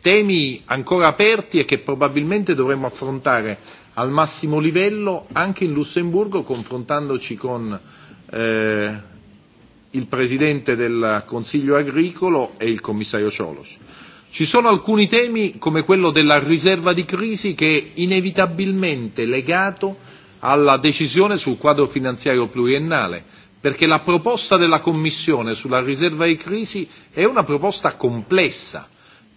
temi ancora aperti e che probabilmente dovremo affrontare al massimo livello anche in Lussemburgo confrontandoci con eh, il Presidente del Consiglio agricolo e il Commissario Ciolos. Ci sono alcuni temi come quello della riserva di crisi che è inevitabilmente legato alla decisione sul quadro finanziario pluriennale, perché la proposta della Commissione sulla riserva di crisi è una proposta complessa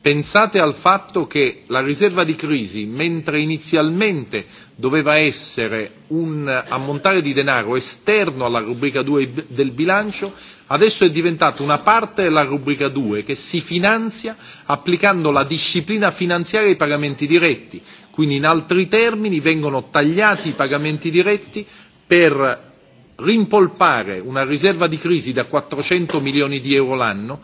Pensate al fatto che la riserva di crisi, mentre inizialmente doveva essere un ammontare di denaro esterno alla rubrica 2 del bilancio, adesso è diventata una parte della rubrica 2 che si finanzia applicando la disciplina finanziaria ai pagamenti diretti. Quindi in altri termini vengono tagliati i pagamenti diretti per rimpolpare una riserva di crisi da 400 milioni di euro l'anno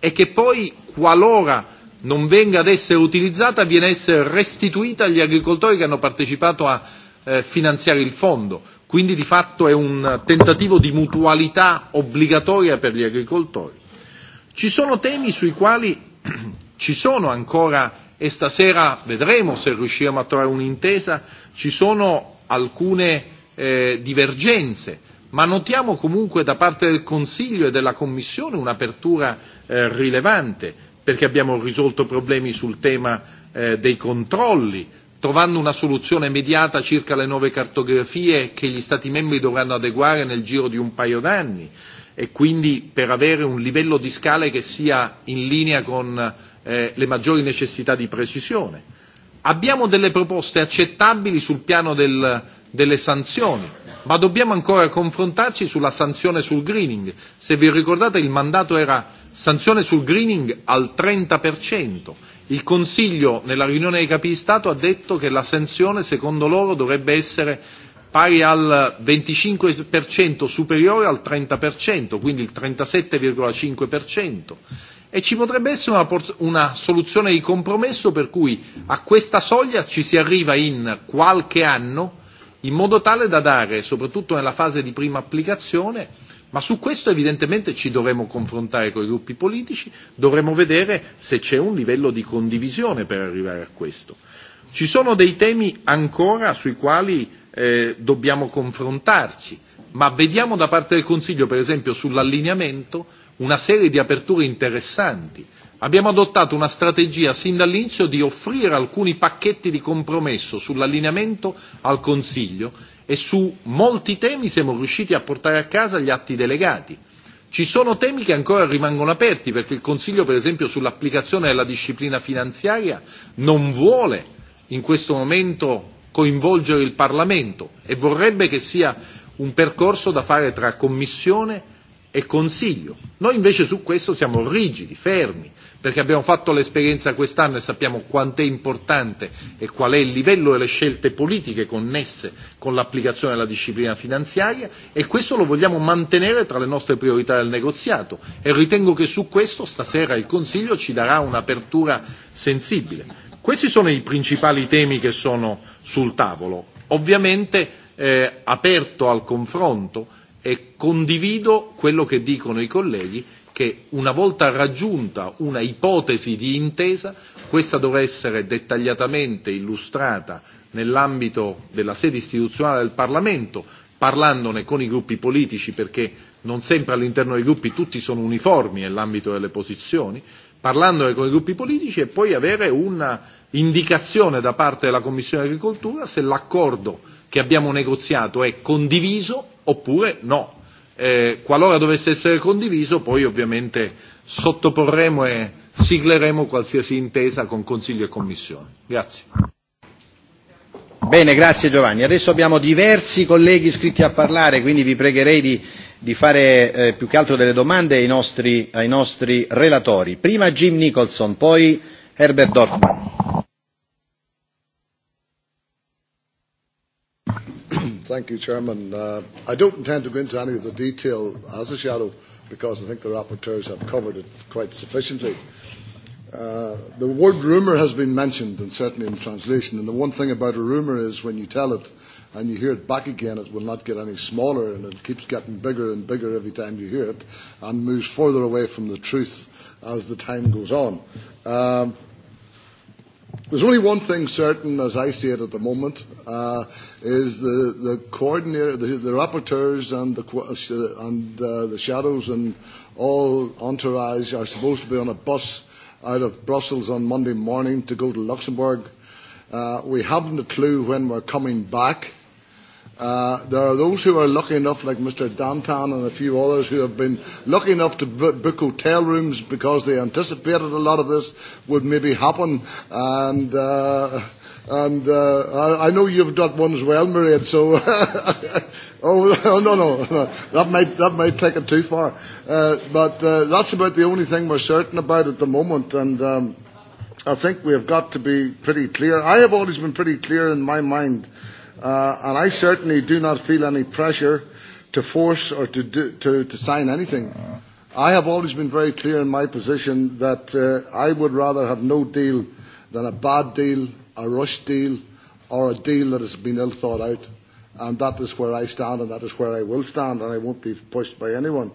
e che poi, qualora non venga ad essere utilizzata viene ad essere restituita agli agricoltori che hanno partecipato a eh, finanziare il fondo. Quindi di fatto è un tentativo di mutualità obbligatoria per gli agricoltori. Ci sono temi sui quali ci sono ancora e stasera vedremo se riusciremo a trovare un'intesa, ci sono alcune eh, divergenze, ma notiamo comunque da parte del Consiglio e della Commissione un'apertura eh, rilevante perché abbiamo risolto problemi sul tema eh, dei controlli, trovando una soluzione immediata circa le nuove cartografie che gli Stati membri dovranno adeguare nel giro di un paio d'anni e quindi per avere un livello di scale che sia in linea con eh, le maggiori necessità di precisione. Abbiamo delle proposte accettabili sul piano del, delle sanzioni, ma dobbiamo ancora confrontarci sulla sanzione sul greening. Se vi ricordate il mandato era sanzione sul greening al 30%. Il Consiglio nella riunione dei capi di Stato ha detto che la sanzione secondo loro dovrebbe essere pari al 25% superiore al 30%, quindi il 37,5%. E ci potrebbe essere una, una soluzione di compromesso per cui a questa soglia ci si arriva in qualche anno, in modo tale da dare, soprattutto nella fase di prima applicazione, Ma su questo evidentemente ci dovremo confrontare con i gruppi politici, dovremo vedere se c'è un livello di condivisione per arrivare a questo. Ci sono dei temi ancora sui quali eh, dobbiamo confrontarci, ma vediamo da parte del Consiglio, per esempio sull'allineamento, una serie di aperture interessanti. Abbiamo adottato una strategia sin dall'inizio di offrire alcuni pacchetti di compromesso sull'allineamento al Consiglio e su molti temi siamo riusciti a portare a casa gli atti delegati. Ci sono temi che ancora rimangono aperti perché il Consiglio, per esempio, sull'applicazione della disciplina finanziaria non vuole in questo momento coinvolgere il Parlamento e vorrebbe che sia un percorso da fare tra Commissione e Consiglio. Noi invece su questo siamo rigidi, fermi, perché abbiamo fatto l'esperienza quest'anno e sappiamo quanto è importante e qual è il livello delle scelte politiche connesse con l'applicazione della disciplina finanziaria e questo lo vogliamo mantenere tra le nostre priorità del negoziato e ritengo che su questo stasera il Consiglio ci darà un'apertura sensibile. Questi sono i principali temi che sono sul tavolo, ovviamente eh, aperto al confronto e condivido quello che dicono i colleghi che una volta raggiunta una ipotesi di intesa, questa dovrà essere dettagliatamente illustrata nell'ambito della sede istituzionale del Parlamento, parlandone con i gruppi politici perché non sempre all'interno dei gruppi tutti sono uniformi nell'ambito delle posizioni, parlandone con i gruppi politici e poi avere un'indicazione da parte della Commissione agricoltura se l'accordo che abbiamo negoziato è condiviso oppure no eh, qualora dovesse essere condiviso, poi ovviamente sottoporremo e sigleremo qualsiasi intesa con Consiglio e Commissione. Grazie. Bene, grazie Giovanni. Adesso abbiamo diversi colleghi iscritti a parlare, quindi vi pregherei di, di fare eh, più che altro delle domande ai nostri, ai nostri relatori. Prima Jim Nicholson, poi Herbert Dorfman. Thank you, Chairman. Uh, I don't intend to go into any of the detail as a shadow because I think the rapporteurs have covered it quite sufficiently. Uh, the word rumour has been mentioned, and certainly in translation. And the one thing about a rumour is when you tell it and you hear it back again, it will not get any smaller, and it keeps getting bigger and bigger every time you hear it, and moves further away from the truth as the time goes on. Um, There's only one thing certain, as I see it at the moment, uh, is the, the coordinator, the, the rapporteurs and the, uh, and, uh, the shadows and all entourage are supposed to be on a bus out of Brussels on Monday morning to go to Luxembourg. Uh, we haven't a clue when we're coming back. Uh, there are those who are lucky enough, like Mr. Dantan and a few others, who have been lucky enough to book hotel rooms because they anticipated a lot of this would maybe happen. And, uh, and uh, I, I know you've got one as well, Mairead, so. oh, no, no, no. That might, that might take it too far. Uh, but uh, that's about the only thing we're certain about at the moment. And. Um, I think we have got to be pretty clear. I have always been pretty clear in my mind Uh, and I certainly do not feel any pressure to force or to, do, to, to sign anything. I have always been very clear in my position that uh, I would rather have no deal than a bad deal, a rush deal, or a deal that has been ill thought out. And that is where I stand, and that is where I will stand, and I won't be pushed by anyone.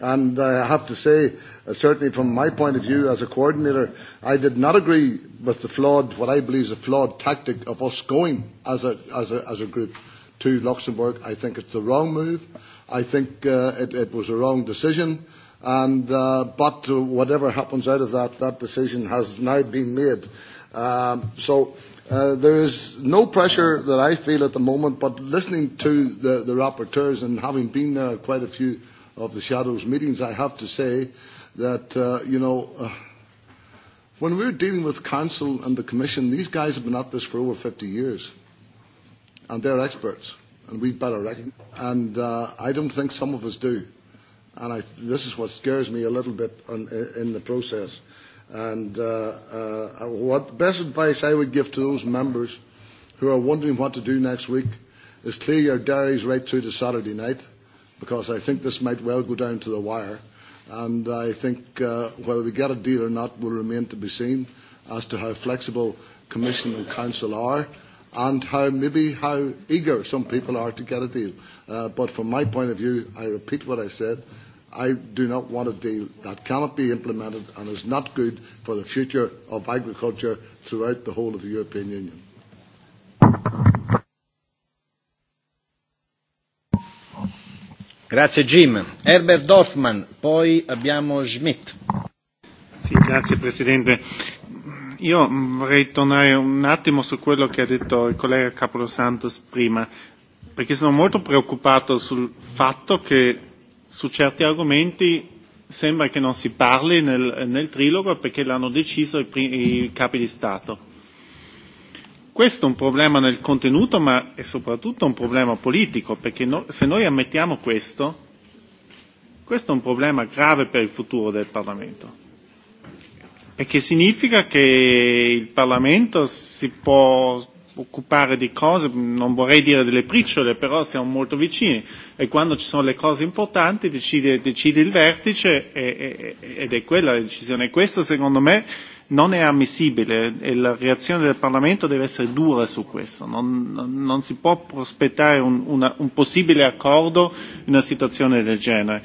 And I have to say, uh, certainly from my point of view as a coordinator, I did not agree with the flawed, what I believe is a flawed tactic of us going as a, as a, as a group to Luxembourg. I think it's the wrong move. I think uh, it, it was a wrong decision. And, uh, but whatever happens out of that, that decision has now been made. Um, so uh, there is no pressure that I feel at the moment, but listening to the, the rapporteurs and having been there quite a few of the shadows meetings, I have to say that, uh, you know, uh, when were dealing with council and the commission, these guys have been at this for over 50 years, and they're experts, and we'd better reckon. And uh, I don't think some of us do. And I, this is what scares me a little bit on, in the process. And uh, uh, uh, what best advice I would give to those members who are wondering what to do next week is clear your diaries right through to Saturday night because I think this might well go down to the wire. And I think uh, whether we get a deal or not will remain to be seen as to how flexible Commission and Council are and how maybe how eager some people are to get a deal. Uh, but from my point of view, I repeat what I said. I do not want a deal that cannot be implemented and is not good for the future of agriculture throughout the whole of the European Union. signor Jim. Herbert Dorfman, Presidente. Io vorrei tornare un attimo su quello che ha detto il collega Capolosantos prima, perché sono molto preoccupato sul fatto che su certi argomenti sembra che non si parli nel, trilogo perché l'hanno deciso i capi di Stato Questo è un problema nel contenuto, ma è soprattutto un problema politico, perché no, se noi ammettiamo questo, questo è un problema grave per il futuro del Parlamento. Perché significa che il Parlamento si può occupare di cose, non vorrei dire delle briciole, però siamo molto vicini e quando ci sono le cose importanti decide, decide il vertice e, e, ed è quella la decisione. questo secondo me non è ammissibile e la reazione del Parlamento deve essere dura su questo. Non, non, non si può prospettare un, una, un possibile accordo in una situazione del genere.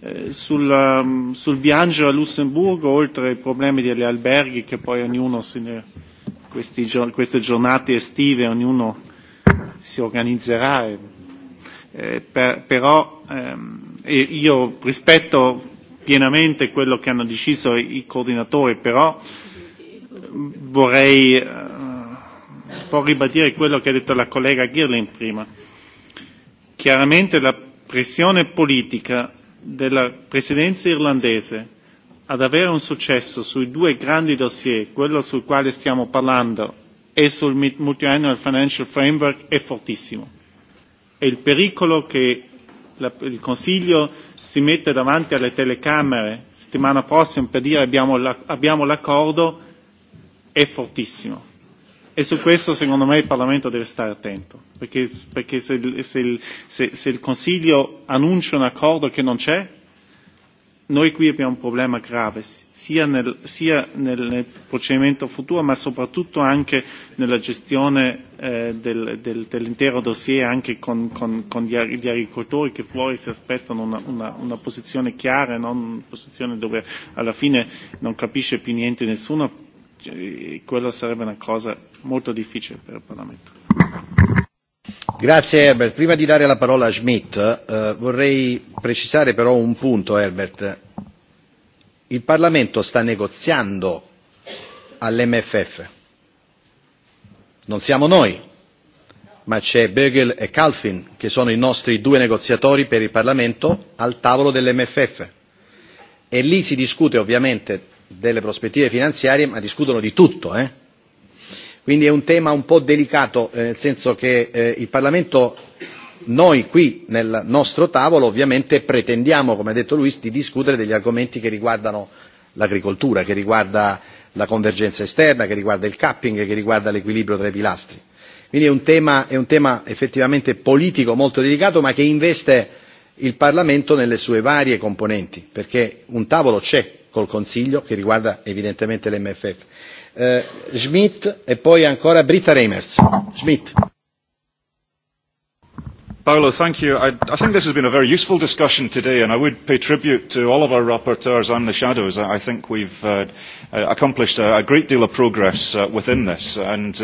Eh, sul, um, sul viaggio a Lussemburgo, oltre ai problemi degli alberghi che poi ognuno si ne, questi, queste giornate estive ognuno si organizzerà, eh, per, però ehm, io rispetto pienamente quello che hanno deciso i coordinatori, però vorrei eh, un po' ribadire quello che ha detto la collega Girling prima. Chiaramente la pressione politica della presidenza irlandese ad avere un successo sui due grandi dossier, quello sul quale stiamo parlando e sul multiannual financial framework, è fortissimo. E il pericolo che la, il Consiglio si mette davanti alle telecamere settimana prossima per dire abbiamo, la, abbiamo l'accordo è fortissimo. E su questo secondo me il Parlamento deve stare attento, perché, perché se, se, se, se il Consiglio annuncia un accordo che non c'è, noi qui abbiamo un problema grave sia nel, sia nel, nel procedimento futuro ma soprattutto anche nella gestione eh, del, del, dell'intero dossier anche con, con, con gli, gli agricoltori che fuori si aspettano una, una, una posizione chiara e non una posizione dove alla fine non capisce più niente nessuno quella sarebbe una cosa molto difficile per il Parlamento. Grazie Herbert. Prima di dare la parola a Schmidt eh, vorrei precisare però un punto Herbert. Il Parlamento sta negoziando all'MFF. Non siamo noi, ma c'è Bögel e kalfin che sono i nostri due negoziatori per il Parlamento al tavolo dell'MFF. E lì si discute ovviamente delle prospettive finanziarie, ma discutono di tutto, eh? quindi è un tema un po' delicato eh, nel senso che eh, il parlamento noi qui nel nostro tavolo ovviamente pretendiamo come ha detto luis di discutere degli argomenti che riguardano l'agricoltura che riguarda la convergenza esterna che riguarda il capping che riguarda l'equilibrio tra i pilastri. quindi è un tema, è un tema effettivamente politico molto delicato ma che investe il parlamento nelle sue varie componenti perché un tavolo c'è col consiglio che riguarda evidentemente l'mff. Eh, Paolo, thank you. I, think this has been a very useful discussion today, and I would pay tribute to all of our rapporteurs and the shadows. I, think we have uh, uh, accomplished a, great deal of progress uh, within this, and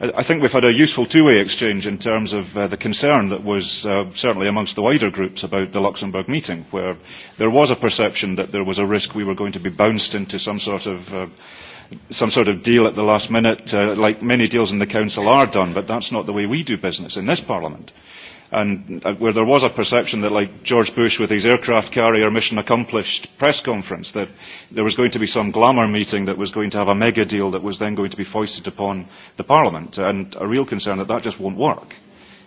I think we have had a useful two-way exchange in terms of the concern that was certainly amongst the wider groups about the Luxembourg meeting, where there was a perception that there was a risk we were going to be bounced into some sort of some sort of deal at the last minute, uh, like many deals in the Council are done, but that's not the way we do business in this Parliament. And uh, where there was a perception that, like George Bush with his aircraft carrier mission accomplished press conference, that there was going to be some glamour meeting that was going to have a mega deal that was then going to be foisted upon the Parliament, and a real concern that that just won't work.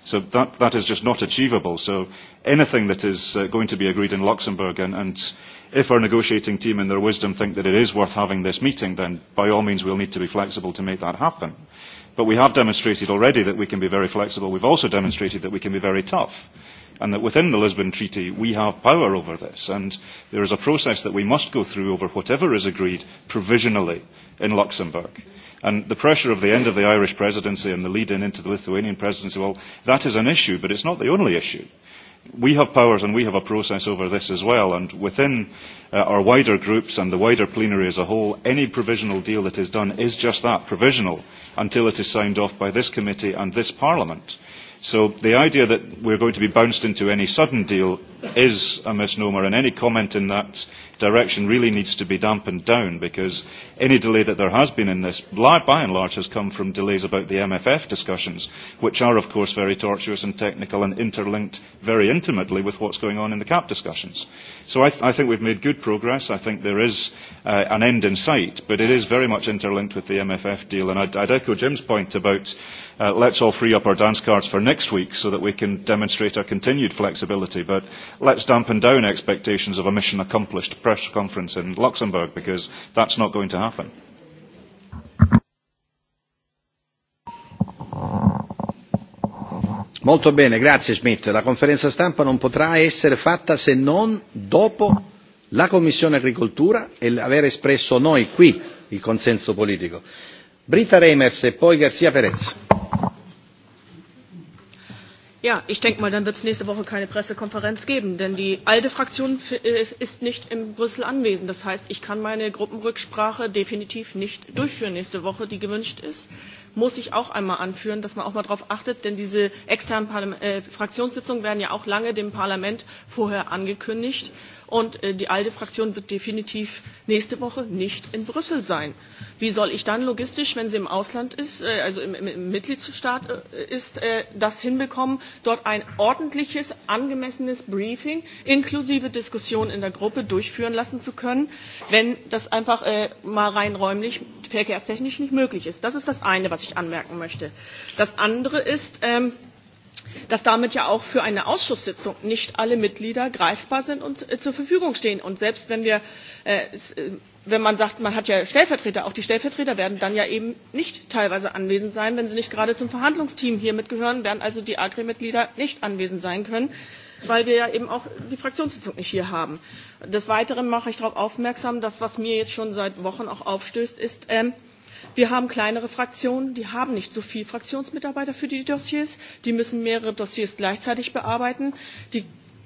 So that, that is just not achievable. So anything that is uh, going to be agreed in Luxembourg and, and if our negotiating team in their wisdom think that it is worth having this meeting, then by all means we'll need to be flexible to make that happen. But we have demonstrated already that we can be very flexible. We've also demonstrated that we can be very tough and that within the Lisbon Treaty we have power over this. And there is a process that we must go through over whatever is agreed provisionally in Luxembourg. And the pressure of the end of the Irish presidency and the lead-in into the Lithuanian presidency, well, that is an issue, but it's not the only issue we have powers and we have a process over this as well. And within uh, our wider groups and the wider plenary as a whole, any provisional deal that is done is just that, provisional, until it is signed off by this committee and this parliament. So the idea that we're going to be bounced into any sudden deal is a misnomer, and any comment in that direction really needs to be dampened down because any delay that there has been in this, by and large, has come from delays about the MFF discussions, which are, of course, very tortuous and technical and interlinked very intimately with what's going on in the CAP discussions. So I, th I think we've made good progress. I think there is uh, an end in sight, but it is very much interlinked with the MFF deal. And I'd, I'd echo Jim's point about uh, let's all free up our dance cards for next week so that we can demonstrate our continued flexibility, but let's dampen down expectations of a mission accomplished press conference in Luxembourg because that's not going to happen. Molto bene, grazie Schmidt. La conferenza stampa non potrà essere fatta se non dopo la Commissione Agricoltura e aver espresso noi qui il consenso politico. Brita Reimers e poi Garzia Perez. Ja, ich denke mal, dann wird es nächste Woche keine Pressekonferenz geben, denn die alte Fraktion äh, ist nicht in Brüssel anwesend. Das heißt, ich kann meine Gruppenrücksprache definitiv nicht durchführen nächste Woche, die gewünscht ist. Muss ich auch einmal anführen, dass man auch mal darauf achtet, denn diese externen Parlam äh, Fraktionssitzungen werden ja auch lange dem Parlament vorher angekündigt. Und äh, die ALDE Fraktion wird definitiv nächste Woche nicht in Brüssel sein. Wie soll ich dann logistisch, wenn sie im Ausland ist, äh, also im, mitgliedstaat äh, ist, das hinbekommen, dort ein ordentliches, angemessenes Briefing inklusive Diskussion in der Gruppe durchführen lassen zu können, wenn das einfach mal rein räumlich verkehrstechnisch nicht möglich ist. Das ist das eine, was ich anmerken möchte. Das andere ist, ähm, dass damit ja auch für eine ausschusssitzung nicht alle mitglieder greifbar sind und äh, zur verfügung stehen. und selbst äh, äh, wenn man sagt man hat ja stellvertreter auch die stellvertreter werden dann ja eben nicht teilweise anwesend sein wenn sie nicht gerade zum verhandlungsteam hier mitgehören werden also die agri mitglieder nicht anwesend sein können weil wir ja eben auch die Fraktionssitzung nicht hier haben. Des Weiteren mache ich darauf aufmerksam, dass was mir jetzt schon seit Wochen auch aufstößt, ist, ähm, wir haben kleinere fraktionen die haben nicht so viele fraktionsmitarbeiter für die dossiers die müssen mehrere dossiers gleichzeitig bearbeiten die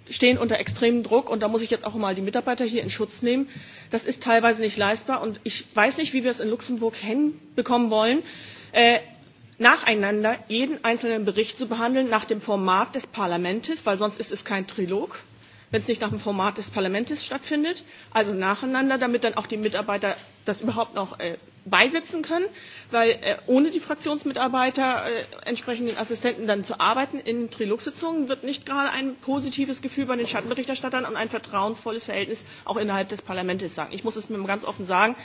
stehen unter extremem Druck und da muss ich jetzt auch mal die Mitarbeiter hier in Schutz nehmen. Das ist teilweise nicht leistbar und ich weiß nicht, wie wir es in Luxemburg hinbekommen wollen, äh, nacheinander jeden einzelnen Bericht zu behandeln nach dem Format des Parlaments, weil sonst ist es kein Trilog, wenn es nicht nach dem Format des Parlaments stattfindet, also nacheinander, damit dann auch die Mitarbeiter das überhaupt noch äh, beisetzen können, weil äh, ohne die Fraktionsmitarbeiter äh, entsprechenden Assistenten dann zu arbeiten in Trilogsitzungen wird nicht gerade ein positives Gefühl bei den Schattenberichterstattern und ein vertrauensvolles Verhältnis auch innerhalb des Parlaments sagen. Ich muss es mir ganz offen sagen,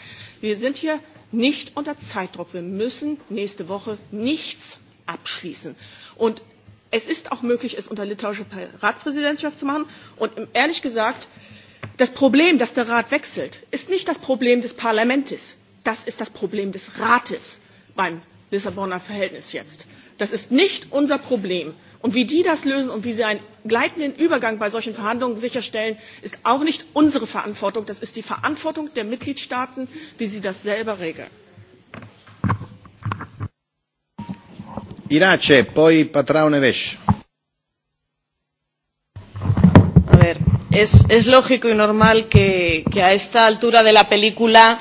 wir sind hier nicht unter Zeitdruck. Wir müssen nächste Woche nichts abschließen. Und es ist auch möglich, es unter litauischer Ratspräsidentschaft zu machen. Und ehrlich gesagt, das Problem, dass der Rat wechselt, ist nicht das Problem des Parlaments. Das ist das Problem des Rates beim Lissabonner Verhältnis jetzt. Das ist nicht unser Problem. Und wie die das lösen und wie sie einen gleitenden Übergang bei solchen Verhandlungen sicherstellen, ist auch nicht unsere Verantwortung. Das ist die Verantwortung der Mitgliedstaaten, wie sie das selber regeln. Irace, poi Patrao Neves. A ver, es, es lógico y normal que, que a esta altura de la película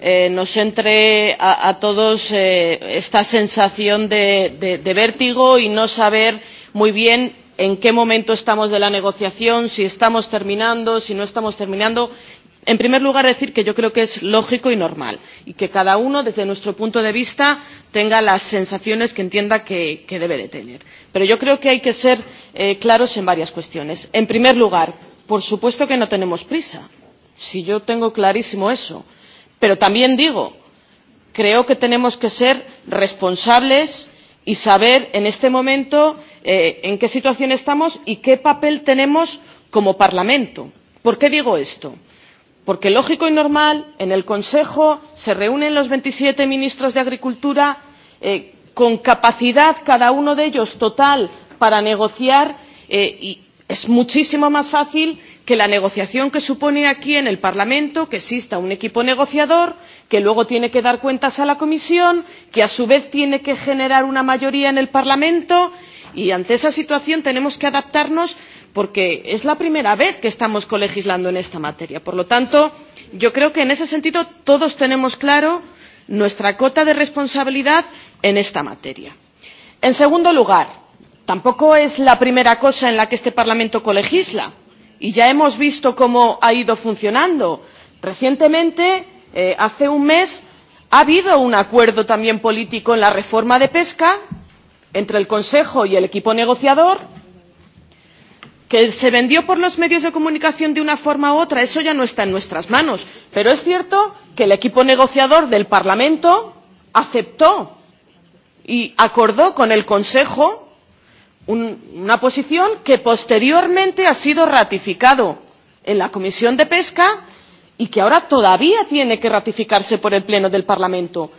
eh, nos entre a, a todos eh, esta sensación de, de, de vértigo y no saber muy bien en qué momento estamos de la negociación, si estamos terminando, si no estamos terminando en primer lugar decir que yo creo que es lógico y normal y que cada uno desde nuestro punto de vista tenga las sensaciones que entienda que, que debe de tener. pero yo creo que hay que ser eh, claros en varias cuestiones. en primer lugar por supuesto que no tenemos prisa si yo tengo clarísimo eso pero también digo creo que tenemos que ser responsables y saber en este momento eh, en qué situación estamos y qué papel tenemos como parlamento. por qué digo esto? porque lógico y normal en el consejo se reúnen los veintisiete ministros de agricultura eh, con capacidad cada uno de ellos total para negociar eh, y es muchísimo más fácil que la negociación que supone aquí en el parlamento que exista un equipo negociador que luego tiene que dar cuentas a la comisión que a su vez tiene que generar una mayoría en el parlamento y y ante esa situación tenemos que adaptarnos porque es la primera vez que estamos colegislando en esta materia. por lo tanto yo creo que en ese sentido todos tenemos clara nuestra cota de responsabilidad en esta materia. en segundo lugar tampoco es la primera cosa en la que este parlamento colegisla y ya hemos visto cómo ha ido funcionando. recientemente eh, hace un mes ha habido un acuerdo también político en la reforma de la pesca entre el consejo y el equipo negociador que se vendió por los medios de comunicación de una forma u otra eso ya no está en nuestras manos pero es cierto que el equipo negociador del parlamento aceptó y acordó con el consejo un, una posición que posteriormente ha sido ratificada en la comisión de pesca y que ahora todavía tiene que ratificarse por el pleno del parlamento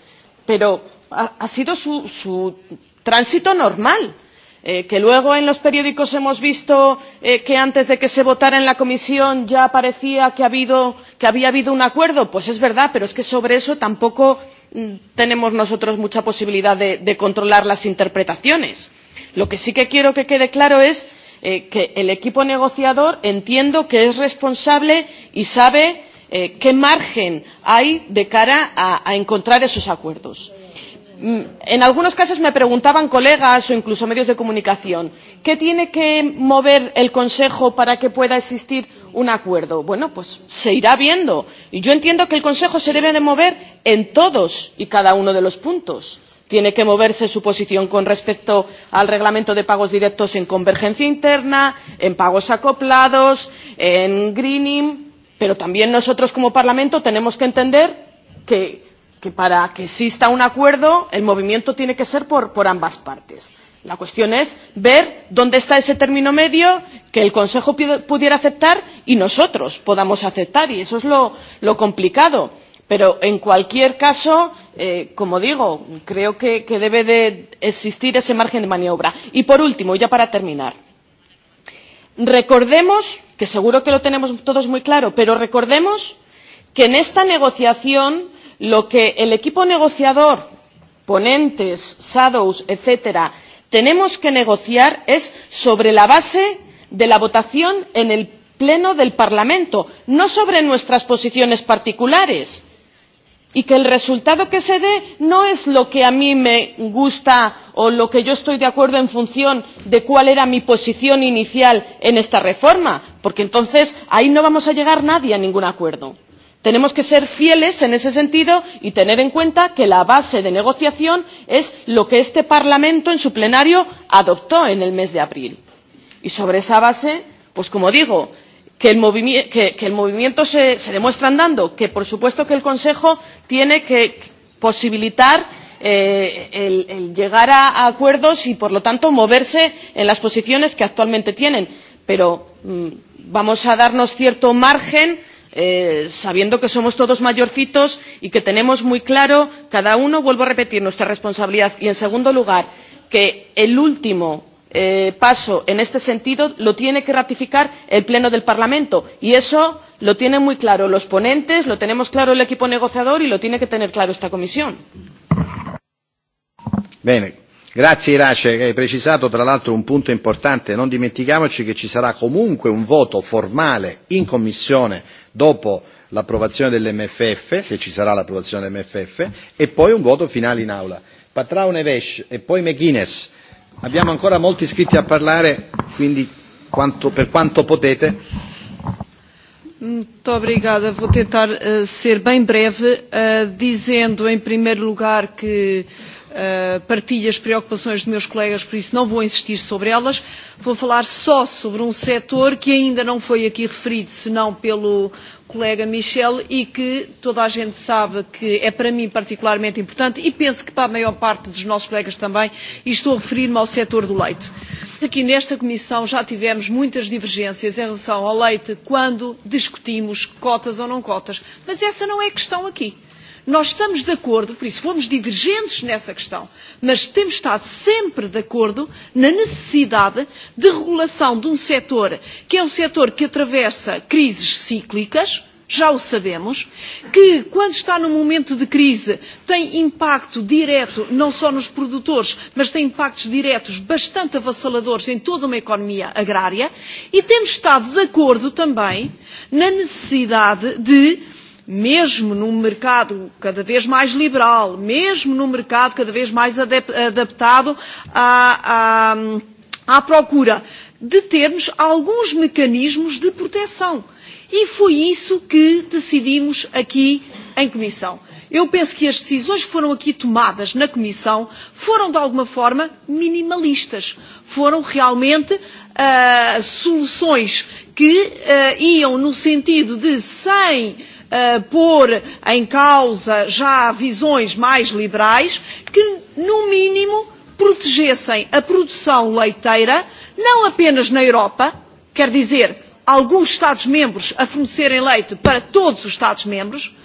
pero ha, ha sido su, su tránsito normal eh, que luego en los periódicos hemos visto eh, que antes de que se votara en la comisión ya parecía que, ha habido, que había habido un acuerdo pues es verdad pero es que sobre eso tampoco mm, tenemos nosotros mucha posibilidad de, de controlar las interpretaciones. lo que sí que quiero que quede claro es eh, que el equipo negociador entiendo que es responsable y sabe eh, qué margen hay de cara a, a encontrar esos acuerdos. Mm, en algunos casos me preguntaban colegas o incluso medios de comunicación qué tiene que mover el consejo para que pueda existir un acuerdo? bueno pues se irá viendo y yo entiendo que el consejo se debe de mover en todos y cada uno de los puntos tiene que moverse su posición con respecto al reglamento de pagos directos en convergencia interna en pagos acoplados en greening pero también nosotros como parlamento tenemos que entender que que para que exista un acuerdo el movimiento tiene que ser por, por ambas partes. La cuestión es ver dónde está ese término medio que el Consejo pudiera aceptar y nosotros podamos aceptar, y eso es lo, lo complicado. Pero, en cualquier caso, eh, como digo, creo que, que debe de existir ese margen de maniobra. Y, por último, ya para terminar, recordemos que seguro que lo tenemos todos muy claro pero recordemos que en esta negociación lo que el equipo negociador ponentes ponentes alternativos etcétera tenemos que negociar es sobre la base de la votación en el pleno del parlamento no sobre nuestras posiciones particulares y que el resultado que se dé no es lo que a mí me gusta o lo que yo estoy de acuerdo en función de cuál era mi posición inicial en esta reforma porque entonces ahí no vamos a llegar nadie a ningún acuerdo tenemos que ser fieles en ese sentido y tener en cuenta que la base de negociación es lo que este parlamento en su plenario adoptó en el mes de abril y sobre esa base pues como digo que el, movimiento se, demuestra andando que por supuesto que el consejo tiene que posibilitar eh, el, llegar a, acuerdos y por lo tanto moverse en las posiciones que actualmente tienen pero mm, vamos a darnos cierto margen Eh, sabiendo que somos todos mayorcitos y que tenemos muy claro cada uno vuelvo a repetir nuestra responsabilidad y en segundo lugar que el último eh, paso en este sentido lo tiene que ratificar el pleno del parlamento y eso lo tienen muy claro los ponentes lo tenemos claro el equipo negociador y lo tiene que tener claro esta comisión. Bene. Grazie Irace, hai precisato tra l'altro un punto importante, non dimentichiamoci che ci sarà comunque un voto formale in Commissione dopo l'approvazione dell'MFF, se ci sarà l'approvazione dell'MFF, e poi un voto finale in aula. Patrao Neves e poi McGuinness. Abbiamo ancora molti iscritti a parlare, quindi quanto, per quanto potete. Muito obrigada. Vou tentar uh, ser bem breve, uh, dizendo em primeiro lugar que Eh, partilho as preocupações dos meus colegas, por isso não vou insistir sobre elas. Vou falar só sobre um setor que ainda não foi aqui referido, senão pelo colega Michel, e que toda a gente sabe que é para mim particularmente importante e penso que para a maior parte dos nossos colegas também, e estou a referir-me ao setor do leite. Aqui nesta Comissão já tivemos muitas divergências em relação ao leite quando discutimos cotas ou não cotas, mas essa não é a questão aqui Nós estamos de acordo, por isso fomos divergentes nessa questão, mas temos estado sempre de acordo na necessidade de regulação de um setor que é um setor que atravessa crises cíclicas, já o sabemos, que quando está num momento de crise tem impacto direto não só nos produtores, mas tem impactos diretos bastante avassaladores em toda uma economia agrária e temos estado de acordo também na necessidade de mesmo num mercado cada vez mais liberal, mesmo num mercado cada vez mais adaptado à, à, à procura de termos alguns mecanismos de proteção. E foi isso que decidimos aqui em Comissão. Eu penso que as decisões que foram aqui tomadas na Comissão foram, de alguma forma, minimalistas. Foram realmente uh, soluções que uh, iam no sentido de, sem Eh, pôr em causa já visões mais liberais que, no mínimo, protegessem a produção leiteira, não apenas na Europa, quer dizer, alguns Estados-membros a fornecerem leite para todos os Estados-membros,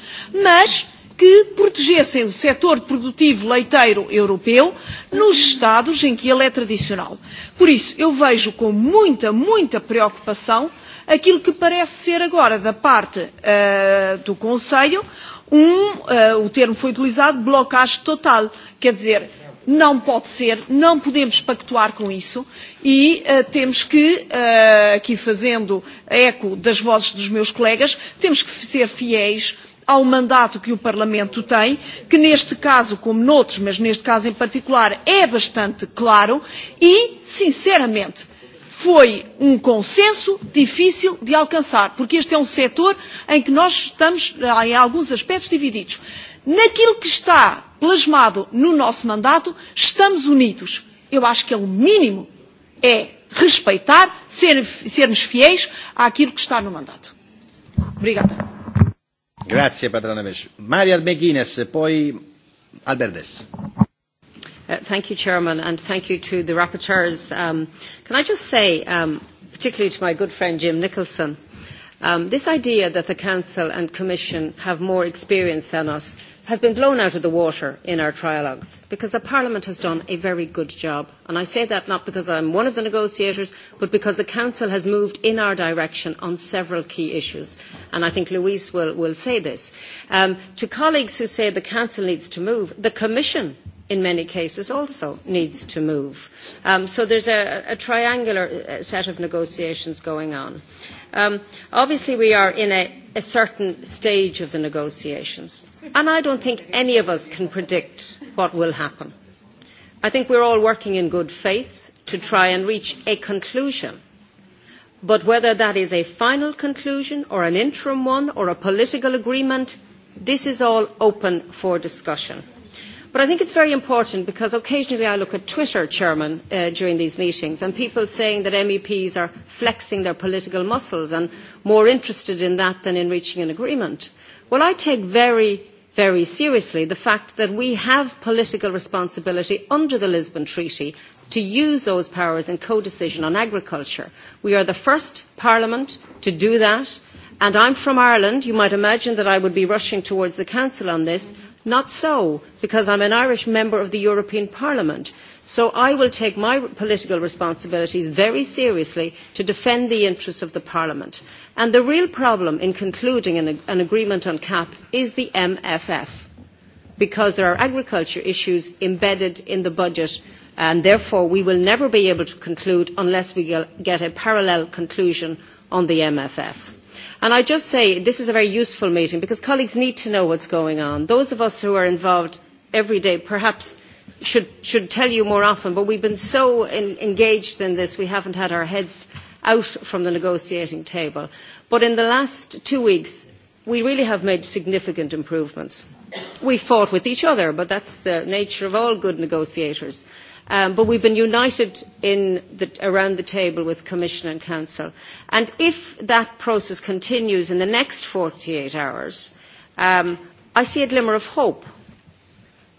mas que protegessem o setor produtivo leiteiro europeu nos estados em que ele é tradicional. Por isso, eu vejo com muita, muita preocupação aquilo que parece ser agora da parte uh, do Conselho um, uh, o termo foi utilizado, blocage total. Quer dizer, não pode ser, não podemos pactuar com isso e uh, temos que, uh, aqui fazendo eco das vozes dos meus colegas, temos que ser fiéis ao mandato que o Parlamento tem, que neste caso, como noutros, mas neste caso em particular, é bastante claro e, sinceramente, uh, foi um consenso difícil de alcançar, porque este é um setor em que nós estamos, eh, em alguns aspectos, divididos. Naquilo que está plasmado no nosso mandato, estamos unidos. Eu acho que é o mínimo, é respeitar, ser, sermos fiéis àquilo que está no mandato. Obrigada. Grazie, Patrana Maria Meghines, poi Alberdes. Uh, thank you, Chairman, and thank you to the rapporteurs. Um, can I just say, um, particularly to my good friend Jim Nicholson, um, this idea that the Council and Commission have more experience than us has been blown out of the water in our trialogues because Parliament has done a very good job. And I say that not because I'm one of the negotiators, but because the Council has moved in our direction on several key issues. And I think Louise will, will say this. Um, to colleagues who say the Council needs to move, the Commission in many cases also needs to move. Um, so there's a, a triangular uh, set of negotiations going on. Um, obviously we are in a, a certain stage of the negotiations and I don't think any of us can predict what will happen. I think we're all working in good faith to try and reach a conclusion. But whether that is a final conclusion or an interim one or a political agreement, this is all open for discussion. But I think it's very important because occasionally I look at Twitter, Chairman, uh, during these meetings, and people saying that MEPs are flexing their political muscles and more interested in that than in reaching an agreement. Well, I take very very seriously the fact that we have political responsibility under the Lisbon Treaty to use those powers in codecision on agriculture. We are the first parliament to do that and I'm from Ireland. You might imagine that I would be rushing towards the council on this. Not so, because I'm an Irish member of the European Parliament. So I will take my political responsibilities very seriously to defend the interests of the Parliament. And the real problem in concluding an, an agreement on CAP is the MFF, because there are agriculture issues embedded in the budget and therefore we will never be able to conclude unless we get a parallel conclusion on the MFF. I just say this is a very useful meeting because colleagues need to know what's going on. Those of us who are involved every day perhaps should, tell you more often, but we've been so engaged in this we haven't had our heads out from the negotiating table. But in the last two weeks, we really have made significant improvements. We fought with each other, but that's the nature of all good negotiators. Um, but we have been united around the table with the Commission and Council. And if that process continues in the next forty eight hours, um, I see a glimmer of hope.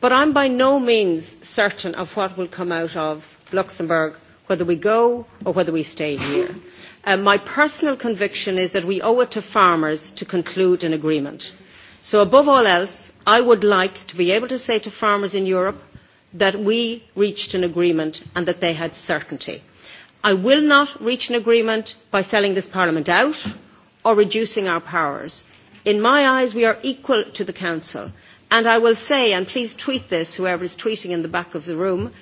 But i am by no means certain of what will come out of Luxembourg, whether we go or whether we stay here. Uh, my personal conviction is that we owe it to farmers to conclude an agreement. So above all else, I would like to be able to say to farmers in Europe, that we reached an agreement and that they had certainty. I will not reach an agreement by selling this Parliament out or reducing our powers. In my eyes, we are equal to the Council. And I will say, and please tweet this, whoever is tweeting in the back of the room,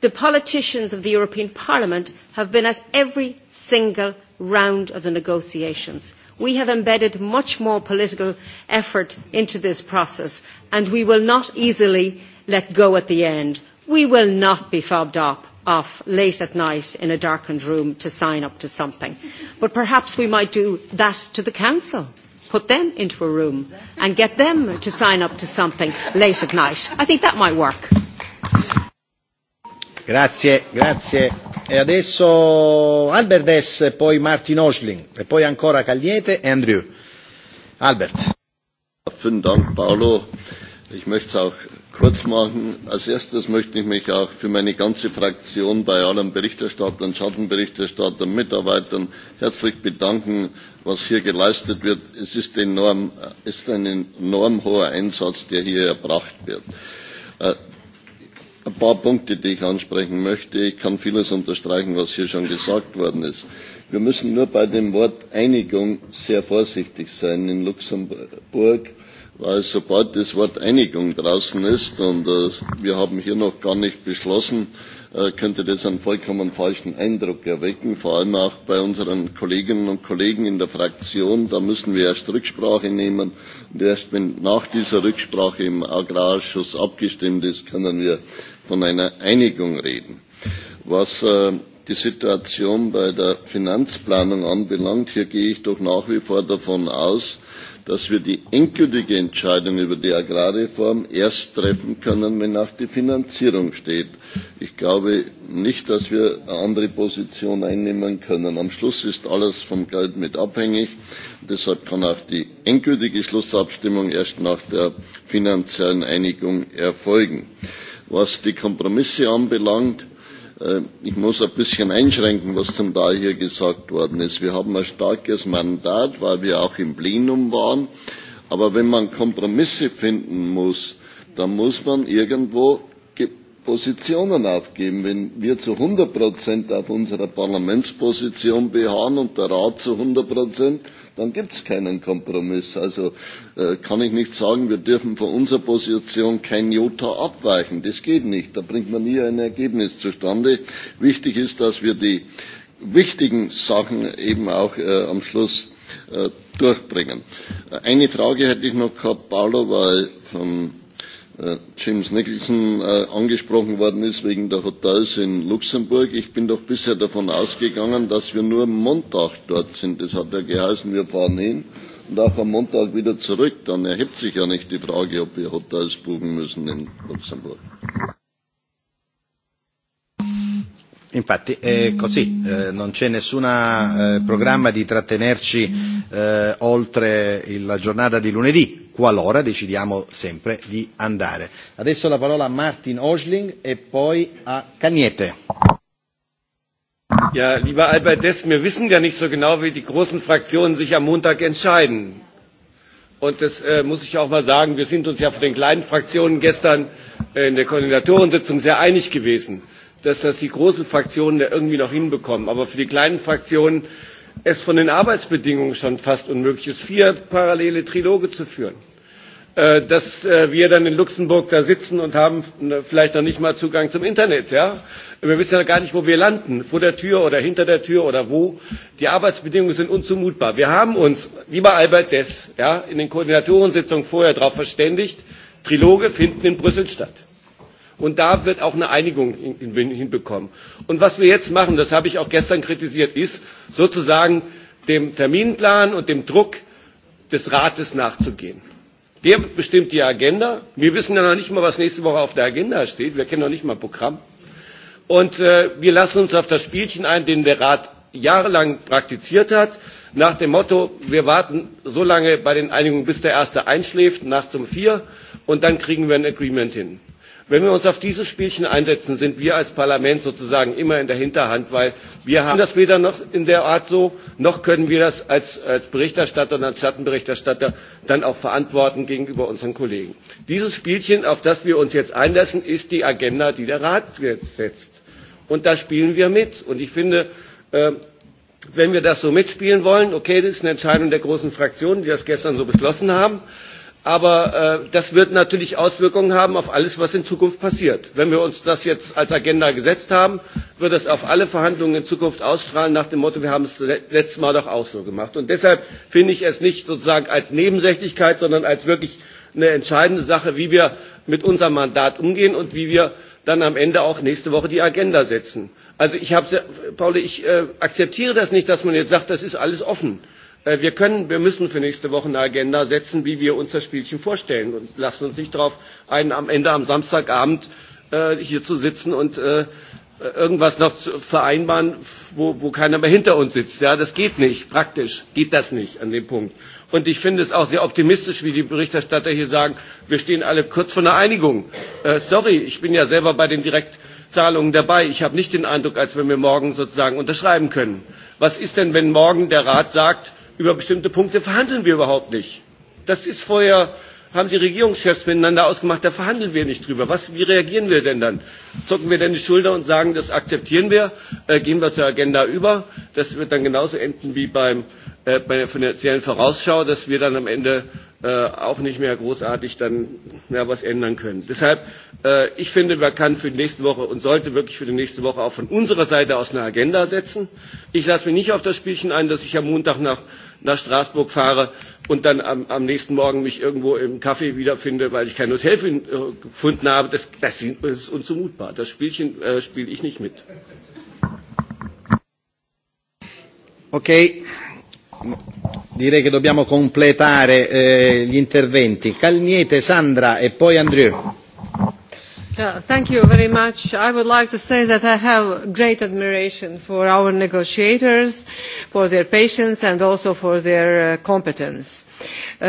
the politicians of the European Parliament have been at every single round of the negotiations. We have embedded much more political effort into this process, and we will not easily let go at the end. We will not be fobbed up off late at night in a darkened room to sign up to something. But perhaps we might do that to the council. Put them into a room and get them to sign up to something late at night. I think that might work. Grazie, grazie. E adesso Albert Dess, poi Martin Osling, e poi ancora Cagliete e Andrew. Albert. Vielen Dank, Paolo. Ich möchte auch kurz machen. Als erstes möchte ich mich auch für meine ganze Fraktion bei allen Berichterstattern, Schattenberichterstattern, Mitarbeitern herzlich bedanken, was hier geleistet wird. Es ist, enorm, ist ein enorm hoher Einsatz, der hier erbracht wird. Äh, ein paar Punkte, die ich ansprechen möchte. Ich kann vieles unterstreichen, was hier schon gesagt worden ist. Wir müssen nur bei dem Wort Einigung sehr vorsichtig sein in Luxemburg weil sobald das Wort Einigung draußen ist und äh, wir haben hier noch gar nicht beschlossen, äh, könnte das einen vollkommen falschen Eindruck erwecken, vor allem auch bei unseren Kolleginnen und Kollegen in der Fraktion. Da müssen wir erst Rücksprache nehmen und erst wenn nach dieser Rücksprache im Agrarausschuss abgestimmt ist, können wir von einer Einigung reden. Was äh, die Situation bei der Finanzplanung anbelangt, hier gehe ich doch nach wie vor davon aus, dass wir die endgültige Entscheidung über die Agrarreform erst treffen können, wenn auch die Finanzierung steht. Ich glaube nicht, dass wir eine andere Position einnehmen können. Am Schluss ist alles vom Geld mit abhängig. Deshalb kann auch die endgültige Schlussabstimmung erst nach der finanziellen Einigung erfolgen. Was die Kompromisse anbelangt, Äh, ich muss ein bisschen einschränken, was zum Teil hier gesagt worden ist. Wir haben ein starkes Mandat, weil wir auch im Plenum waren. Aber wenn man Kompromisse finden muss, dann muss man irgendwo Positionen aufgeben. Wenn wir zu 100 Prozent auf unserer Parlamentsposition beharren und der Rat zu 100 Prozent, dann gibt es keinen Kompromiss. Also äh, kann ich nicht sagen, wir dürfen von unserer Position kein Jota abweichen. Das geht nicht. Da bringt man nie ein Ergebnis zustande. Wichtig ist, dass wir die wichtigen Sachen eben auch äh, am Schluss äh, durchbringen. Äh, eine Frage hätte ich noch gehabt, Paolo, weil vom Äh, James Nicholson äh, angesprochen worden ist wegen der Hotels in Luxemburg. Ich bin doch bisher davon ausgegangen, dass wir nur Montag dort sind. Das hat ja geheißen, wir fahren hin und auch am Montag wieder zurück. Dann erhebt sich ja nicht die Frage, ob wir Hotels buchen müssen in Luxemburg. Infatti è così, eh, non c'è nessun eh, programma di trattenerci eh, oltre la giornata di lunedì, qualora decidiamo sempre di andare. Adesso la parola a Martin Osling e poi a Cagnete. Ja, lieber Albert Dess, wir wissen ja nicht so genau, wie die großen Fraktionen sich am Montag entscheiden. Und das äh, muss ich auch mal sagen, wir sind uns ja von den kleinen Fraktionen gestern äh, in der Koordinatorensitzung sehr einig gewesen dass das die großen Fraktionen da irgendwie noch hinbekommen. Aber für die kleinen Fraktionen es von den Arbeitsbedingungen schon fast unmöglich ist, vier parallele Triloge zu führen. Äh, dass äh, wir dann in Luxemburg da sitzen und haben äh, vielleicht noch nicht mal Zugang zum Internet. Ja? Wir wissen ja gar nicht, wo wir landen, vor der Tür oder hinter der Tür oder wo. Die Arbeitsbedingungen sind unzumutbar. Wir haben uns, lieber Albert Dess, ja, in den Koordinatorensitzungen vorher darauf verständigt, Triloge finden in Brüssel statt Und da wird auch eine Einigung hinbekommen. Und was wir jetzt machen, das habe ich auch gestern kritisiert, ist sozusagen dem Terminplan und dem Druck des Rates nachzugehen. Der bestimmt die Agenda. Wir wissen ja noch nicht mal, was nächste Woche auf der Agenda steht. Wir kennen noch nicht mal Programm. Und äh, wir lassen uns auf das Spielchen ein, den der Rat jahrelang praktiziert hat, nach dem Motto, wir warten so lange bei den Einigungen, bis der Erste einschläft, nachts um vier, und dann kriegen wir ein Agreement hin wenn wir uns auf dieses spielchen einsetzen sind wir als parlament sozusagen immer in der hinterhand weil wir haben das weder noch in der art so noch können wir das als, als berichterstatter und als schattenberichterstatter dann auch verantworten gegenüber unseren kollegen. dieses spielchen auf das wir uns jetzt einlassen ist die agenda die der rat jetzt setzt und da spielen wir mit. und ich finde äh, wenn wir das so mitspielen wollen okay das ist eine entscheidung der großen fraktionen die das gestern so beschlossen haben Aber äh, das wird natürlich Auswirkungen haben auf alles, was in Zukunft passiert. Wenn wir uns das jetzt als Agenda gesetzt haben, wird das auf alle Verhandlungen in Zukunft ausstrahlen nach dem Motto, wir haben es letztes Mal doch auch so gemacht. Und deshalb finde ich es nicht sozusagen als Nebensächlichkeit, sondern als wirklich eine entscheidende Sache, wie wir mit unserem Mandat umgehen und wie wir dann am Ende auch nächste Woche die Agenda setzen. Also ich habe, Pauli, ich äh, akzeptiere das nicht, dass man jetzt sagt, das ist alles offen Äh, wir können, wir müssen für nächste Woche eine Agenda setzen, wie wir uns das Spielchen vorstellen und lassen uns nicht darauf ein, am Ende am Samstagabend äh, hier zu sitzen und äh, irgendwas noch zu vereinbaren, wo, wo keiner mehr hinter uns sitzt. Ja, das geht nicht. Praktisch geht das nicht an dem Punkt. Und ich finde es auch sehr optimistisch, wie die Berichterstatter hier sagen, wir stehen alle kurz vor einer Einigung. Äh, sorry, ich bin ja selber bei den Direktzahlungen dabei. Ich habe nicht den Eindruck, als wenn wir morgen sozusagen unterschreiben können. Was ist denn, wenn morgen der Rat sagt, über bestimmte Punkte verhandeln wir überhaupt nicht. Das ist vorher, haben die Regierungschefs miteinander ausgemacht, da verhandeln wir nicht drüber. Was, wie reagieren wir denn dann? Zucken wir denn die Schulter und sagen, das akzeptieren wir, äh, gehen wir zur Agenda über? Das wird dann genauso enden wie beim, äh, bei der finanziellen Vorausschau, dass wir dann am Ende äh, auch nicht mehr großartig dann ja, was ändern können. Deshalb, äh, ich finde, man kann für die nächste Woche und sollte wirklich für die nächste Woche auch von unserer Seite aus eine Agenda setzen. Ich lasse mich nicht auf das Spielchen ein, dass ich am Montag nach nach Straßburg fahre und dann am, am nächsten Morgen mich irgendwo im Café wiederfinde, weil ich kein Hotel find, äh, gefunden habe, das, das ist unzumutbar. Das Spielchen äh, spiele ich nicht mit. direi che dobbiamo completare eh, gli interventi. Calniete, Sandra e poi Yeah, thank you very much. I would like to say that I have great admiration for our negotiators, for their patience and also for their uh, competence. Uh,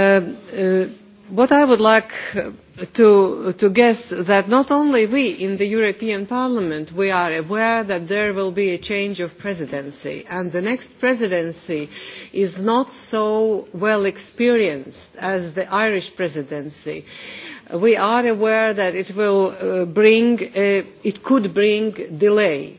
uh, what I would like uh, to, to guess that not only we in the European Parliament, we are aware that there will be a change of presidency and the next presidency is not so well experienced as the Irish presidency. Uh, we are aware that it will uh, bring uh, it could bring delay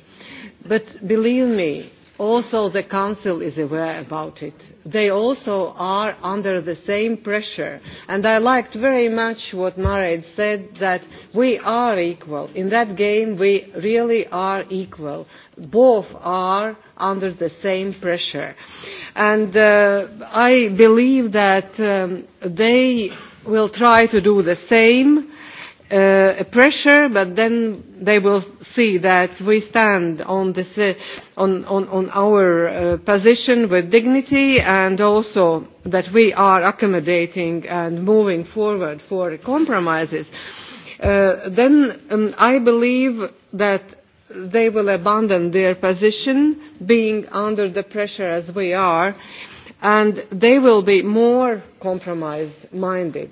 but believe me also the council is aware about it they also are under the same pressure and i liked very much what marit said that we are equal in that game we really are equal both are under the same pressure and uh, i believe that um, they will try to do the same uh, pressure, but then they will see that we stand on, this, uh, on, on, on our uh, position with dignity and also that we are accommodating and moving forward for compromises. Uh, then um, I believe that they will abandon their position, being under the pressure as we are, uh, and they will be more compromise minded.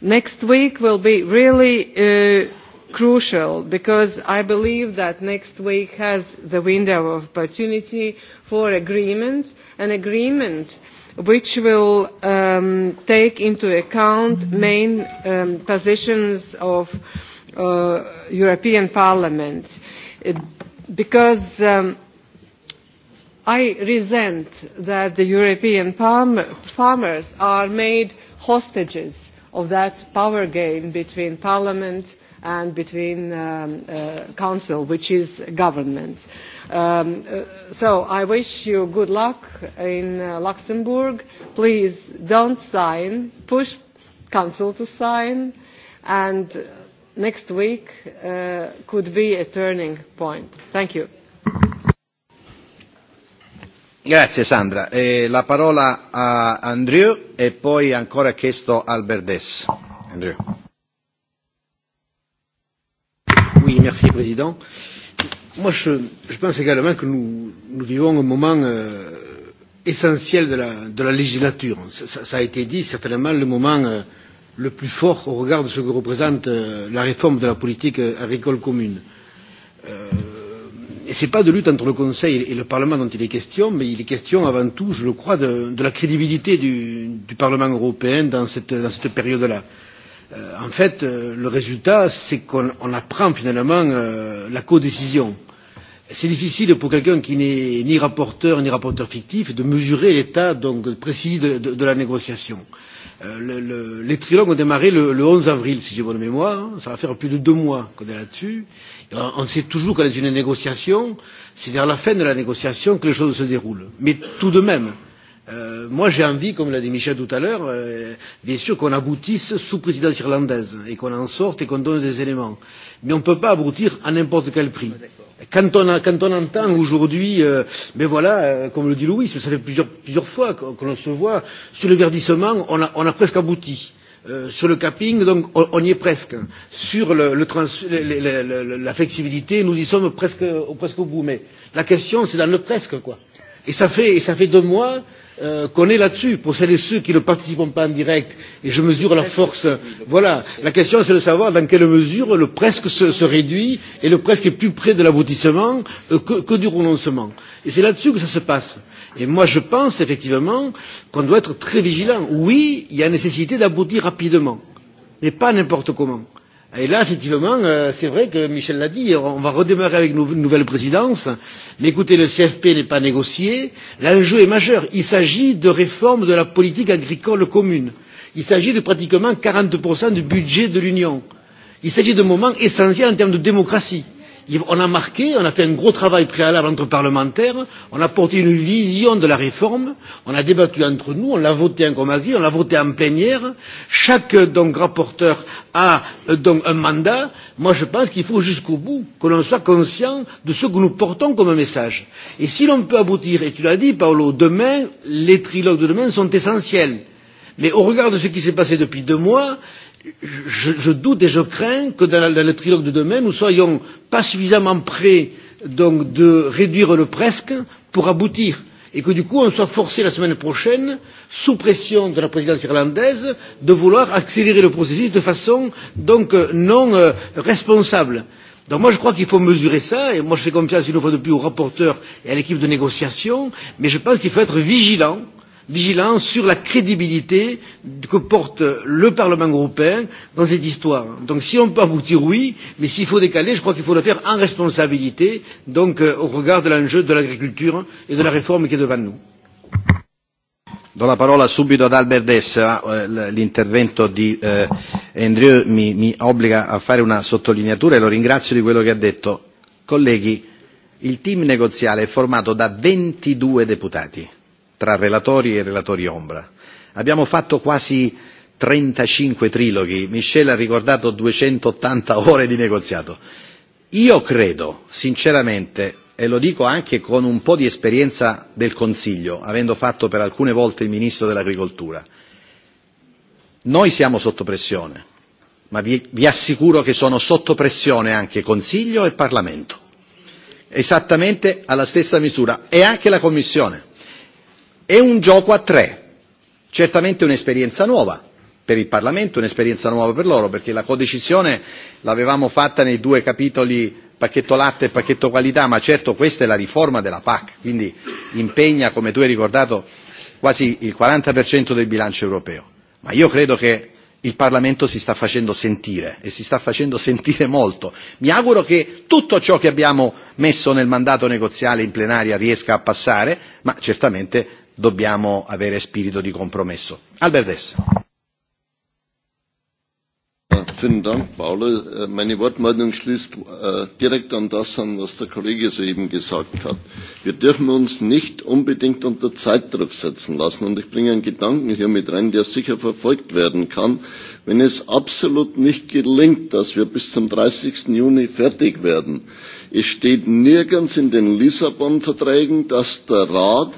next week will be really uh, crucial because i believe that next week has the window of opportunity for agreement an agreement which will um, take into account main um, positions of uh, european parliament because um, i resent that the european farmers are made hostages of that power game between parliament and between um, uh, council which is government um, uh, so i wish you good luck in uh, luxembourg please don't sign push council to sign and next week uh, could be a turning point thank you Grazie Sandra. Eh, la parola a Andrew e poi ancora chiesto Albert Dess. Andrew. Oui, merci Président. Moi, je, je pense également que nous, nous vivons un moment euh, essentiel de la, de la législature. Ça, ça, ça a été dit, certainement le moment euh, le plus fort au regard de ce que représente euh, la réforme de la politique euh, agricole commune. Euh, ce n'est pas de lutte entre le Conseil et le Parlement dont il est question, mais il est question avant tout, je le crois, de, de la crédibilité du, du Parlement européen dans cette, dans cette période-là. Euh, en fait, euh, le résultat, c'est qu'on apprend finalement euh, la codécision. C'est difficile pour quelqu'un qui n'est ni rapporteur ni rapporteur fictif de mesurer l'état précis de, de, de la négociation. Euh, Euh, le, le, les trilogues ont démarré le, le 11 avril, si j'ai bonne mémoire. Ça va faire plus de deux mois qu'on est là-dessus. On, on sait toujours qu'on est une négociation. C'est vers la fin de la négociation que les choses se déroulent. Mais tout de même, euh, moi j'ai envie, comme l'a dit Michel tout à l'heure, euh, bien sûr qu'on aboutisse sous présidence irlandaise et qu'on en sorte et qu'on donne des éléments. Mais on ne peut pas aboutir à n'importe quel prix. Ah, d'accord Quand on, a, quand on entend aujourd'hui, euh, ben voilà, euh, comme le dit Louis, ça fait plusieurs, plusieurs fois que, que l'on se voit, sur le verdissement, on a, on a presque abouti. Euh, sur le capping, donc on, on y est presque. Sur le, le trans, le, le, le, le, la flexibilité, nous y sommes presque, presque au bout. Mais la question, c'est dans le presque, quoi. Et ça fait, et ça fait deux mois Euh, qu'on est là dessus pour celles et ceux qui ne participent pas en direct et je mesure la force voilà la question c'est de savoir dans quelle mesure le presque se, se réduit et le presque est plus près de l'aboutissement euh, que, que du renoncement et c'est là dessus que ça se passe et moi je pense effectivement qu'on doit être très vigilant oui il y a nécessité d'aboutir rapidement mais pas n'importe comment. Et là, effectivement, euh, c'est vrai que Michel l'a dit, on va redémarrer avec une nouvelle présidence. Mais écoutez, le CFP n'est pas négocié. L'enjeu est majeur. Il s'agit de réforme de la politique agricole commune. Il s'agit de pratiquement 40% du budget de l'Union. Il s'agit d'un moment essentiel en termes de démocratie on a marqué, on a fait un gros travail préalable entre parlementaires, on a porté une vision de la réforme, on a débattu entre nous, on l'a voté en comité, on l'a voté en plénière. Chaque donc rapporteur a euh, donc un mandat. Moi, je pense qu'il faut jusqu'au bout que l'on soit conscient de ce que nous portons comme message. Et si l'on peut aboutir, et tu l'as dit, Paolo, demain, les trilogues de demain sont essentiels. Mais au regard de ce qui s'est passé depuis deux mois, je, je doute et je crains que dans, dans le trilogue de demain, nous ne soyons pas suffisamment prêts donc, de réduire le presque pour aboutir et que du coup on soit forcé la semaine prochaine, sous pression de la présidence irlandaise, de vouloir accélérer le processus de façon donc non euh, responsable. Donc moi je crois qu'il faut mesurer ça, et moi je fais confiance une fois de plus au rapporteur et à l'équipe de négociation, mais je pense qu'il faut être vigilant vigilants sur la crédibilité que porte le Parlement européen dans cette histoire. Donc si on peut aboutir, oui, mais s'il faut décaler, je crois qu'il faut le faire en responsabilité, donc euh, au regard de l'enjeu de l'agriculture et de la réforme qui est devant nous. Do la parola subito ad Albert Dessa, eh, l'intervento di eh, Andrew mi, mi obbliga a fare una sottolineatura e lo ringrazio di quello che ha detto. Colleghi, il team negoziale è formato da 22 deputati tra relatori e relatori ombra. Abbiamo fatto quasi 35 triloghi, Michel ha ricordato 280 ore di negoziato. Io credo, sinceramente, e lo dico anche con un po' di esperienza del Consiglio, avendo fatto per alcune volte il Ministro dell'Agricoltura, noi siamo sotto pressione, ma vi, vi assicuro che sono sotto pressione anche Consiglio e Parlamento, esattamente alla stessa misura, e anche la Commissione È un gioco a tre, certamente un'esperienza nuova per il Parlamento, un'esperienza nuova per loro, perché la codecisione l'avevamo fatta nei due capitoli pacchetto latte e pacchetto qualità, ma certo questa è la riforma della PAC, quindi impegna, come tu hai ricordato, quasi il 40% del bilancio europeo. Ma io credo che il Parlamento si sta facendo sentire e si sta facendo sentire molto. Mi auguro che tutto ciò che abbiamo messo nel mandato negoziale in plenaria riesca a passare, ma certamente dobbiamo avere spirito di compromesso. Albert Dess. Vielen Dank, Paolo. Äh, meine Wortmeldung schließt äh, direkt an das an, was der Kollege soeben gesagt hat. Wir dürfen uns nicht unbedingt unter Zeitdruck setzen lassen. Und ich bringe einen Gedanken hier mit rein, der sicher verfolgt werden kann. Wenn es absolut nicht gelingt, dass wir bis zum 30. Juni fertig werden, es steht nirgends in den Lissabon-Verträgen, dass der Rat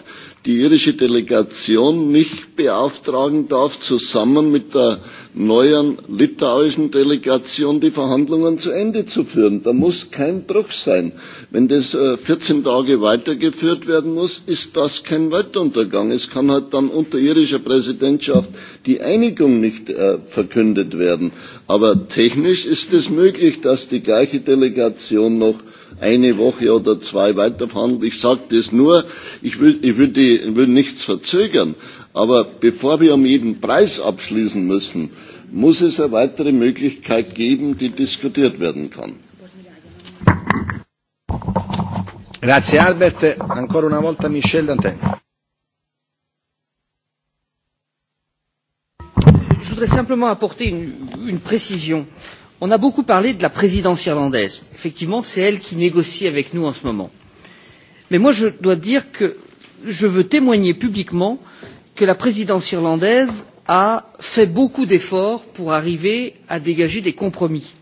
die irische Delegation mich beauftragen darf, zusammen mit der neuen litauischen Delegation die Verhandlungen zu Ende zu führen. Da muss kein Druck sein. Wenn das 14 äh, Tage weitergeführt werden muss, ist das kein Weltuntergang. Es kann halt dann unter irischer Präsidentschaft die Einigung nicht äh, verkündet werden. Aber technisch ist es möglich, dass die gleiche Delegation noch eine Woche oder zwei weiterverhandelt. Ich sage das nur, ich will, ich will, die, ich will nichts verzögern. Aber bevor wir um jeden Preis abschließen müssen, muss es eine weitere Möglichkeit geben, die diskutiert werden kann. Grazie Albert, ancora una volta Michel Dantin. Je voudrais simplement apporter une, une précision. Euh, on a beaucoup parlé de la présidence irlandaise effectivement c'est elle qui négocie avec nous en ce moment mais moi je dois dire que je veux témoigner publiquement que la présidence irlandaise a fait beaucoup d'efforts pour arriver à dégager des compromis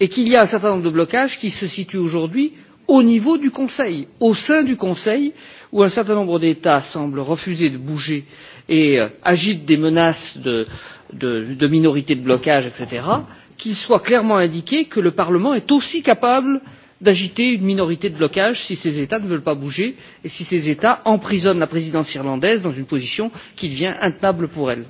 et qu'il y a un certain nombre de blocages qui se situent aujourd'hui au niveau du conseil au sein du conseil où un certain nombre d'états semblent refuser de bouger et euh, agitent des menaces de, de, de minorités de blocage etc qu'il soit clairement indiqué que le parlement est aussi capable d'agiter une minorité de blocage si ces états ne veulent pas bouger et si ces états emprisonnent la présidence irlandaise dans une position qui devient intenable pour elle.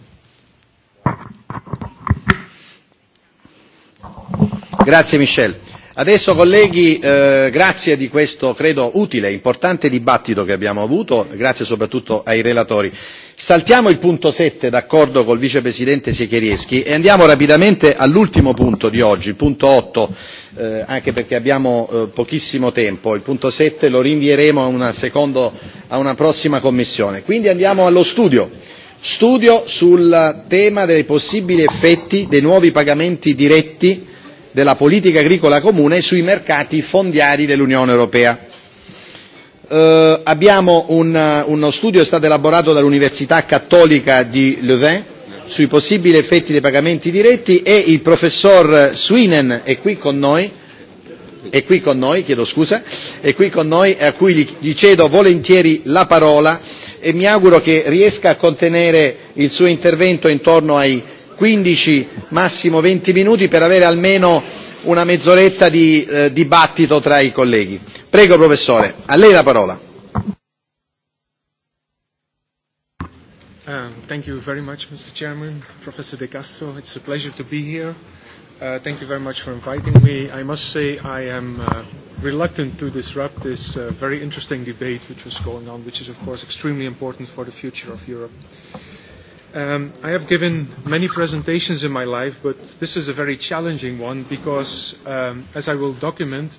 Adesso colleghi, eh, grazie di questo credo utile e importante dibattito che abbiamo avuto, grazie soprattutto ai relatori. Saltiamo il punto 7 d'accordo col vicepresidente Siekierski, e andiamo rapidamente all'ultimo punto di oggi, il punto 8, eh, anche perché abbiamo eh, pochissimo tempo. Il punto 7 lo rinvieremo a una, secondo, a una prossima commissione. Quindi andiamo allo studio. Studio sul tema dei possibili effetti dei nuovi pagamenti diretti della politica agricola comune sui mercati fondiari dell'Unione Europea. Eh, abbiamo un, uno studio è stato elaborato dall'Università Cattolica di Leuven sui possibili effetti dei pagamenti diretti e il professor Swinen è qui con noi, è qui con noi, chiedo scusa, è qui con noi a cui gli cedo volentieri la parola e mi auguro che riesca a contenere il suo intervento intorno ai 15, massimo 20 minuti per avere almeno una mezz'oretta di eh, dibattito tra i colleghi. Prego professore, a lei la parola. Uh, thank you very much, Mr. Chairman, Professor De Castro. It's a pleasure to be here. Uh, thank you very much for inviting me. I must say I am uh, reluctant to disrupt this uh, very interesting debate which was going on, which is of course extremely important for the future of Europe. Uh, Um, I have given many presentations in my life, but this is a very challenging one because, um, as I will document,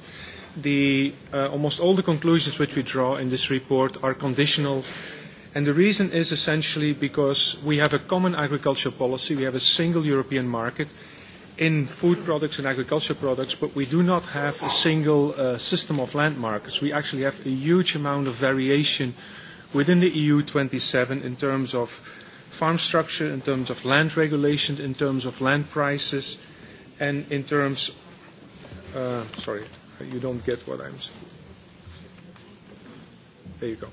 the, uh, almost all the conclusions which we draw in this report are conditional. And the reason is essentially because we have a common agricultural policy, we have a single European market in food products and agricultural products, but we do not have a single uh, system of land markets. We actually have a huge amount of variation within the EU 27 in terms of farm structure, in terms of land regulation, in terms of land prices, and in terms. Uh, sorry, you don't get what I'm saying. There you go.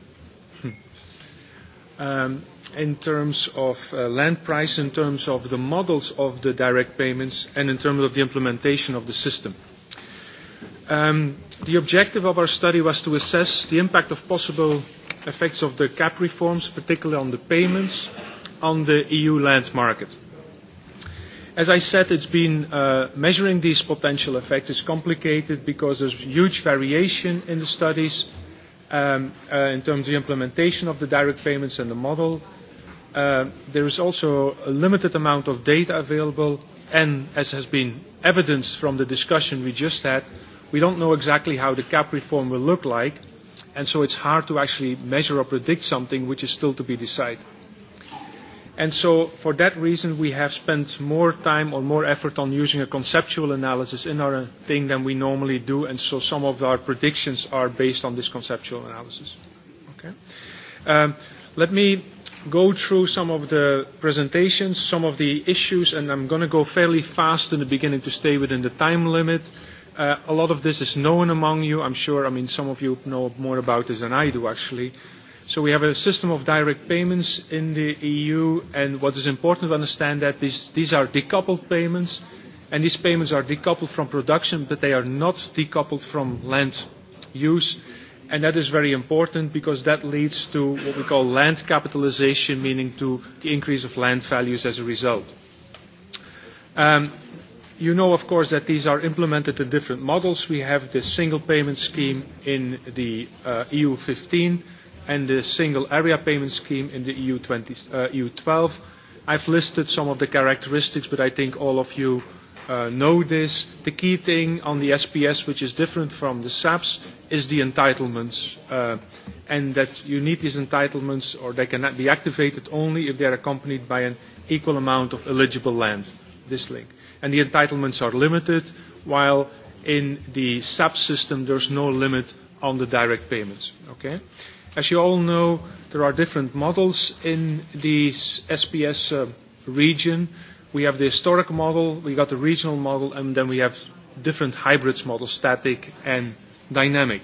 um, in terms of uh, land price, in terms of the models of the direct payments, and in terms of the implementation of the system. Um, the objective of our study was to assess the impact of possible effects of the CAP reforms, particularly on the payments, on the EU land market. As I said, it's been uh, measuring these potential effects is complicated because there's huge variation in the studies um, uh, in terms of the implementation of the direct payments and the model. Uh, there is also a limited amount of data available, and as has been evidenced from the discussion we just had, we don't know exactly how the cap reform will look like, and so it's hard to actually measure or predict something which is still to be decided. And so for that reason, we have spent more time or more effort on using a conceptual analysis in our thing than we normally do. And so some of our predictions are based on this conceptual analysis. Okay. Um, let me go through some of the presentations, some of the issues, and I'm going to go fairly fast in the beginning to stay within the time limit. Uh, a lot of this is known among you. I'm sure, I mean, some of you know more about this than I do, actually. So we have a system of direct payments in the EU, and what is important to understand that these, these are decoupled payments, and these payments are decoupled from production, but they are not decoupled from land use. And that is very important because that leads to what we call land capitalization, meaning to the increase of land values as a result. Um, you know, of course, that these are implemented in different models. We have the single payment scheme in the uh, EU 15 and the single area payment scheme in the EU, 20, uh, EU 12. I've listed some of the characteristics, but I think all of you uh, know this. The key thing on the SPS, which is different from the SAPs, is the entitlements, uh, and that you need these entitlements, or they cannot be activated only if they are accompanied by an equal amount of eligible land. This link, and the entitlements are limited, while in the SAP system there's no limit on the direct payments. Okay. Uh, As you all know, there are different models in the SPS uh, region. We have the historic model, we got the regional model, and then we have different hybrids models, static and dynamic.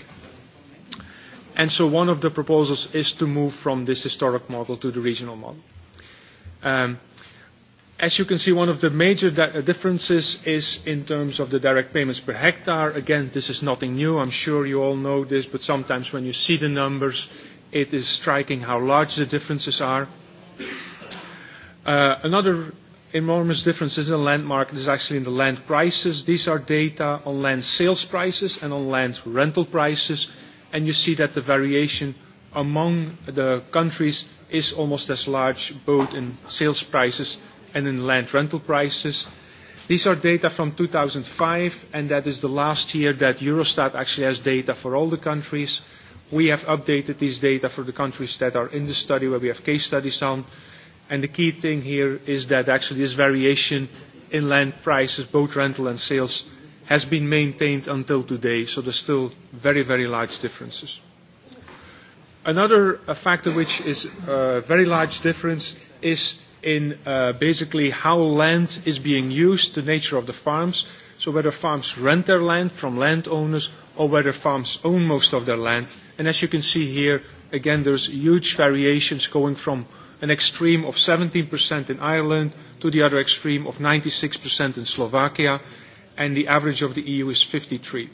And so one of the proposals is to move from this historic model to the regional model. Um, As you can see, one of the major uh, differences is in terms of the direct payments per hectare. Again, this is nothing new. I'm sure you all know this, but sometimes when you see the numbers, it is striking how large the differences are. Uh, another enormous difference is the land market is actually in the land prices. These are data on land sales prices and on land rental prices, and you see that the variation among the countries is almost as large both in sales prices and in land rental prices. These are data from 2005, and that is the last year that Eurostat actually has data for all the countries. We have updated these data for the countries that are in the study where we have case studies on. And the key thing here is that actually this variation in land prices, both rental and sales, has been maintained until today. So there's still very, very large differences. Another factor which is a uh, very large difference is in uh, basically how land is being used, the nature of the farms. So whether farms rent their land from landowners or whether farms own most of their land. And as you can see here, again, there's huge variations going from an extreme of 17% in Ireland to the other extreme of 96% in Slovakia, and the average of the EU is 53.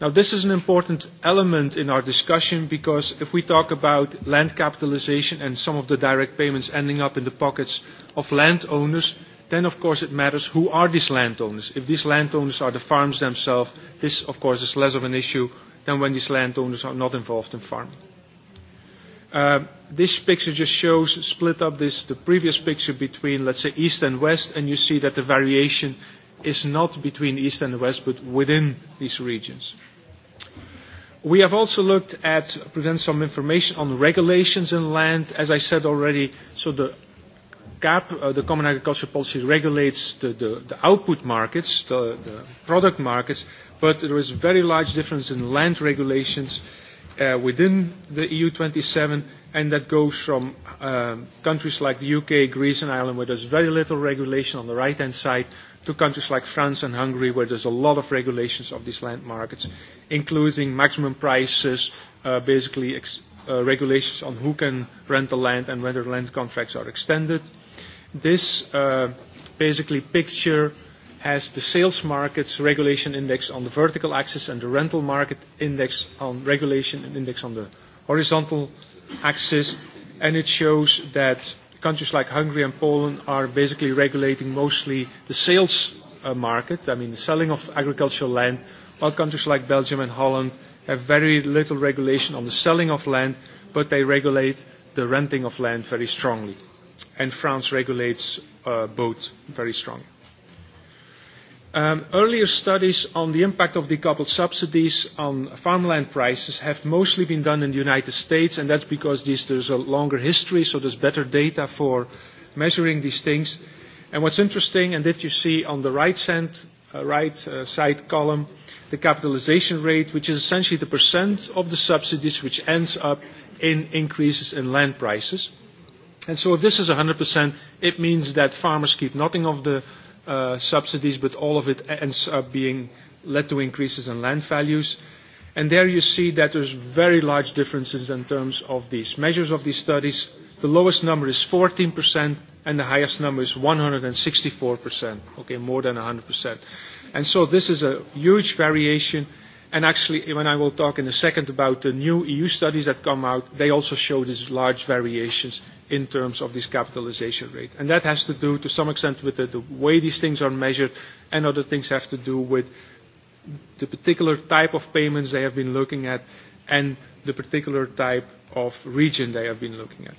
Now, this is an important element in our discussion because if we talk about land capitalization and some of the direct payments ending up in the pockets of landowners, then of course it matters who are these landowners. If these landowners are the farms themselves, this of course is less of an issue than when these landowners are not involved in farming. Uh, this picture just shows split up this the previous picture between let's say east and west and you see that the variation is not between East and the West, but within these regions. We have also looked at present some information on regulations in land, as I said already. So the CAP, uh, the Common Agricultural Policy, regulates the, the, the output markets, the, the product markets, but there is very large difference in land regulations uh, within the EU 27, and that goes from um, countries like the UK, Greece, and Ireland, where there's very little regulation on the right-hand side, to countries like France and Hungary, where there's a lot of regulations of these land markets, including maximum prices, uh, basically ex- uh, regulations on who can rent the land and whether land contracts are extended. This uh, basically picture has the sales markets regulation index on the vertical axis and the rental market index on regulation index on the horizontal axis, and it shows that countries like Hungary and Poland are basically regulating mostly the sales uh, market, I mean the selling of agricultural land, while countries like Belgium and Holland have very little regulation on the selling of land, but they regulate the renting of land very strongly. And France regulates uh, both very strongly. Um, earlier studies on the impact of decoupled subsidies on farmland prices have mostly been done in the United States, and that's because these, there's a longer history, so there's better data for measuring these things. And what's interesting, and that you see on the right, sand, uh, right uh, side column, the capitalization rate, which is essentially the percent of the subsidies which ends up in increases in land prices. And so if this is 100%, it means that farmers keep nothing of the uh, subsidies, but all of it ends up being led to increases in land values. And there you see that there's very large differences in terms of these measures of these studies. The lowest number is 14%, and the highest number is 164%, okay, more than 100%. And so this is a huge variation And actually, when I will talk in a second about the new EU studies that come out, they also show these large variations in terms of this capitalization rate. And that has to do, to some extent, with the, the way these things are measured, and other things have to do with the particular type of payments they have been looking at, and the particular type of region they have been looking at.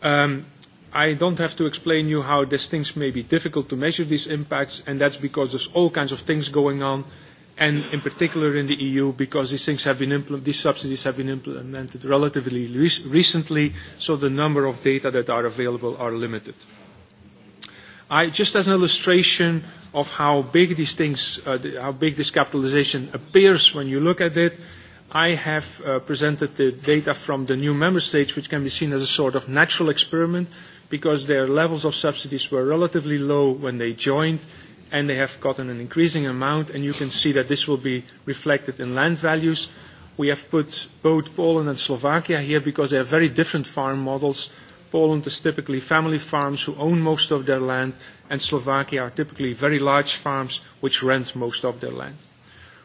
Um, I don't have to explain you how these things may be difficult to measure these impacts, and that's because there's all kinds of things going on and in particular in the EU because these things have been these subsidies have been implemented relatively re recently, so the number of data that are available are limited. I, just as an illustration of how big these things, uh, the, how big this capitalization appears when you look at it, I have uh, presented the data from the new member states, which can be seen as a sort of natural experiment because their levels of subsidies were relatively low when they joined and they have gotten an increasing amount, and you can see that this will be reflected in land values. We have put both Poland and Slovakia here because they have very different farm models. Poland is typically family farms who own most of their land, and Slovakia are typically very large farms which rent most of their land.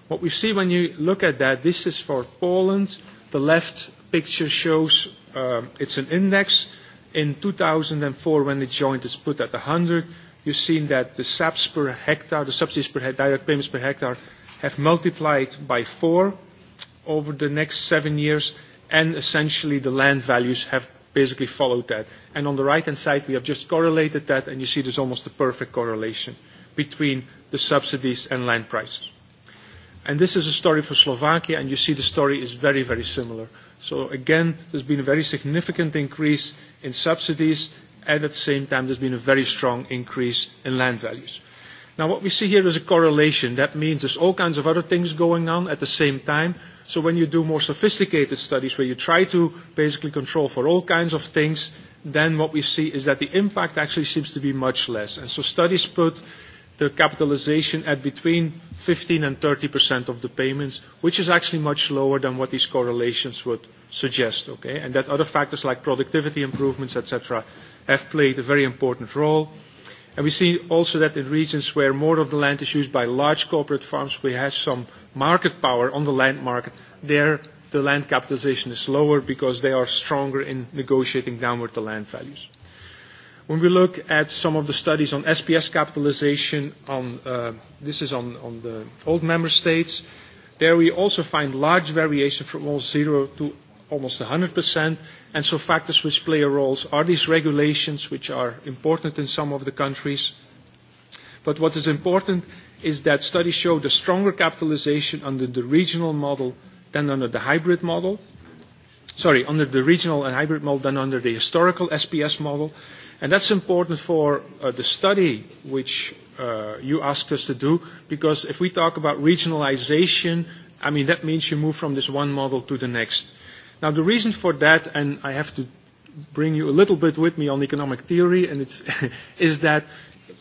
What we see when you look at that, this is for Poland. The left picture shows uh, it's an index. In 2004, when it joined, it's put at 100 you've seen that the SAPs per hectare, the subsidies per hectare, direct payments per hectare, have multiplied by four over the next seven years, and essentially the land values have basically followed that. And on the right-hand side, we have just correlated that, and you see there's almost a perfect correlation between the subsidies and land prices. And this is a story for Slovakia, and you see the story is very, very similar. So again, there's been a very significant increase in subsidies, and at the same time there's been a very strong increase in land values. Now what we see here is a correlation. That means there's all kinds of other things going on at the same time. So when you do more sophisticated studies where you try to basically control for all kinds of things, then what we see is that the impact actually seems to be much less. And so studies put the capitalization at between 15 and 30 percent of the payments, which is actually much lower than what these correlations would suggest. Okay? And that other factors like productivity improvements, etc., have played a very important role. And we see also that in regions where more of the land is used by large corporate farms, we have some market power on the land market, there the land capitalization is lower because they are stronger in negotiating downward the land values. When we look at some of the studies on SPS capitalization, on, uh, this is on, on the old member states, there we also find large variation from almost zero to almost 100%. And so factors which play a role are these regulations, which are important in some of the countries. But what is important is that studies show the stronger capitalization under the regional model than under the hybrid model. Sorry, under the regional and hybrid model than under the historical SPS model. And that's important for uh, the study which uh, you asked us to do, because if we talk about regionalization, I mean, that means you move from this one model to the next. Now, the reason for that, and I have to bring you a little bit with me on economic theory, and it's is that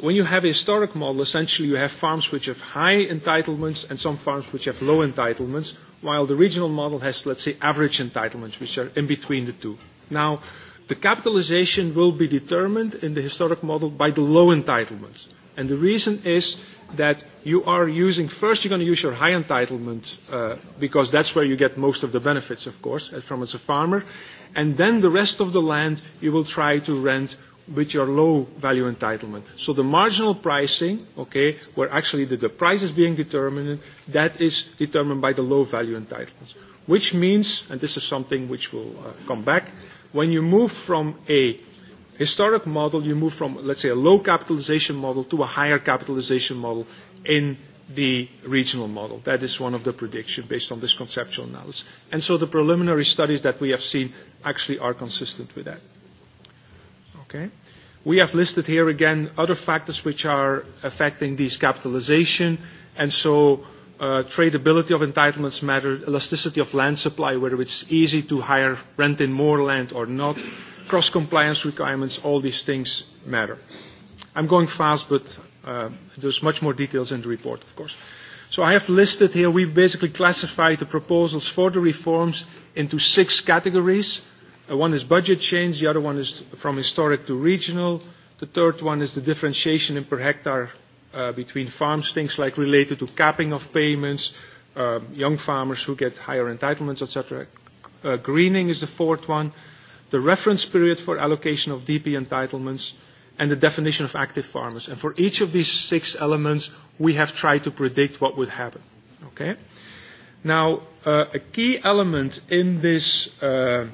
when you have a historic model, essentially you have farms which have high entitlements and some farms which have low entitlements, while the regional model has, let's say, average entitlements, which are in between the two. Now, The capitalization will be determined in the historic model by the low entitlements. And the reason is that you are using, first you're going to use your high entitlement uh, because that's where you get most of the benefits, of course, from as a farmer. And then the rest of the land you will try to rent with your low value entitlement. So the marginal pricing, okay, where actually the, the price is being determined, that is determined by the low value entitlements. Which means, and this is something which will uh, come back, when you move from a historic model, you move from, let's say, a low capitalization model to a higher capitalization model in the regional model. That is one of the predictions based on this conceptual analysis. And so the preliminary studies that we have seen actually are consistent with that. Okay. We have listed here again other factors which are affecting these capitalization. And so uh, tradability of entitlements matter, elasticity of land supply, whether it's easy to hire, rent in more land or not, cross-compliance requirements, all these things matter. I'm going fast, but uh, there's much more details in the report, of course. So I have listed here, we've basically classified the proposals for the reforms into six categories. Uh, one is budget change, the other one is from historic to regional, the third one is the differentiation in per hectare Uh, between farms, things like related to capping of payments, um, young farmers who get higher entitlements, etc. Uh, greening is the fourth one, the reference period for allocation of DP entitlements, and the definition of active farmers. And for each of these six elements, we have tried to predict what would happen. Okay? Now, uh, a key element in this uh,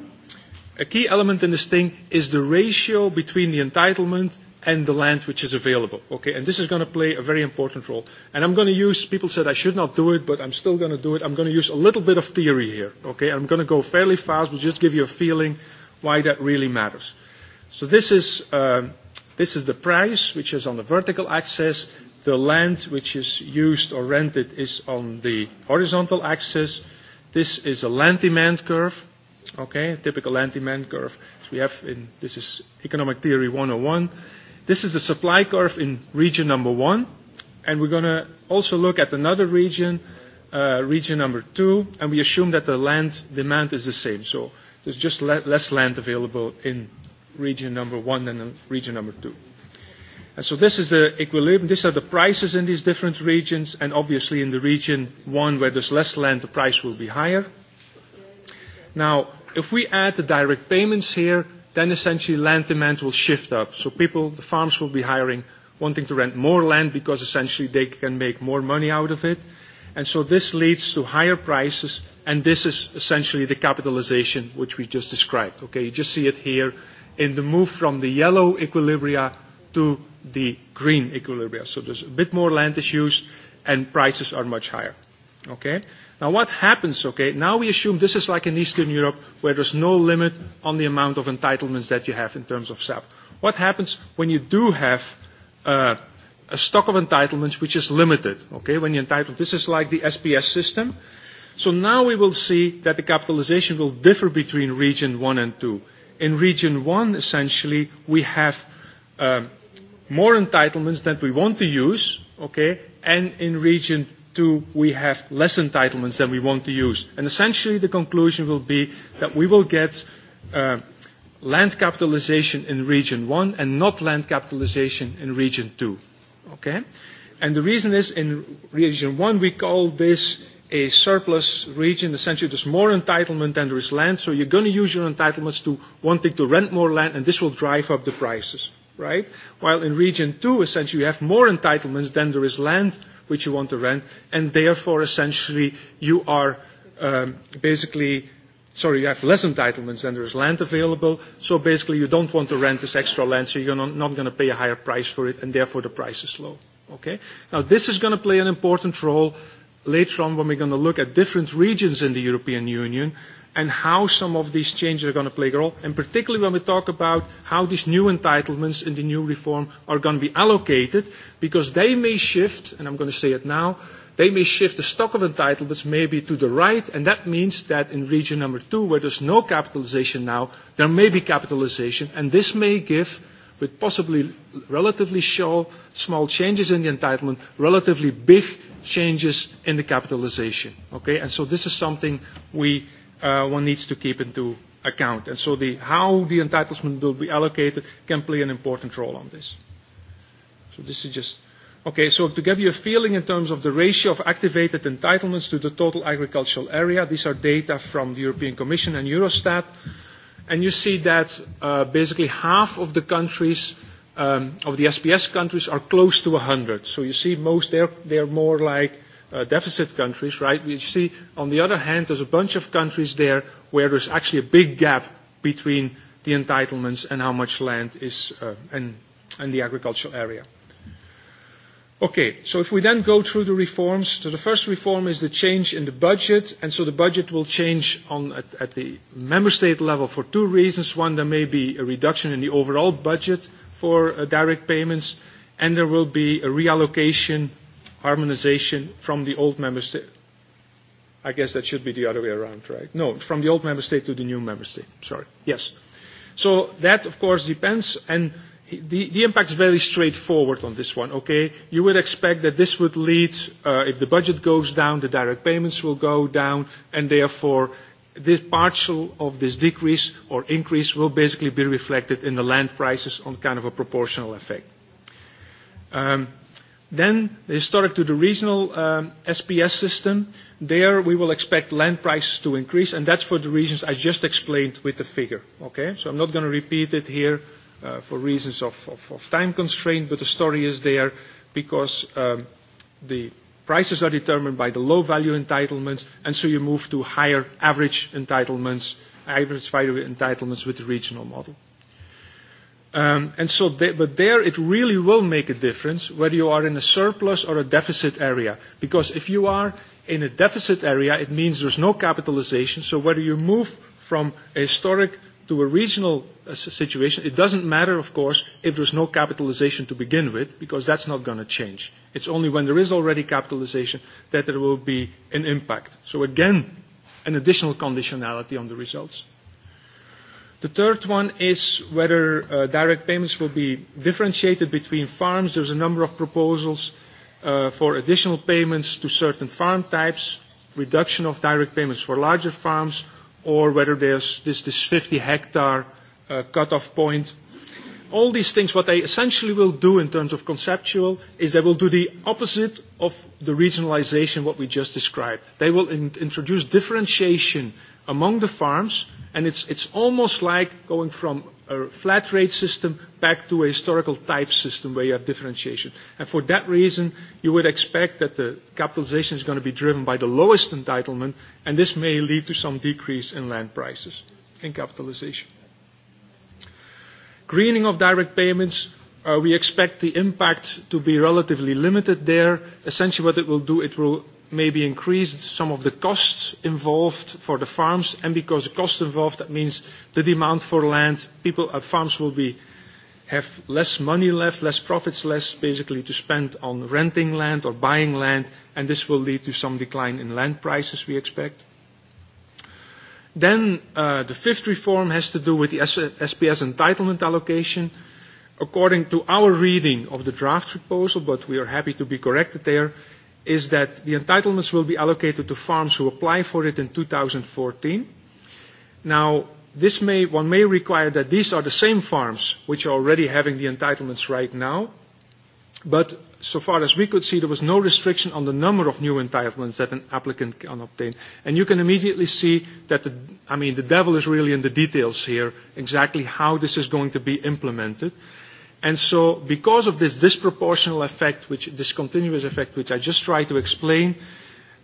a key element in this thing is the ratio between the entitlement and the land which is available. Okay, and this is going to play a very important role. And I'm going to use, people said I should not do it, but I'm still going to do it. I'm going to use a little bit of theory here. Okay, I'm going to go fairly fast, but just give you a feeling why that really matters. So this is, um, this is the price, which is on the vertical axis. The land which is used or rented is on the horizontal axis. This is a land demand curve. Okay, a typical land demand curve. So we have in, this is economic theory 101 This is the supply curve in region number one, and we're going to also look at another region, uh, region number two, and we assume that the land demand is the same. So there's just le- less land available in region number one than in region number two. And so this is the equilibrium. These are the prices in these different regions, and obviously in the region one where there's less land, the price will be higher. Now, if we add the direct payments here, then essentially land demand will shift up. So people, the farms will be hiring, wanting to rent more land because essentially they can make more money out of it. And so this leads to higher prices, and this is essentially the capitalization which we just described. Okay, you just see it here in the move from the yellow equilibria to the green equilibria. So there's a bit more land is used, and prices are much higher. Okay? Now what happens, okay, now we assume this is like in Eastern Europe where there's no limit on the amount of entitlements that you have in terms of SAP. What happens when you do have uh, a stock of entitlements which is limited, okay, when you're entitled, this is like the SPS system. So now we will see that the capitalization will differ between region one and two. In region one, essentially, we have uh, more entitlements than we want to use, okay, and in region to we have less entitlements than we want to use. And essentially the conclusion will be that we will get uh, land capitalization in region one and not land capitalization in region two. Okay? And the reason is in region one we call this a surplus region. Essentially, there's more entitlement than there is land, so you're going to use your entitlements to wanting to rent more land, and this will drive up the prices, right? While in region two, essentially, you have more entitlements than there is land, which you want to rent, and therefore essentially you are um, basically sorry, you have less entitlements than there is land available, so basically you don't want to rent this extra land, so you're not going to pay a higher price for it, and therefore the price is low. Okay? Now, this is going to play an important role later on when we're going to look at different regions in the European Union and how some of these changes are going to play a role, and particularly when we talk about how these new entitlements in the new reform are going to be allocated, because they may shift, and I'm going to say it now, they may shift the stock of entitlements maybe to the right, and that means that in region number two, where there's no capitalization now, there may be capitalization, and this may give with possibly relatively small changes in the entitlement, relatively big changes in the capitalization. Okay? And so this is something we uh, one needs to keep into account. And so the, how the entitlement will be allocated can play an important role on this. So this is just, okay, so to give you a feeling in terms of the ratio of activated entitlements to the total agricultural area, these are data from the European Commission and Eurostat, and you see that uh, basically half of the countries um, of the SPS countries are close to 100. So you see most, they're, they're more like uh, deficit countries, right? You see, on the other hand, there's a bunch of countries there where there's actually a big gap between the entitlements and how much land is uh, and, in the agricultural area. Okay, so if we then go through the reforms, so the first reform is the change in the budget, and so the budget will change on, at, at the member state level for two reasons. One, there may be a reduction in the overall budget for uh, direct payments, and there will be a reallocation harmonization from the old member state. I guess that should be the other way around, right? No, from the old member state to the new member state. Sorry. Yes. So that, of course, depends. And the, the impact is very straightforward on this one, okay? You would expect that this would lead, uh, if the budget goes down, the direct payments will go down, and therefore this partial of this decrease or increase will basically be reflected in the land prices on kind of a proportional effect. Um, Then the historic to the regional um, SPS system, there we will expect land prices to increase, and that's for the reasons I just explained with the figure. Okay, so I'm not going to repeat it here uh, for reasons of, of, of time constraint, but the story is there because um, the prices are determined by the low value entitlements, and so you move to higher average entitlements, average value entitlements with the regional model. Um, and so, they, but there it really will make a difference whether you are in a surplus or a deficit area. Because if you are in a deficit area, it means there's no capitalization. So whether you move from a historic to a regional uh, situation, it doesn't matter, of course, if there's no capitalization to begin with, because that's not going to change. It's only when there is already capitalization that there will be an impact. So again, an additional conditionality on the results. The third one is whether uh, direct payments will be differentiated between farms. There's a number of proposals uh, for additional payments to certain farm types, reduction of direct payments for larger farms, or whether there's this, this 50 hectare uh, cutoff point all these things, what they essentially will do in terms of conceptual is they will do the opposite of the regionalization what we just described. They will in- introduce differentiation among the farms, and it's, it's almost like going from a flat rate system back to a historical type system where you have differentiation. And for that reason, you would expect that the capitalization is going to be driven by the lowest entitlement, and this may lead to some decrease in land prices in capitalization. Greening of direct payments, uh, we expect the impact to be relatively limited there. Essentially what it will do, it will maybe increase some of the costs involved for the farms, and because the costs involved, that means the demand for land, people at uh, farms will be have less money left, less profits less basically to spend on renting land or buying land, and this will lead to some decline in land prices we expect. Then uh, the fifth reform has to do with the SPS entitlement allocation. According to our reading of the draft proposal, but we are happy to be corrected there, is that the entitlements will be allocated to farms who apply for it in 2014. Now, this may, one may require that these are the same farms which are already having the entitlements right now, but so far as we could see, there was no restriction on the number of new entitlements that an applicant can obtain. And you can immediately see that, the, I mean, the devil is really in the details here, exactly how this is going to be implemented. And so, because of this disproportional effect, which this continuous effect, which I just tried to explain,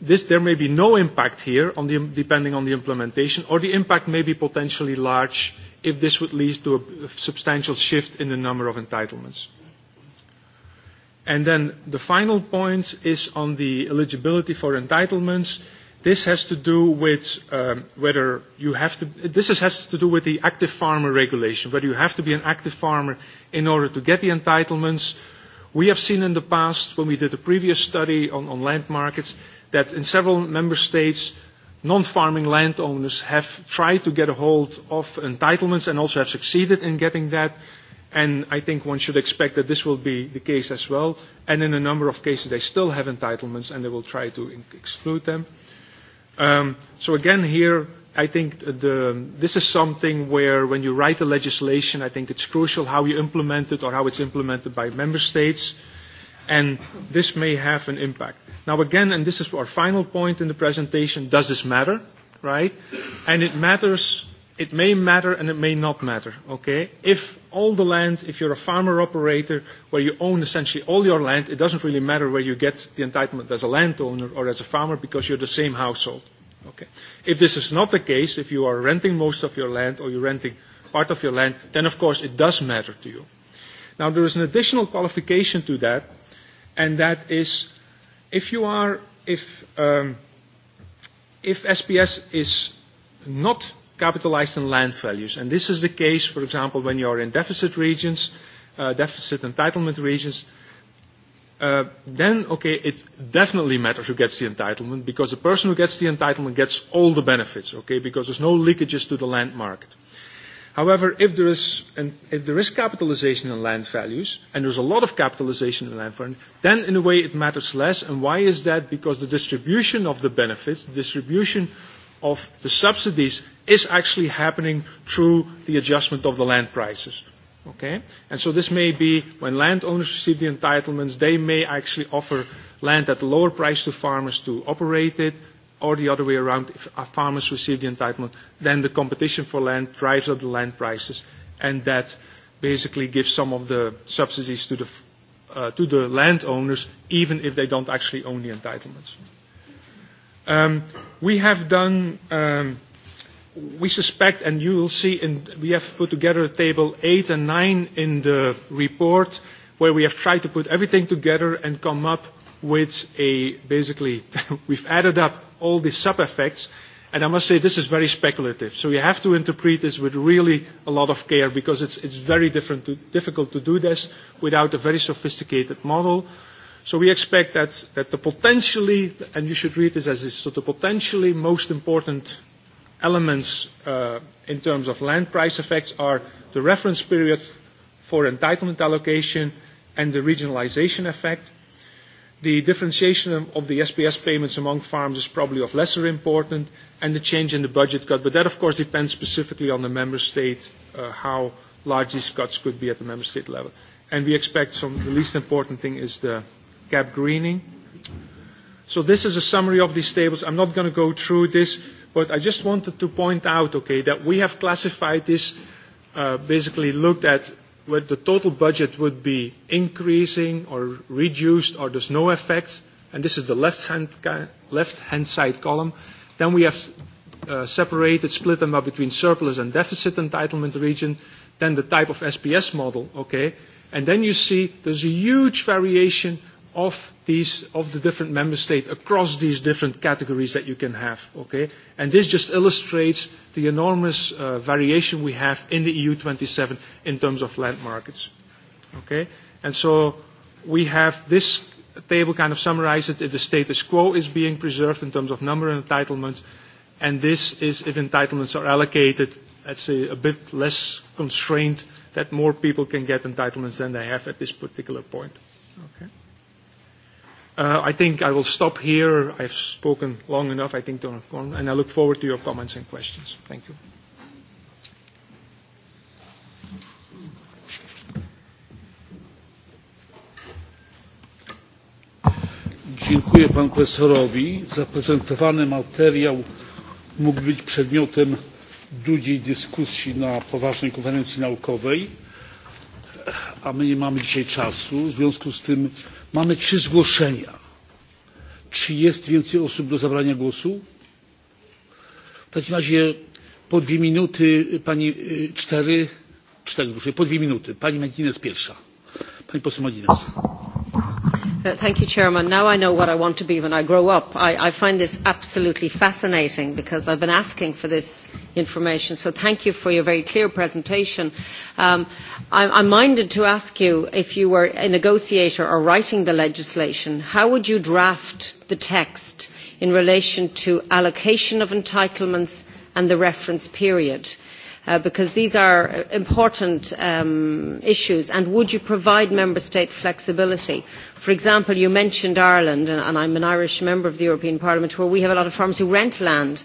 this, there may be no impact here, on the, depending on the implementation, or the impact may be potentially large if this would lead to a substantial shift in the number of entitlements. And then the final point is on the eligibility for entitlements. This has to do with um, whether you have to, this has to do with the active farmer regulation, whether you have to be an active farmer in order to get the entitlements. We have seen in the past, when we did a previous study on, on land markets, that in several member states, non-farming landowners have tried to get a hold of entitlements and also have succeeded in getting that. And I think one should expect that this will be the case as well. And in a number of cases, they still have entitlements and they will try to exclude them. Um, so again, here, I think the, this is something where when you write the legislation, I think it's crucial how you implement it or how it's implemented by member states. And this may have an impact. Now again, and this is our final point in the presentation, does this matter? Right? And it matters it may matter and it may not matter. Okay, if all the land, if you're a farmer operator where you own essentially all your land, it doesn't really matter where you get the entitlement as a landowner or as a farmer because you're the same household. Okay, if this is not the case, if you are renting most of your land or you're renting part of your land, then of course it does matter to you. Now there is an additional qualification to that, and that is if you are if um, if SPS is not capitalized on land values. And this is the case, for example, when you are in deficit regions, uh, deficit entitlement regions, uh, then, okay, it definitely matters who gets the entitlement because the person who gets the entitlement gets all the benefits, okay, because there's no leakages to the land market. However, if there is, an, if there is capitalization in land values, and there's a lot of capitalization in land values, then in a way it matters less. And why is that? Because the distribution of the benefits, the distribution of the subsidies is actually happening through the adjustment of the land prices. Okay? And so this may be when landowners receive the entitlements, they may actually offer land at a lower price to farmers to operate it, or the other way around, if farmers receive the entitlement, then the competition for land drives up the land prices, and that basically gives some of the subsidies to the, uh, to the landowners, even if they don't actually own the entitlements. Um, we have done, um, we suspect, and you will see, in, we have put together table 8 and 9 in the report where we have tried to put everything together and come up with a, basically, we've added up all the sub-effects and I must say this is very speculative. So you have to interpret this with really a lot of care because it's, it's very different to, difficult to do this without a very sophisticated model. So we expect that, that the potentially, and you should read this as this, so the potentially most important elements uh, in terms of land price effects are the reference period for entitlement allocation and the regionalization effect. The differentiation of the SPS payments among farms is probably of lesser importance, and the change in the budget cut. But that, of course, depends specifically on the member state, uh, how large these cuts could be at the member state level. And we expect some, the least important thing is the gap greening. So this is a summary of these tables. I'm not going to go through this, but I just wanted to point out, okay, that we have classified this, uh, basically looked at what the total budget would be increasing or reduced or there's no effect, and this is the left-hand left-hand side column. Then we have uh, separated, split them up between surplus and deficit entitlement region, then the type of SPS model, okay? And then you see there's a huge variation of these of the different member states across these different categories that you can have okay and this just illustrates the enormous uh, variation we have in the EU27 in terms of land markets okay and so we have this table kind of summarizes it the status quo is being preserved in terms of number of entitlements and this is if entitlements are allocated let's say a bit less constrained that more people can get entitlements than they have at this particular point okay Uh, I think I will stop here. I've spoken long enough, I think, and I look forward to your comments and questions. Thank you. Dziękuję panu profesorowi. Zaprezentowany materiał mógł być przedmiotem długiej dyskusji na poważnej konferencji naukowej, a my nie mamy dzisiaj czasu. W związku z tym Mamy trzy zgłoszenia. Czy jest więcej osób do zabrania głosu? W takim razie po dwie minuty pani cztery, cztery zgłoszenia, po dwie minuty. Pani Medines pierwsza. Pani poseł Medines. Uh, thank you, Chairman. Now I know what I want to be when I grow up. I, find this absolutely fascinating because I've been asking for this information. So thank you for your very clear presentation. Um, I, I'm minded to ask you, if you were a negotiator or writing the legislation, how would you draft the text in relation to allocation of entitlements and the reference period? Uh, because these are important um, issues and would you provide member state flexibility? For example, you mentioned Ireland and, and I'm an Irish member of the European Parliament where we have a lot of farmers who rent land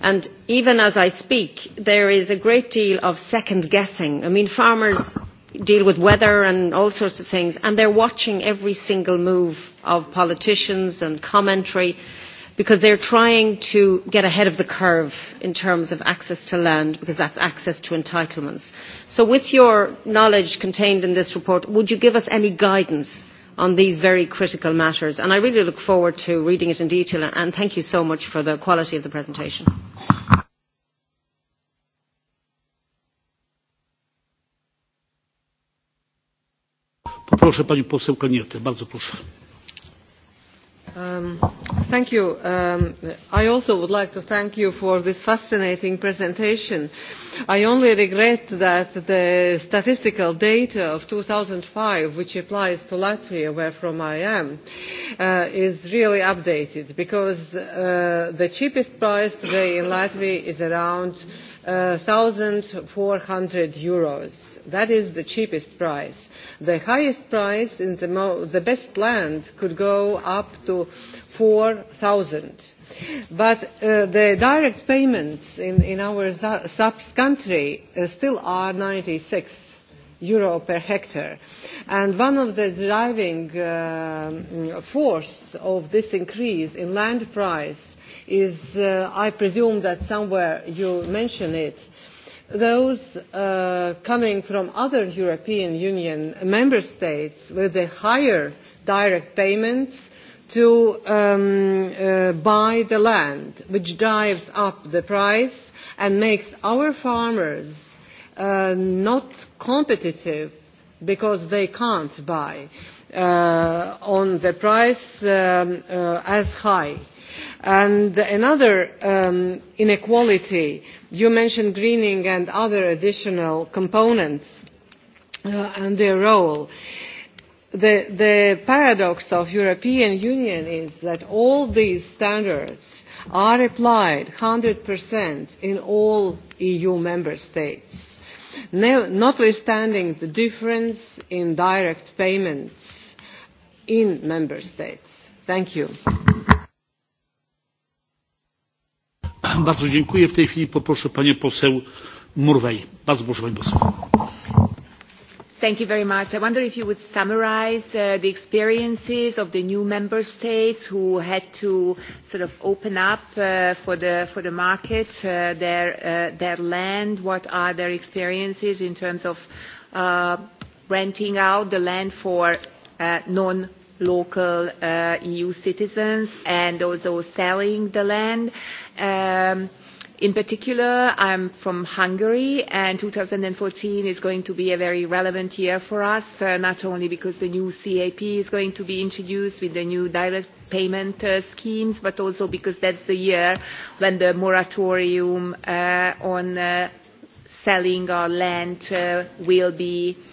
and even as I speak there is a great deal of second guessing. I mean farmers deal with weather and all sorts of things and they're watching every single move of politicians and commentary because they're trying to get ahead of the curve in terms of access to land because that's access to entitlements. So with your knowledge contained in this report, would you give us any guidance on these very critical matters? And I really look forward to reading it in detail and thank you so much for the quality of the presentation. poseł bardzo proszę. Um, thank you. Um, I also would like to thank you for this fascinating presentation. I only regret that the statistical data of 2005, which applies to Latvia, where from I am, uh, is really updated because uh, the cheapest price today in Latvia is around 1,400 uh, euros. That is the cheapest price. The highest price in the, mo the best land could go up to 4,000. But uh, the direct payments in, in our sub country uh, still are 96 euro per hectare. And one of the driving uh, force of this increase in land price is, uh, I presume that somewhere you mention it, those uh, coming from other European Union member states with a higher direct payments to um, uh, buy the land, which drives up the price and makes our farmers uh, not competitive because they can't buy uh, on the price um, uh, as high. And another um, inequality, you mentioned greening and other additional components uh, and their role. The, the paradox of European Union is that all these standards are applied 100% in all EU member states, notwithstanding the difference in direct payments in member states. Thank you. Bardzo dziękuję. W tej chwili poproszę panią poseł Murwej. Bardzo proszę pani poseł. Thank you very much. I wonder if you would summarize uh, the experiences of the new member states who had to sort of open up uh, for the for the market uh, their uh, their land. What are their experiences in terms of uh, renting out the land for uh, non local uh, EU citizens and also selling the land Um, in particular, I'm from Hungary, and 2014 is going to be a very relevant year for us, uh, not only because the new CAP is going to be introduced with the new direct payment uh, schemes, but also because that's the year when the moratorium uh, on uh, selling our land uh, will be uh,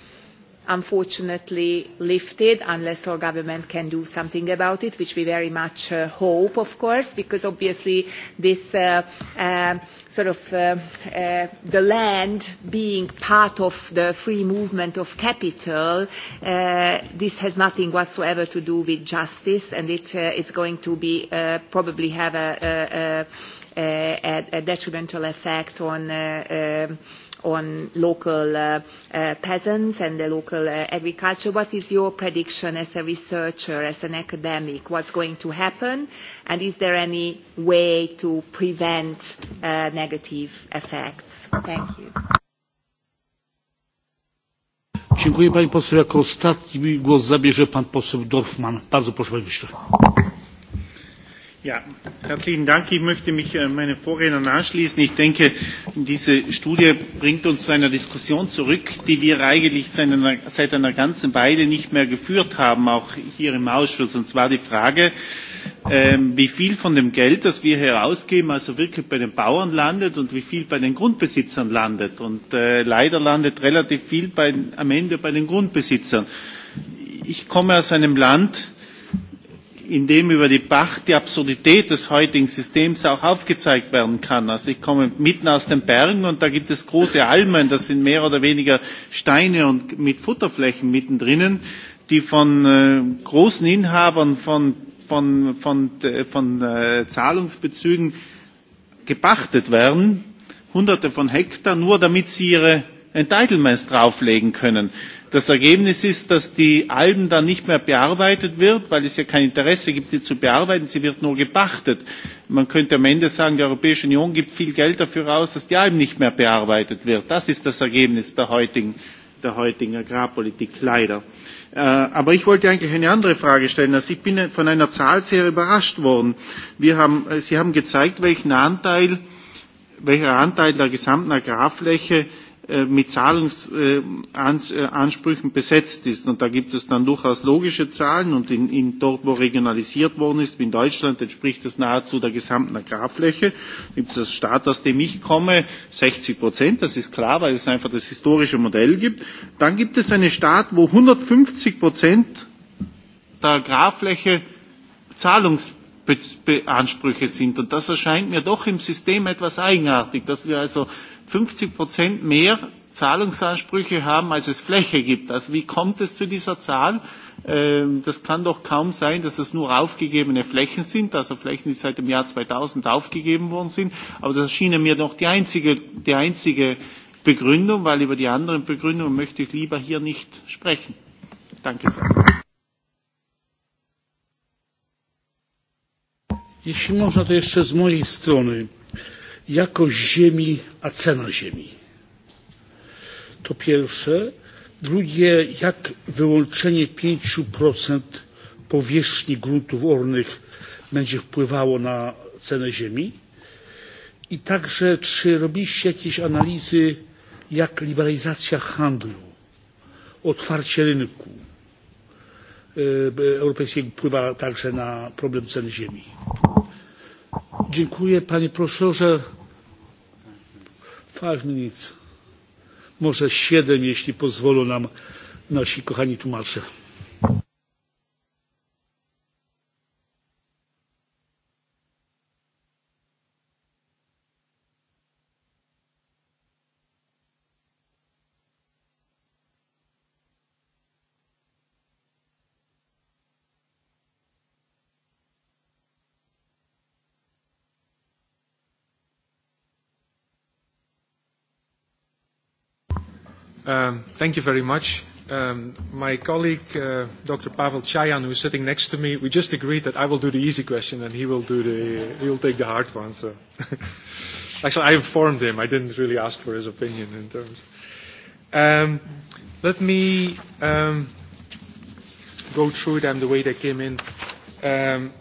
unfortunately lifted unless our government can do something about it, which we very much uh, hope, of course, because obviously this uh, uh, sort of uh, uh, the land being part of the free movement of capital, uh, this has nothing whatsoever to do with justice, and it, uh, it's going to be uh, probably have a, a, a, a detrimental effect on. Uh, uh, on local uh, uh, peasants and the local uh, agriculture. What is your prediction as a researcher, as an academic? What's going to happen? And is there any way to prevent negative effects? Thank you. Dziękuję pani poseł. Jako ostatni głos zabierze pan poseł Dorfman. Bardzo proszę panie pośle. Ja, herzlichen Dank. Ich möchte mich äh, meinen Vorrednern anschließen. Ich denke, diese Studie bringt uns zu einer Diskussion zurück, die wir eigentlich seit einer, seit einer ganzen Weile nicht mehr geführt haben, auch hier im Ausschuss. Und zwar die Frage, äh, wie viel von dem Geld, das wir hier ausgeben, also wirklich bei den Bauern landet und wie viel bei den Grundbesitzern landet. Und äh, leider landet relativ viel bei, am Ende bei den Grundbesitzern. Ich komme aus einem Land, in dem über die Pacht die Absurdität des heutigen Systems auch aufgezeigt werden kann. Also ich komme mitten aus den Bergen und da gibt es große Almen, das sind mehr oder weniger Steine und mit Futterflächen mittendrin, die von äh, großen Inhabern von, von, von, von, äh, von äh, Zahlungsbezügen gepachtet werden, hunderte von Hektar, nur damit sie ihre Entitlements drauflegen können. Das Ergebnis ist, dass die Alben dann nicht mehr bearbeitet wird, weil es ja kein Interesse gibt, die zu bearbeiten. Sie wird nur gepachtet. Man könnte am Ende sagen, die Europäische Union gibt viel Geld dafür aus, dass die Alben nicht mehr bearbeitet wird. Das ist das Ergebnis der heutigen, der heutigen Agrarpolitik leider. Äh, aber ich wollte eigentlich eine andere Frage stellen. Also ich bin von einer Zahl sehr überrascht worden. Wir haben, äh, Sie haben gezeigt, welchen Anteil, welcher Anteil der gesamten Agrarfläche Äh, mit Zahlungsansprüchen besetzt ist. Und da gibt es dann durchaus logische Zahlen. Und in, in dort, wo regionalisiert worden ist, wie in Deutschland, entspricht das nahezu der gesamten Agrarfläche. Da gibt es das Staat, aus dem ich komme, 60 Prozent. Das ist klar, weil es einfach das historische Modell gibt. Dann gibt es einen Staat, wo 150 Prozent der Agrarfläche Zahlungs Ansprüche sind. Und das erscheint mir doch im System etwas eigenartig, dass wir also 50 Prozent mehr Zahlungsansprüche haben, als es Fläche gibt. Also wie kommt es zu dieser Zahl? Ähm, das kann doch kaum sein, dass das nur aufgegebene Flächen sind, also Flächen, die seit dem Jahr 2000 aufgegeben worden sind. Aber das schien mir doch die einzige, die einzige Begründung, weil über die anderen Begründungen möchte ich lieber hier nicht sprechen. Danke sehr. Jeśli można, to jeszcze z mojej strony jakość ziemi, a cena ziemi. To pierwsze. Drugie, jak wyłączenie 5% powierzchni gruntów ornych będzie wpływało na cenę ziemi? I także, czy robiliście jakieś analizy, jak liberalizacja handlu, otwarcie rynku, Europejskiej wpływa także na problem ceny ziemi. Dziękuję panie profesorze. Five minutes. Może siedem, jeśli pozwolą nam nasi kochani tłumacze. Um, thank you very much. Um, my colleague, uh, Dr. Pavel Chayan, who is sitting next to me, we just agreed that I will do the easy question and he will do the he will take the hard one. So, actually, I informed him. I didn't really ask for his opinion in terms. Um, let me um, go through them the way they came in. Um,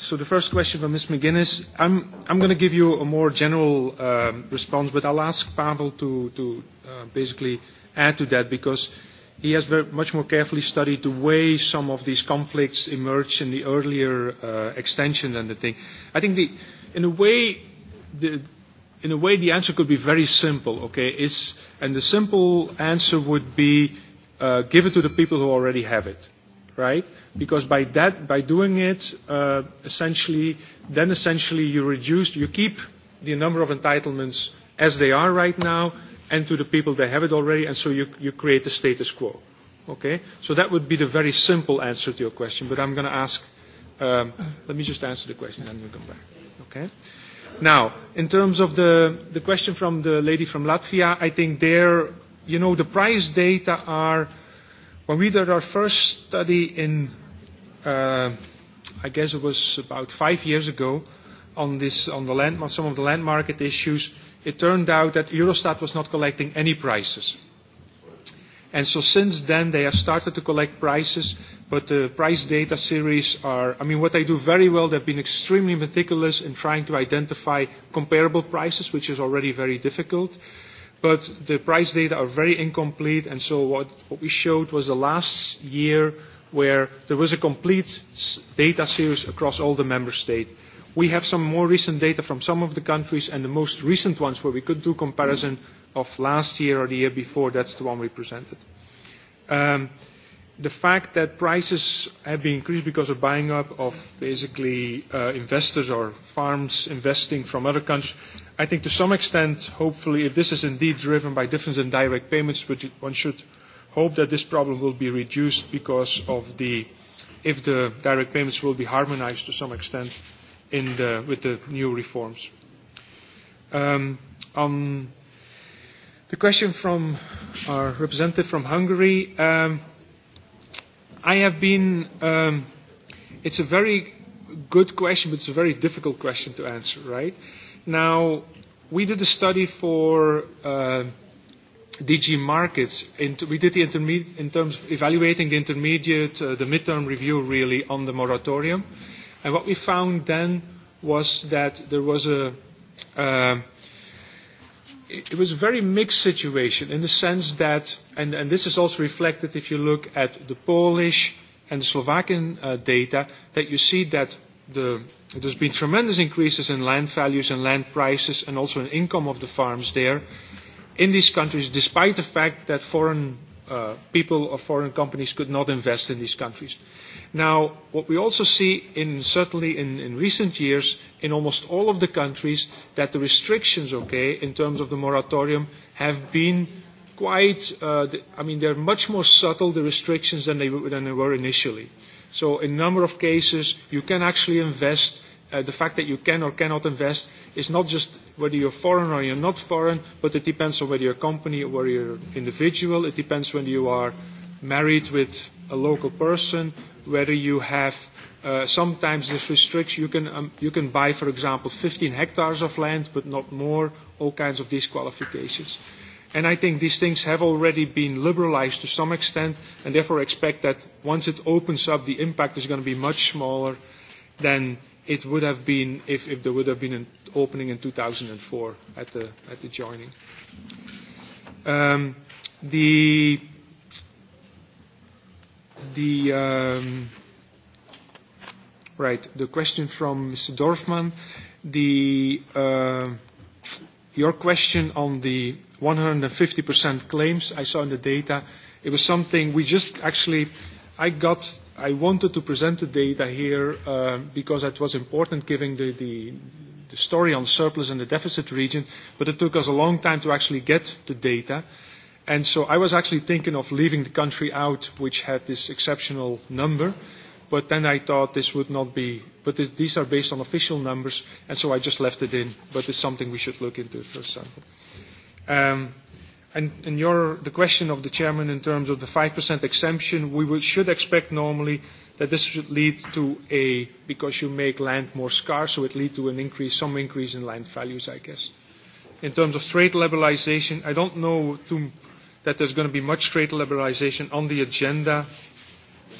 So the first question from Ms. McGuinness, I'm, I'm going to give you a more general um, response, but I'll ask Pavel to, to uh, basically add to that because he has very, much more carefully studied the way some of these conflicts emerge in the earlier uh, extension than the thing. I think the, in a way, the, in a way the answer could be very simple, okay? It's, and the simple answer would be uh, give it to the people who already have it right? Because by that, by doing it, uh, essentially, then essentially you reduce, you keep the number of entitlements as they are right now, and to the people that have it already, and so you, you create the status quo. Okay, so that would be the very simple answer to your question. But I'm going to ask. Um, let me just answer the question, then you come back. Okay. Now, in terms of the, the question from the lady from Latvia, I think there, you know, the price data are When we did our first study in, uh, I guess it was about five years ago, on, this, on, the land, on some of the land market issues, it turned out that Eurostat was not collecting any prices. And so since then, they have started to collect prices, but the price data series are, I mean, what they do very well, they've been extremely meticulous in trying to identify comparable prices, which is already very difficult but the price data are very incomplete, and so what, what we showed was the last year where there was a complete data series across all the member states. We have some more recent data from some of the countries, and the most recent ones where we could do comparison of last year or the year before, that's the one we presented. Um, the fact that prices have been increased because of buying up of basically uh, investors or farms investing from other countries, I think to some extent, hopefully, if this is indeed driven by difference in direct payments, which one should hope that this problem will be reduced because of the, if the direct payments will be harmonized to some extent in the, with the new reforms. Um, on the question from our representative from Hungary, um, I have been. Um, it's a very good question, but it's a very difficult question to answer, right? Now, we did a study for uh, um, DG Markets. we did the intermediate in terms of evaluating the intermediate, uh, the midterm review, really, on the moratorium. And what we found then was that there was a. Uh, it was a very mixed situation in the sense that, and, and this is also reflected if you look at the Polish and the Slovakian uh, data, that you see that the, there's been tremendous increases in land values and land prices and also in income of the farms there in these countries, despite the fact that foreign uh, people or foreign companies could not invest in these countries. Now, what we also see, in, certainly in, in recent years, in almost all of the countries, that the restrictions, okay, in terms of the moratorium, have been quite, uh, I mean, they're much more subtle, the restrictions, than they, than they were initially. So in a number of cases, you can actually invest uh, the fact that you can or cannot invest is not just whether you're foreign or you're not foreign, but it depends on whether you're a company or whether you're an individual. It depends whether you are married with a local person, whether you have uh, sometimes this restricts you can um, you can buy for example 15 hectares of land but not more all kinds of disqualifications and i think these things have already been liberalized to some extent and therefore expect that once it opens up the impact is going to be much smaller than it would have been if, if there would have been an opening in 2004 at the, at the joining. Um, the the um, right the question from Mr. Dorfman, the uh, your question on the 150% claims I saw in the data, it was something we just actually I got I wanted to present the data here uh, because it was important given the, the, the story on surplus and the deficit region, but it took us a long time to actually get the data. And so I was actually thinking of leaving the country out, which had this exceptional number. But then I thought this would not be, but th these are based on official numbers, and so I just left it in. But it's something we should look into, for example. Um, And, your, the question of the chairman in terms of the 5% exemption, we will, should expect normally that this should lead to a, because you make land more scarce, so it lead to an increase, some increase in land values, I guess. In terms of trade liberalization, I don't know to, that there's going to be much trade liberalization on the agenda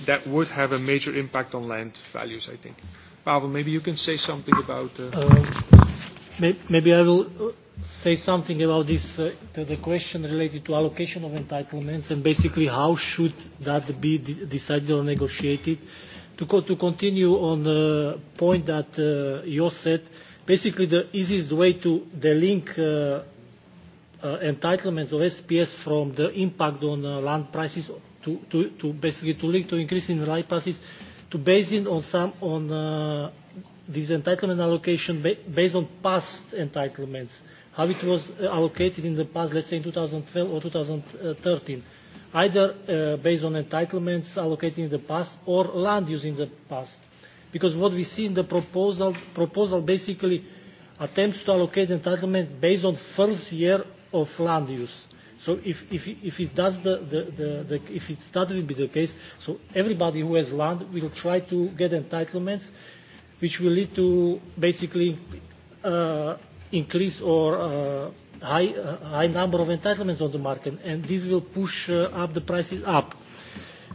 that would have a major impact on land values, I think. Pavel, maybe you can say something about... Uh... Uh, Maybe I will uh, say something about this, uh, the, the question related to allocation of entitlements and basically how should that be de decided or negotiated. To, co to continue on the point that uh, you said, basically the easiest way to delink uh, uh, entitlements of SPS from the impact on uh, land prices to, to, to basically to link to increase in land prices to base it on some on uh, this entitlement allocation ba based on past entitlements, how it was uh, allocated in the past, let's say in 2012 or 2013, either uh, based on entitlements allocated in the past or land use in the past. Because what we see in the proposal, proposal basically attempts to allocate entitlement based on first year of land use. So if, if, if it does the, the, the, the if it's that will be the case, so everybody who has land will try to get entitlements which will lead to basically uh, increase or uh, high, uh, high number of entitlements on the market, and this will push uh, up the prices up.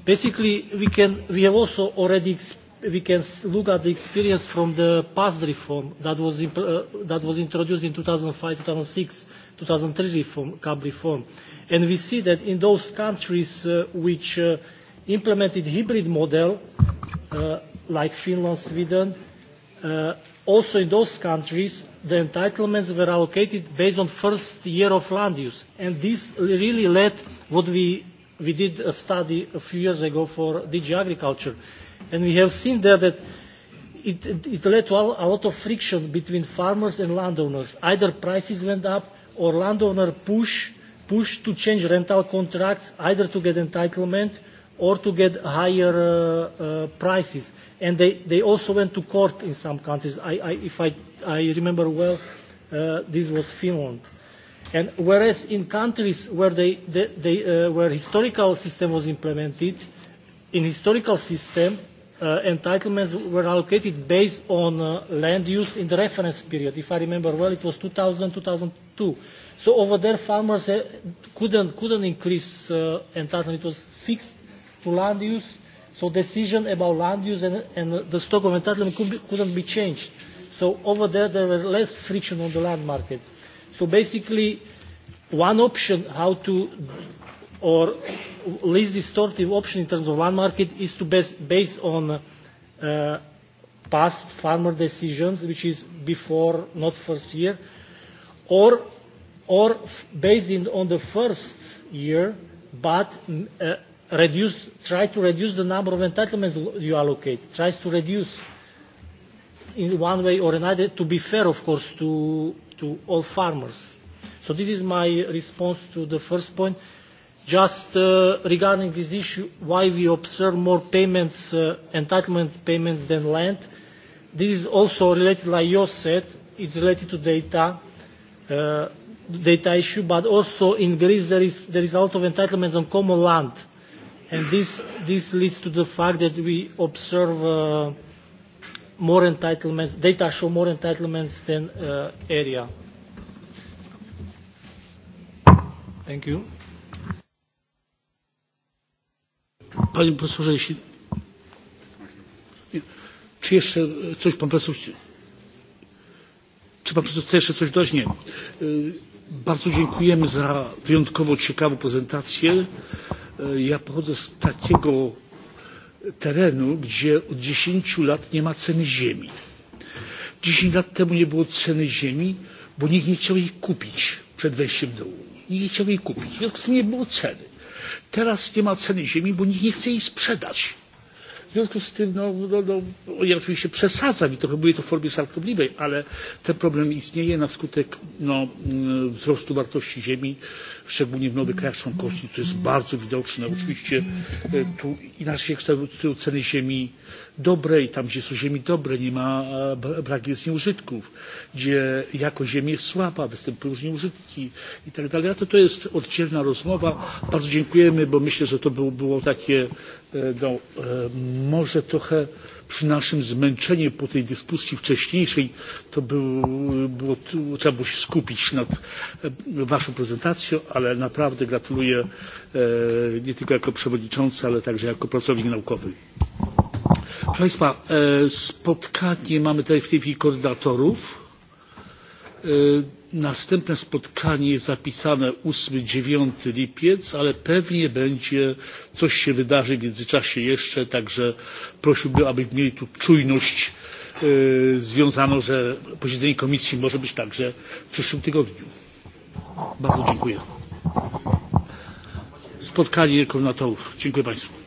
Basically, we can we have also already we can look at the experience from the past reform that was imp uh, that was introduced in 2005, 2006, 2003 reform, CAB reform, and we see that in those countries uh, which uh, implemented hybrid model, uh, like Finland, Sweden, Uh, also in those countries, the entitlements were allocated based on first year of land use. And this really led what we, we did a study a few years ago for DG Agriculture. And we have seen there that it, it, it led to a lot of friction between farmers and landowners. Either prices went up or landowner push, push to change rental contracts either to get entitlement or to get higher uh, uh, prices and they, they also went to court in some countries. I, I, if I, I remember well, uh, this was Finland. And whereas in countries where, they, they, they, uh, where historical system was implemented, in historical system, uh, entitlements were allocated based on uh, land use in the reference period. If I remember well, it was 2000, 2002. So over there, farmers uh, couldn't, couldn't increase uh, entitlement. It was fixed to land use So decision about land use and, and the stock of entitlement could be, couldn't be changed. So over there, there was less friction on the land market. So basically, one option how to, or least distortive option in terms of land market is to base, based on uh, past farmer decisions, which is before, not first year, or, or based on the first year, but uh, reduce, try to reduce the number of entitlements you allocate, tries to reduce in one way or another to be fair, of course, to, to all farmers. So this is my response to the first point. Just uh, regarding this issue, why we observe more payments, uh, entitlement payments than land, this is also related, like you said, it's related to data, uh, data issue, but also in Greece there is, there is a lot of entitlements on common land. Uh, And this, this leads to the fact that we observe uh, more entitlements, data show more entitlements than uh, area. Thank you. Panie profesorze, jeśli... Czy jeszcze coś pan profesor... Czy pan profesor chce jeszcze coś dodać? Nie. Bardzo dziękujemy za wyjątkowo ciekawą prezentację. Ja pochodzę z takiego terenu, gdzie od dziesięciu lat nie ma ceny ziemi. dziesięć lat temu nie było ceny ziemi, bo nikt nie chciał jej kupić przed wejściem do Unii. Nikt nie chciał jej kupić, w związku z tym nie było ceny. Teraz nie ma ceny ziemi, bo nikt nie chce jej sprzedać związku z tym, no, no, no, ja oczywiście przesadzam i trochę mówię to w formie sarkobliwej, ale ten problem istnieje na skutek no, mm, wzrostu wartości ziemi, szczególnie w nowych krajach członkowskich, co jest bardzo widoczne. Oczywiście tu inaczej się kształtują ceny ziemi dobrej, tam gdzie są ziemi dobre, nie ma, brak jest nieużytków, gdzie jako ziemi jest słaba, występują różne użytki i tak dalej. A to, to jest oddzielna rozmowa. Bardzo dziękujemy, bo myślę, że to było, było takie no, może trochę przy naszym zmęczeniu po tej dyskusji wcześniejszej to było, było, trzeba było się skupić nad Waszą prezentacją, ale naprawdę gratuluję nie tylko jako przewodniczący, ale także jako pracownik naukowy. Proszę Państwa, spotkanie mamy tutaj w tej chwili koordynatorów. Następne spotkanie jest zapisane 8-9 lipiec, ale pewnie będzie coś się wydarzy w międzyczasie jeszcze, także prosiłbym, aby mieli tu czujność związaną, że posiedzenie komisji może być także w przyszłym tygodniu. Bardzo dziękuję. Spotkanie koordynatorów. Dziękuję Państwu.